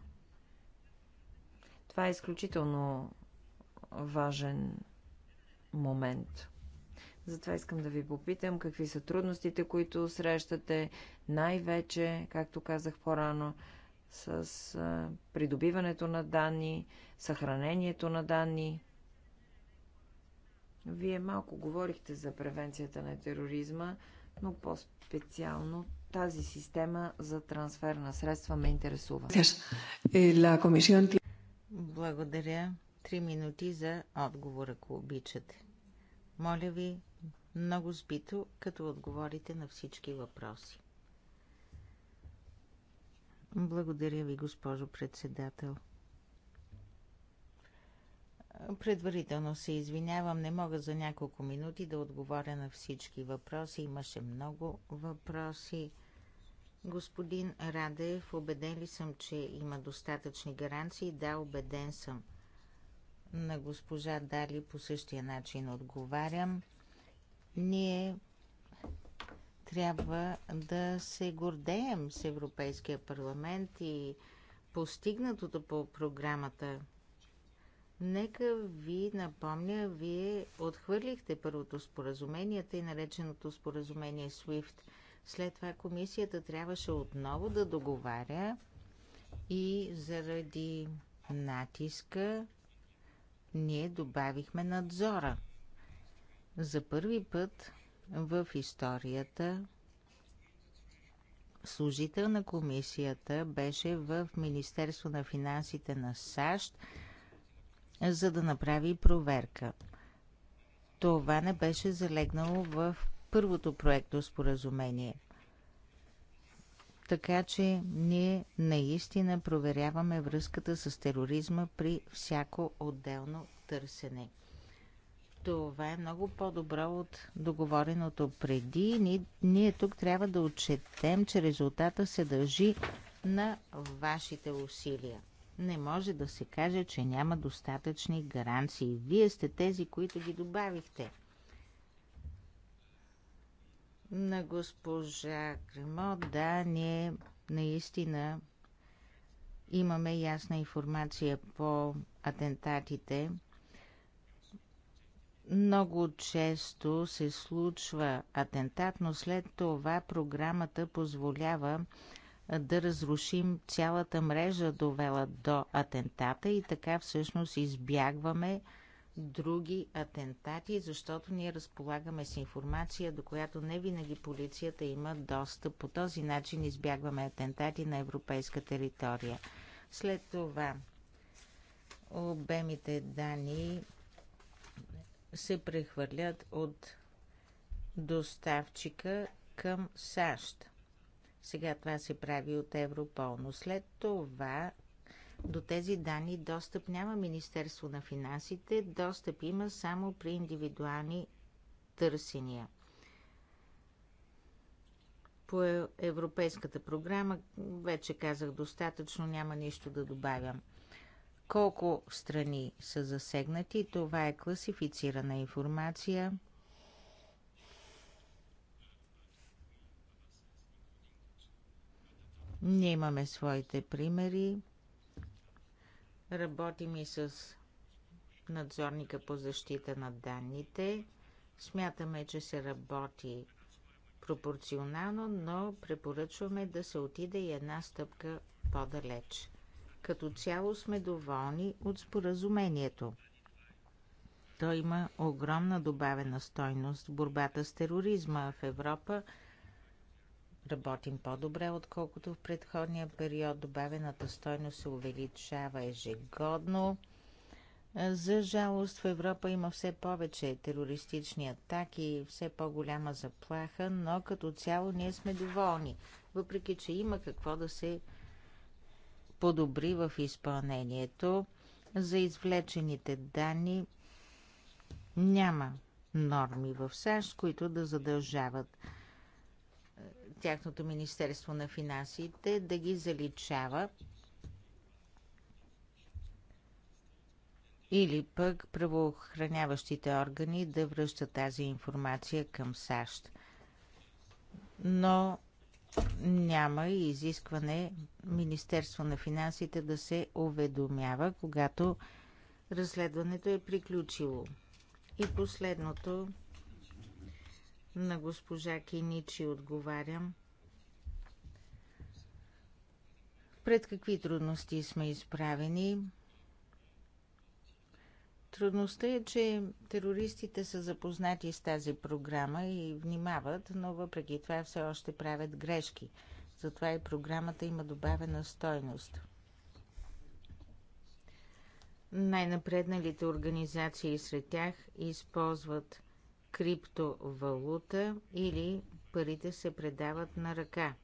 Това е изключително важен момент. Затова искам да ви попитам какви са трудностите, които срещате, най-вече, както казах по-рано, с придобиването на данни, съхранението на данни. Вие малко говорихте за превенцията на тероризма, но по-специално тази система за трансфер на средства ме интересува. Е, Благодаря. Три минути за отговор, ако обичате. Моля ви, много сбито, като отговорите на всички въпроси. Благодаря ви, госпожо председател. Предварително се извинявам, не мога за няколко минути да отговоря на всички въпроси. Имаше много въпроси. Господин Радев, убеден ли съм, че има достатъчни гаранции? Да, убеден съм. На госпожа Дали по същия начин отговарям. Ние трябва да се гордеем с Европейския парламент и постигнатото по програмата Нека ви напомня, вие отхвърлихте първото споразумение, тъй нареченото споразумение SWIFT. След това комисията трябваше отново да договаря и заради натиска ние добавихме надзора. За първи път в историята служител на комисията беше в Министерство на финансите на САЩ – за да направи проверка. Това не беше залегнало в първото проекто споразумение. Така че ние наистина проверяваме връзката с тероризма при всяко отделно търсене. Това е много по-добро от договореното преди. Ние, ние тук трябва да отчетем, че резултата се дължи на вашите усилия не може да се каже, че няма достатъчни гаранции. Вие сте тези, които ги добавихте. На госпожа Кремо, да, ние наистина имаме ясна информация по атентатите. Много често се случва атентат, но след това програмата позволява да разрушим цялата мрежа, довела до атентата и така всъщност избягваме други атентати, защото ние разполагаме с информация, до която не винаги полицията има достъп. По този начин избягваме атентати на европейска територия. След това обемите данни се прехвърлят от доставчика към САЩ. Сега това се прави от Европол, но след това до тези данни достъп няма Министерство на финансите, достъп има само при индивидуални търсения. По е, Европейската програма вече казах достатъчно, няма нищо да добавям. Колко страни са засегнати, това е класифицирана информация – Ние имаме своите примери. Работим и с надзорника по защита на данните. Смятаме, че се работи пропорционално, но препоръчваме да се отиде и една стъпка по-далеч. Като цяло сме доволни от споразумението. Той има огромна добавена стойност в борбата с тероризма в Европа – Работим по-добре, отколкото в предходния период. Добавената стойност се увеличава ежегодно. За жалост в Европа има все повече терористични атаки и все по-голяма заплаха, но като цяло ние сме доволни, въпреки че има какво да се подобри в изпълнението. За извлечените данни няма норми в САЩ, които да задължават тяхното Министерство на финансите да ги заличава или пък правоохраняващите органи да връщат тази информация към САЩ. Но няма и изискване Министерство на финансите да се уведомява, когато разследването е приключило. И последното на госпожа Киничи отговарям. Пред какви трудности сме изправени? Трудността е, че терористите са запознати с тази програма и внимават, но въпреки това все още правят грешки. Затова и програмата има добавена стойност. Най-напредналите организации сред тях използват криптовалута или парите се предават на ръка.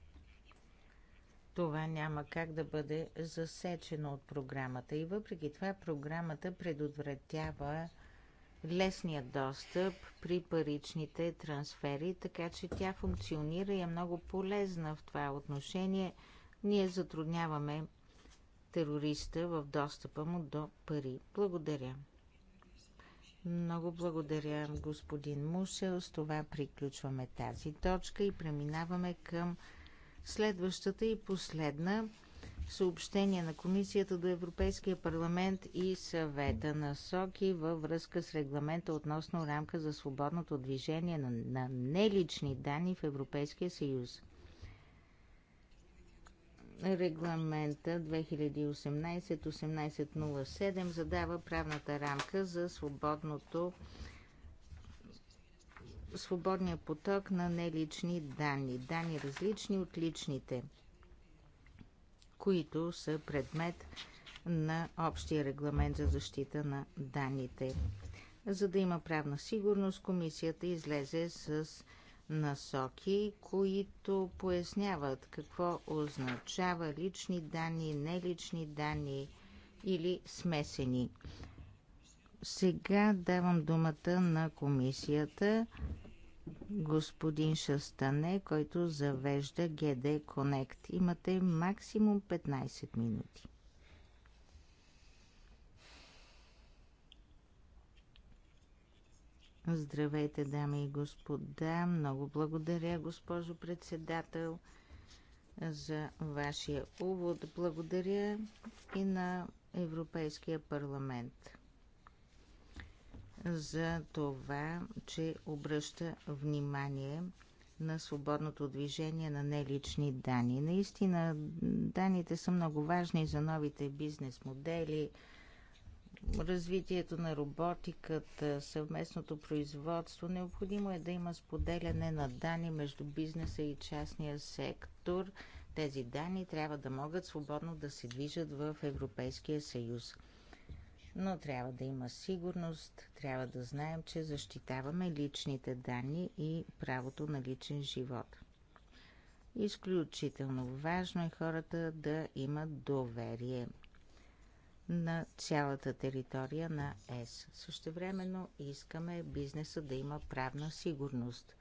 Това няма как да бъде засечено от програмата и въпреки това програмата предотвратява лесния достъп при паричните трансфери, така че тя функционира и е много полезна в това отношение. Ние затрудняваме терориста в достъпа му до пари. Благодаря. Много благодаря, господин Мусел. С това приключваме тази точка и преминаваме към следващата и последна съобщение на Комисията до Европейския парламент и съвета на СОКИ във връзка с регламента относно рамка за свободното движение на, на нелични данни в Европейския съюз. Регламента 2018-1807 задава правната рамка за свободното свободния поток на нелични данни, данни различни от личните, които са предмет на общия регламент за защита на данните. За да има правна сигурност, комисията излезе с насоки, които поясняват какво означава лични данни, нелични данни или смесени. Сега давам думата на комисията господин Шастане, който завежда ГД Конект. Имате максимум 15 минути. Здравейте, дами и господа! Много благодаря, госпожо председател, за вашия увод. Благодаря и на Европейския парламент за това, че обръща внимание на свободното движение на нелични данни. Наистина, данните са много важни за новите бизнес модели – развитието на роботиката, съвместното производство, необходимо е да има споделяне на данни между бизнеса и частния сектор. Тези данни трябва да могат свободно да се движат в Европейския съюз. Но трябва да има сигурност, трябва да знаем, че защитаваме личните данни и правото на личен живот. Изключително важно е хората да имат доверие – на цялата територия на ЕС. Същевременно искаме бизнеса да има правна сигурност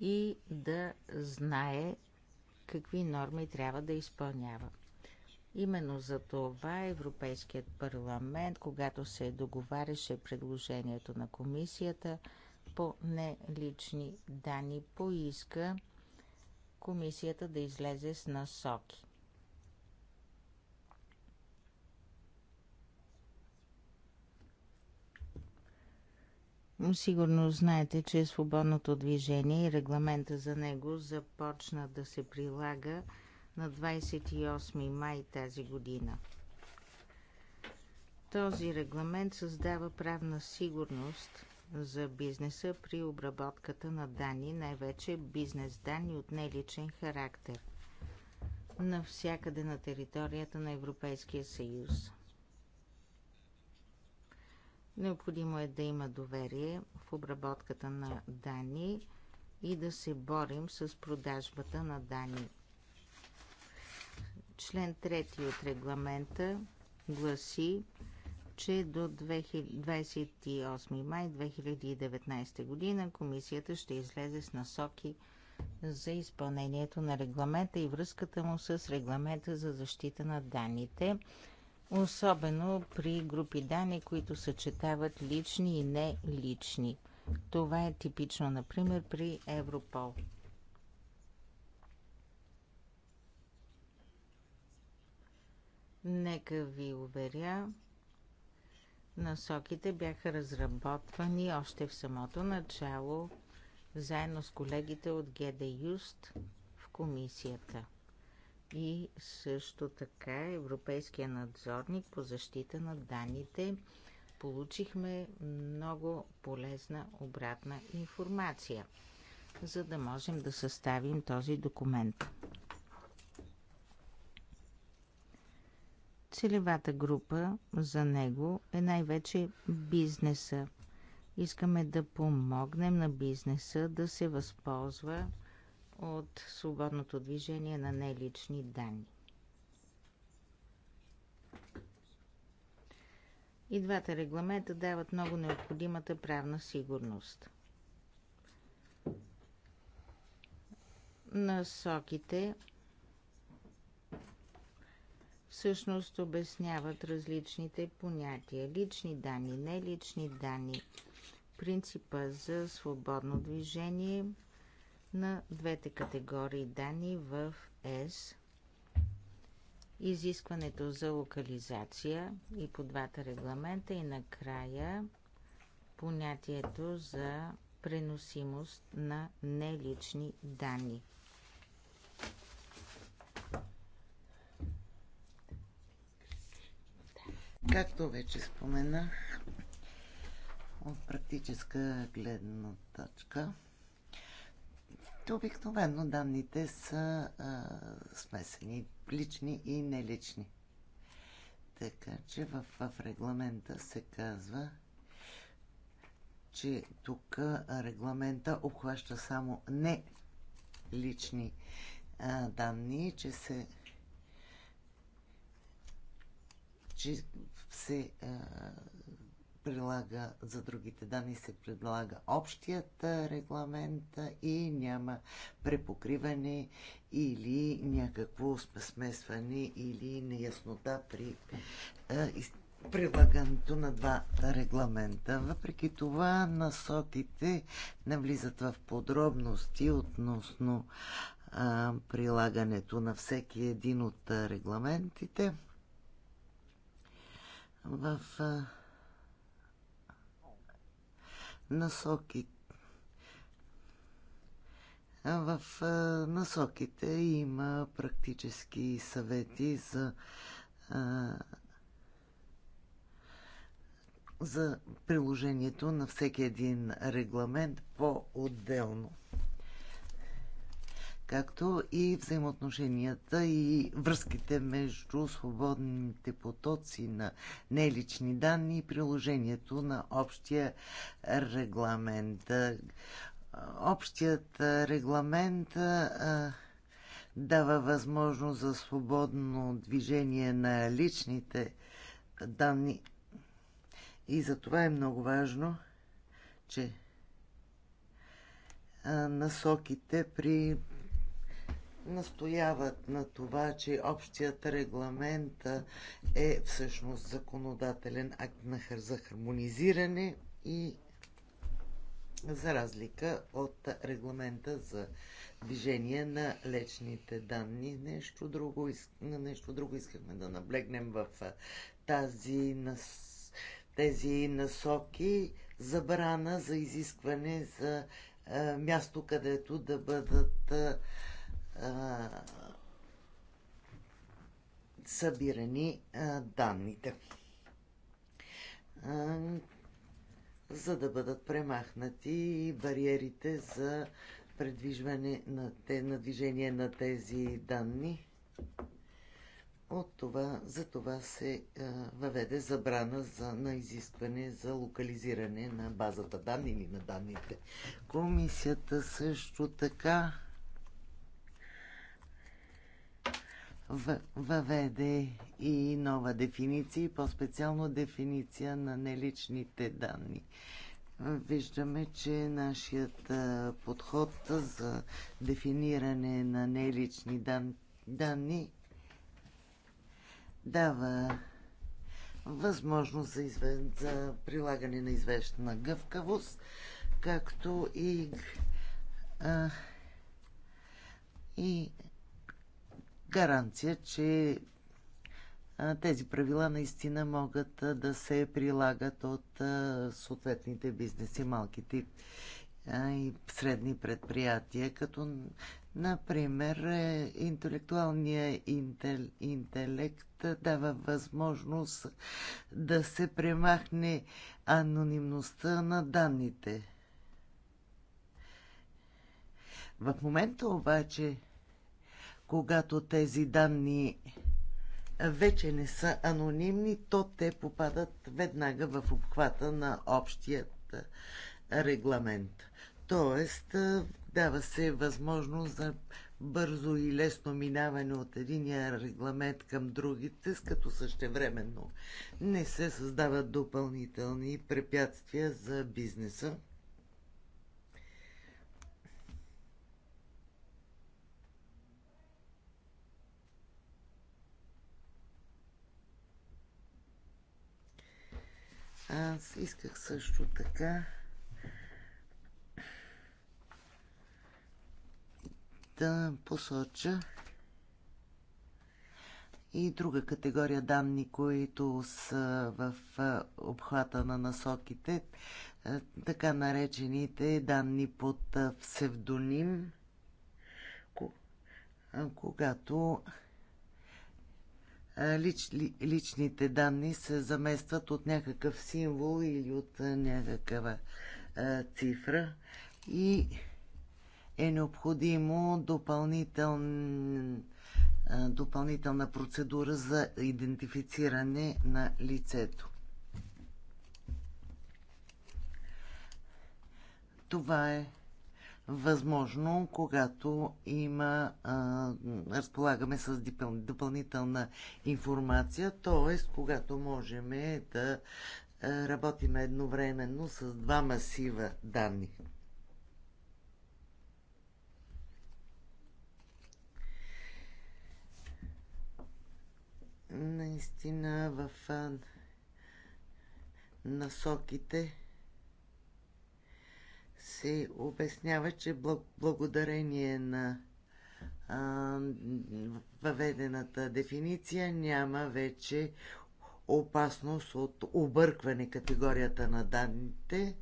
и да знае какви норми трябва да изпълнява. Именно за това Европейският парламент, когато се договаряше предложението на комисията по нелични данни, поиска комисията да излезе с насоки. Сигурно знаете, че свободното движение и регламента за него започна да се прилага на 28 май тази година. Този регламент създава правна сигурност за бизнеса при обработката на данни, най-вече бизнес данни от неличен характер, навсякъде на територията на Европейския съюз. Необходимо е да има доверие в обработката на данни и да се борим с продажбата на данни. Член 3 от регламента гласи, че до 28 май 2019 година комисията ще излезе с насоки за изпълнението на регламента и връзката му с регламента за защита на данните особено при групи данни, които съчетават лични и не лични. Това е типично, например, при Европол. Нека ви уверя, насоките бяха разработвани още в самото начало, заедно с колегите от ГД Юст в комисията и също така Европейския надзорник по защита на данните. Получихме много полезна обратна информация, за да можем да съставим този документ. Целевата група за него е най-вече бизнеса. Искаме да помогнем на бизнеса да се възползва от свободното движение на нелични данни. И двата регламента дават много необходимата правна сигурност. Насоките всъщност обясняват различните понятия лични данни, нелични данни, принципа за свободно движение – на двете категории данни в ЕС, изискването за локализация и по двата регламента и накрая понятието за преносимост на нелични данни. Както вече споменах, от практическа гледна точка, обикновено данните са а, смесени, лични и нелични. Така че в, в регламента се казва, че тук регламента обхваща само не лични а, данни, че се че се а, прилага за другите данни, се предлага общият регламент и няма препокриване или някакво смесване или неяснота при прилагането на два регламента. Въпреки това, насоките навлизат в подробности относно а, прилагането на всеки един от регламентите. В а, насоки. В насоките има практически съвети за за приложението на всеки един регламент по-отделно както и взаимоотношенията и връзките между свободните потоци на нелични данни и приложението на общия регламент. Общият регламент дава възможност за свободно движение на личните данни и за това е много важно, че насоките при настояват на това, че общият регламент е всъщност законодателен акт на за хармонизиране и за разлика от регламента за движение на лечните данни. Нещо друго, на нещо друго искахме да наблегнем в тази нас тези насоки забрана за изискване за а, място, където да бъдат а, а, събирани а, данните. А, за да бъдат премахнати бариерите за предвижване на, те, на движение на тези данни. От това, за това се а, въведе забрана за, на изискване за локализиране на базата данни или на данните. Комисията също така въведе и нова дефиниция, по-специално дефиниция на неличните данни. Виждаме, че нашият подход за дефиниране на нелични дан... данни дава възможност за, изве... за прилагане на известна гъвкавост, както и, а, и гаранция, че тези правила наистина могат да се прилагат от съответните бизнеси, малките и средни предприятия, като например е, интелектуалният интелект дава възможност да се премахне анонимността на данните. В момента обаче когато тези данни вече не са анонимни, то те попадат веднага в обхвата на общият регламент. Тоест, дава се възможност за бързо и лесно минаване от единия регламент към другите, с като същевременно не се създават допълнителни препятствия за бизнеса Аз исках също така да посоча и друга категория данни, които са в обхвата на насоките, така наречените данни под псевдоним, когато лич, личните данни се заместват от някакъв символ или от някаква цифра и е необходимо допълнител, допълнителна процедура за идентифициране на лицето. Това е възможно, когато има, а, разполагаме с дипъл, допълнителна информация, т.е. когато можем да работим едновременно с два масива данни. Наистина в насоките се обяснява, че благодарение на въведената дефиниция няма вече опасност от объркване категорията на данните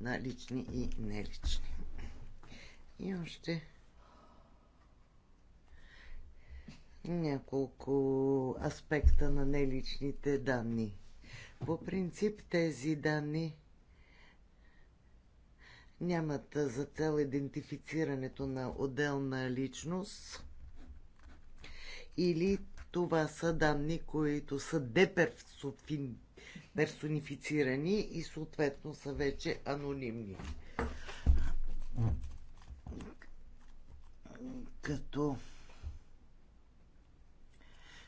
на лични и нелични. И още няколко аспекта на неличните данни. По принцип тези данни нямат за цел идентифицирането на отделна личност или това са данни, които са деперсонифицирани и съответно са вече анонимни. Като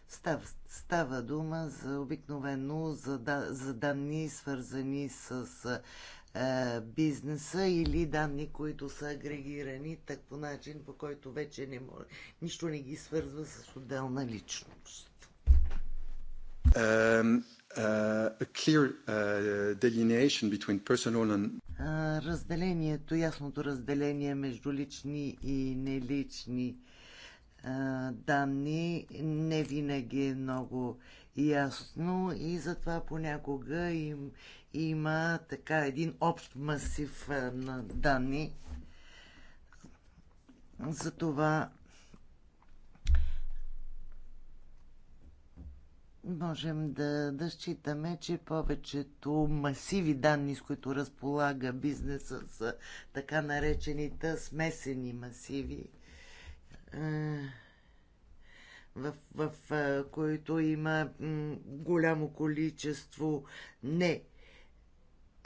става, става дума за обикновено за, за данни, свързани с е, бизнеса или данни, които са агрегирани так по начин, по който вече не може, нищо не ги свързва с отделна личност. Um, uh, clear, uh, and... uh, разделението, ясното разделение между лични и нелични данни не винаги е много ясно и затова понякога им има така един общ масив е, на данни. Затова можем да, да считаме, че повечето масиви данни, с които разполага бизнеса, са така наречените смесени масиви, е, в, в е, които има голямо количество не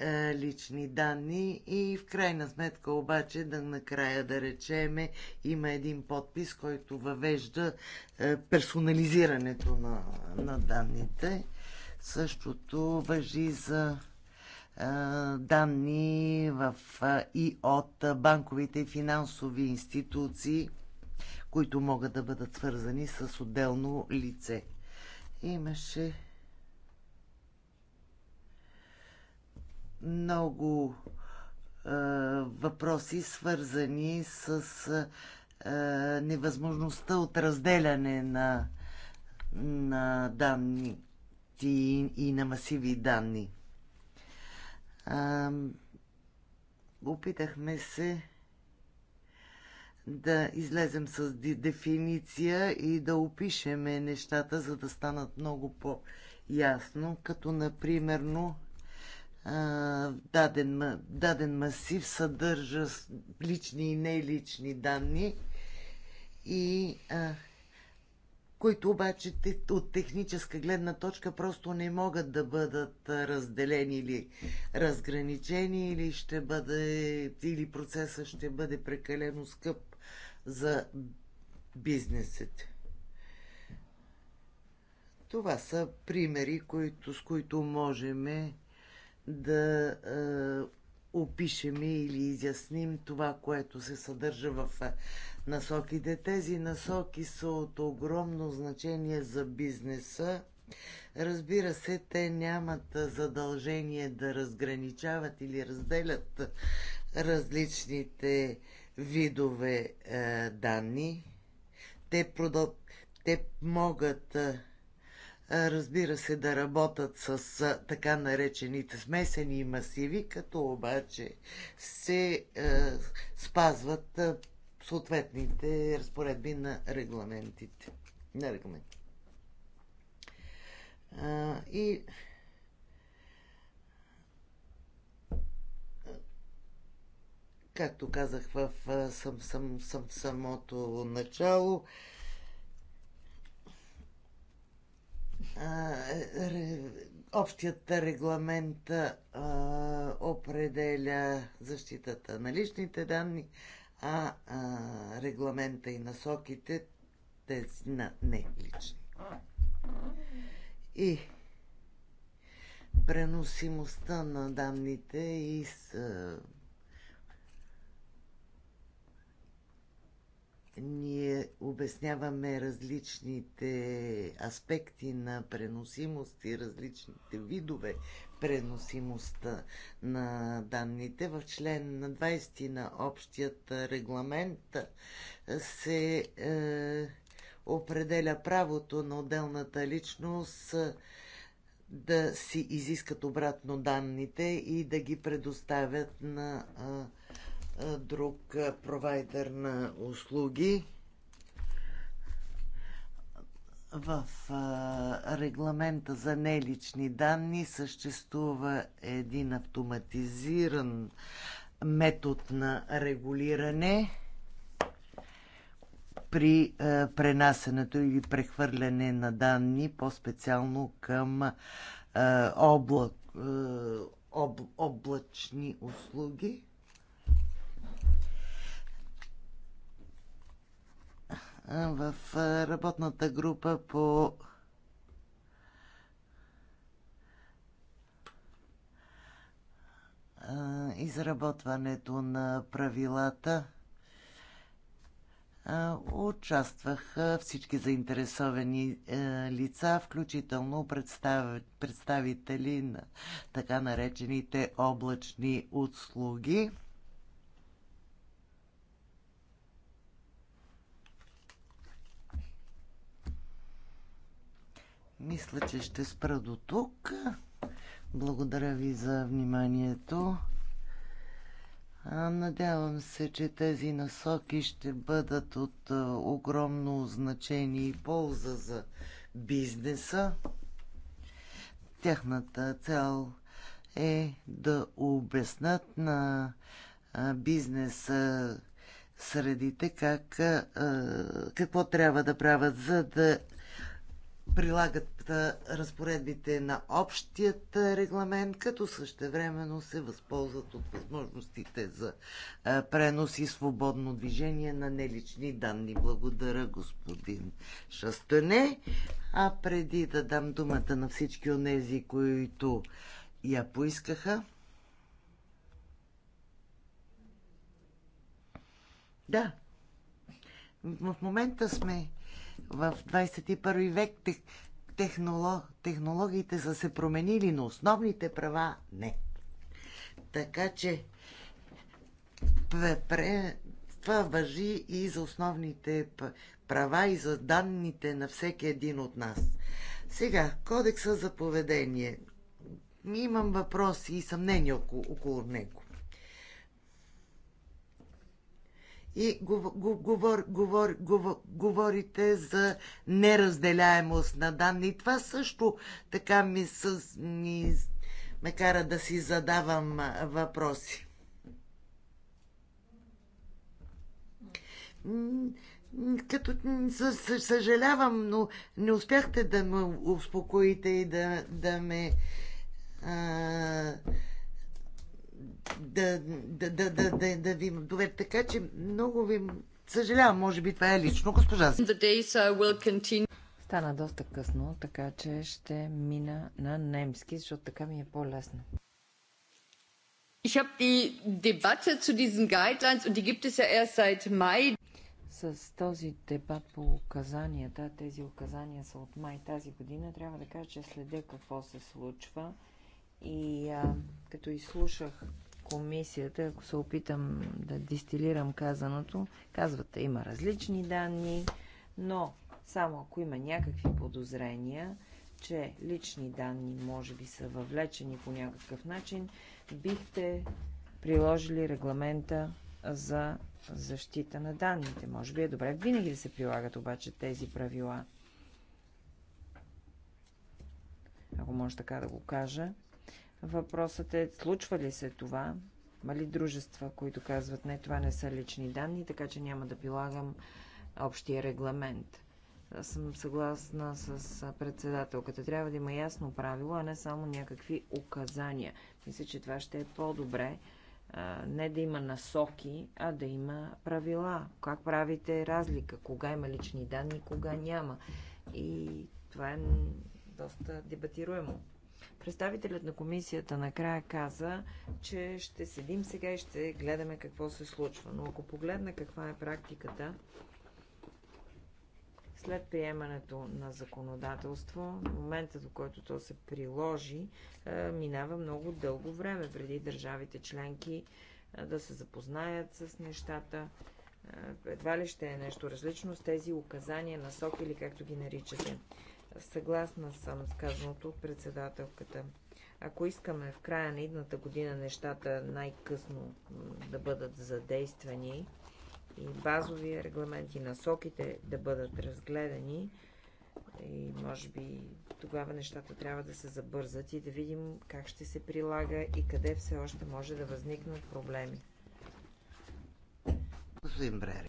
е, лични данни и в крайна сметка обаче да накрая да речеме има един подпис, който въвежда е, персонализирането на, на данните. Същото въжи за е, данни в, и от банковите и финансови институции, които могат да бъдат свързани с отделно лице. Имаше много е, въпроси, свързани с е, невъзможността от разделяне на, на данни и, и на масиви данни. Е, опитахме се да излезем с дефиниция и да опишеме нещата, за да станат много по-ясно, като например даден, даден масив съдържа лични и нелични данни и а, които обаче от техническа гледна точка просто не могат да бъдат разделени или разграничени или ще бъде или процесът ще бъде прекалено скъп за бизнесът. Това са примери, които, с които можем да е, опишем или изясним това, което се съдържа в е, насоките. Тези насоки са от огромно значение за бизнеса. Разбира се, те нямат е, задължение да разграничават или разделят различните видове е, данни. Те, продъл... те могат е, разбира се, да работят с така наречените смесени масиви, като обаче се спазват съответните разпоредби на регламентите. На регламент. и както казах в съм, съм, съм, самото начало, а, Е, общият регламент а, определя защитата на личните данни, а, а регламента и насоките тези на нелични. И преносимостта на данните и с ние обясняваме различните аспекти на преносимост и различните видове преносимост на данните. В член на 20 на общият регламент се е, определя правото на отделната личност да си изискат обратно данните и да ги предоставят на Е, друг провайдер на услуги. В регламента за нелични данни съществува един автоматизиран метод на регулиране при пренасенето или прехвърляне на данни, по-специално към облак, об, облачни услуги. в работната група по изработването на правилата участваха всички заинтересовани лица, включително представители на така наречените облачни услуги. Мисля, че ще спра до тук. Благодаря ви за вниманието. Надявам се, че тези насоки ще бъдат от огромно значение и полза за бизнеса. Тяхната цел е да обяснат на бизнес средите как, какво трябва да правят, за да прилагат разпоредбите на общият регламент, като същевременно се възползват от възможностите за пренос и свободно движение на нелични данни. Благодаря, господин Шастане. А преди да дам думата на всички от тези, които я поискаха, да, в момента сме в 21 век тех, технолог, технологиите са се променили, но основните права не. Така че това въжи и за основните права и за данните на всеки един от нас. Сега, кодекса за поведение. Имам въпроси и съмнения около, около него. и говор, говор, говор, говорите за неразделяемост на данни. това също така ми, с, ми ме кара да си задавам въпроси. Като съжалявам, но не успяхте да ме успокоите и да, да ме а, да, да, да, да, да, да ви доведе. Така че много ви съжалявам, може би това е лично, госпожа. The continue. Стана доста късно, така че ще мина на немски, защото така ми е по-лесно. Ich habe die Debatte zu diesen Guidelines und die gibt es ja erst seit Mai. С този дебат по указанията, тези указания са от май тази година, трябва да кажа, че следя какво се случва. И а, като изслушах комисията, ако се опитам да дистилирам казаното, казвате, има различни данни, но само ако има някакви подозрения, че лични данни може би са въвлечени по някакъв начин, бихте приложили регламента за защита на данните. Може би е добре винаги да се прилагат обаче тези правила. Ако може така да го кажа. Въпросът е, случва ли се това? Има ли дружества, които казват, не, това не са лични данни, така че няма да прилагам общия регламент? Аз съм съгласна с председателката. Трябва да има ясно правило, а не само някакви указания. Мисля, че това ще е по-добре. Не да има насоки, а да има правила. Как правите разлика? Кога има лични данни, кога няма? И това е доста дебатируемо. Представителят на комисията накрая каза, че ще седим сега и ще гледаме какво се случва. Но ако погледна каква е практиката, след приемането на законодателство, в момента до който то се приложи, минава много дълго време преди държавите членки да се запознаят с нещата. Едва ли ще е нещо различно с тези указания, насоки или както ги наричате. Съгласна съм с казаното от председателката. Ако искаме в края на идната година нещата най-късно да бъдат задействани и базовия регламент и насоките да бъдат разгледани, и може би тогава нещата трябва да се забързат и да видим как ще се прилага и къде все още може да възникнат проблеми. Господин Брери.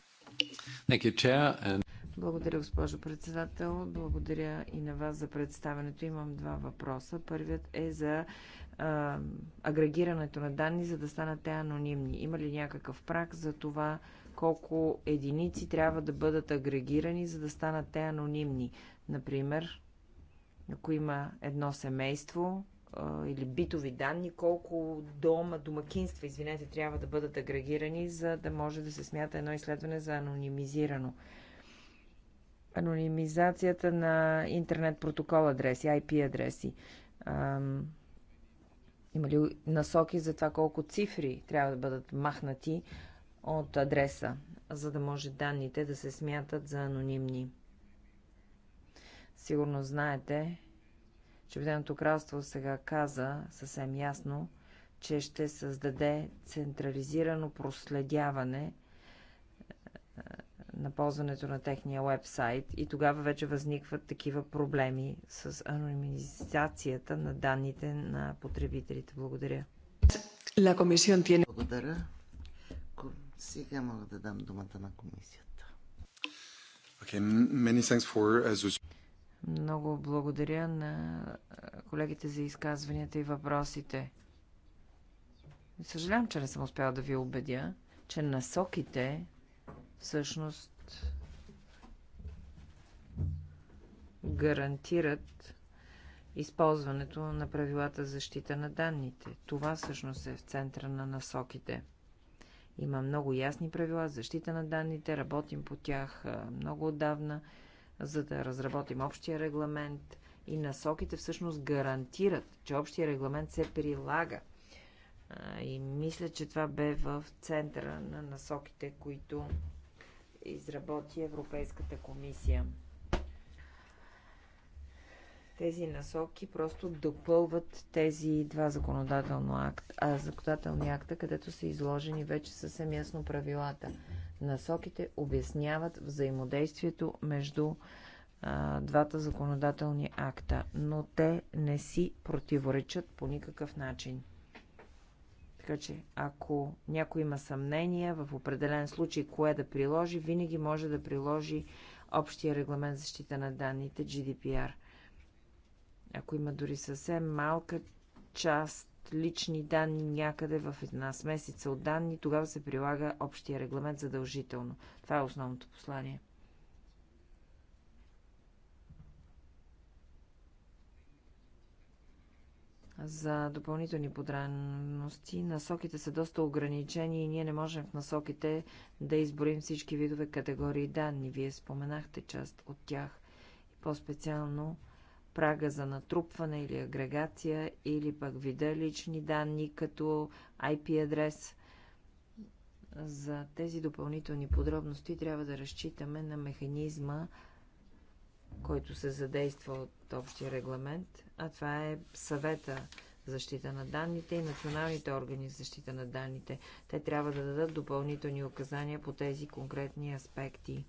Благодаря, госпожо председател. Благодаря и на вас за представенето. Имам два въпроса. Първият е за а, агрегирането на данни, за да станат те анонимни. Има ли някакъв прак за това колко единици трябва да бъдат агрегирани, за да станат те анонимни? Например, ако има едно семейство а, или битови данни, колко дома, домакинства, извинете, трябва да бъдат агрегирани, за да може да се смята едно изследване за анонимизирано анонимизацията на интернет протокол адреси, IP адреси. Ам, има ли насоки за това колко цифри трябва да бъдат махнати от адреса, за да може данните да се смятат за анонимни? Сигурно знаете, че Обединеното кралство сега каза съвсем ясно, че ще създаде централизирано проследяване на ползването на техния вебсайт и тогава вече възникват такива проблеми с анонимизацията на данните на потребителите. Благодаря. Благодаря. Сега мога да дам думата на комисията. Okay, many thanks for... Много благодаря на колегите за изказванията и въпросите. Съжалявам, че не съм успяла да ви убедя, че насоките всъщност гарантират използването на правилата за защита на данните. Това всъщност е в центъра на насоките. Има много ясни правила за защита на данните, работим по тях много отдавна, за да разработим общия регламент и насоките всъщност гарантират, че общия регламент се прилага. И мисля, че това бе в центъра на насоките, които изработи Европейската комисия. Тези насоки просто допълват тези два законодателно акт, а, законодателни акта, където са изложени вече съвсем ясно правилата. Насоките обясняват взаимодействието между а, двата законодателни акта, но те не си противоречат по никакъв начин. Така че, ако някой има съмнение в определен случай кое да приложи, винаги може да приложи общия регламент за защита на данните GDPR. Ако има дори съвсем малка част лични данни някъде в една смесица от данни, тогава се прилага общия регламент задължително. Това е основното послание. за допълнителни подробности. Насоките са доста ограничени и ние не можем в насоките да изборим всички видове категории данни. Вие споменахте част от тях. И по-специално прага за натрупване или агрегация, или пък вида лични данни като IP адрес. За тези допълнителни подробности трябва да разчитаме на механизма който се задейства от общия регламент, а това е съвета защита на данните и националните органи за защита на данните. Те трябва да дадат допълнителни указания по тези конкретни аспекти.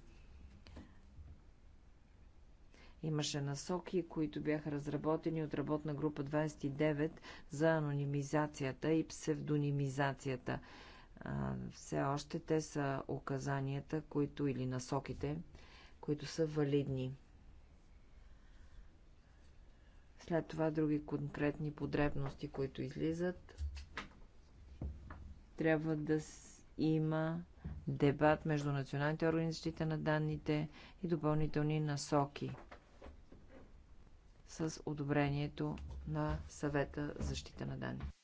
Имаше насоки, които бяха разработени от работна група 29 за анонимизацията и псевдонимизацията. А, все още те са указанията, които или насоките, които са валидни. След това други конкретни подребности, които излизат. Трябва да има дебат между националните органи за защита на данните и допълнителни насоки с одобрението на съвета защита на данните.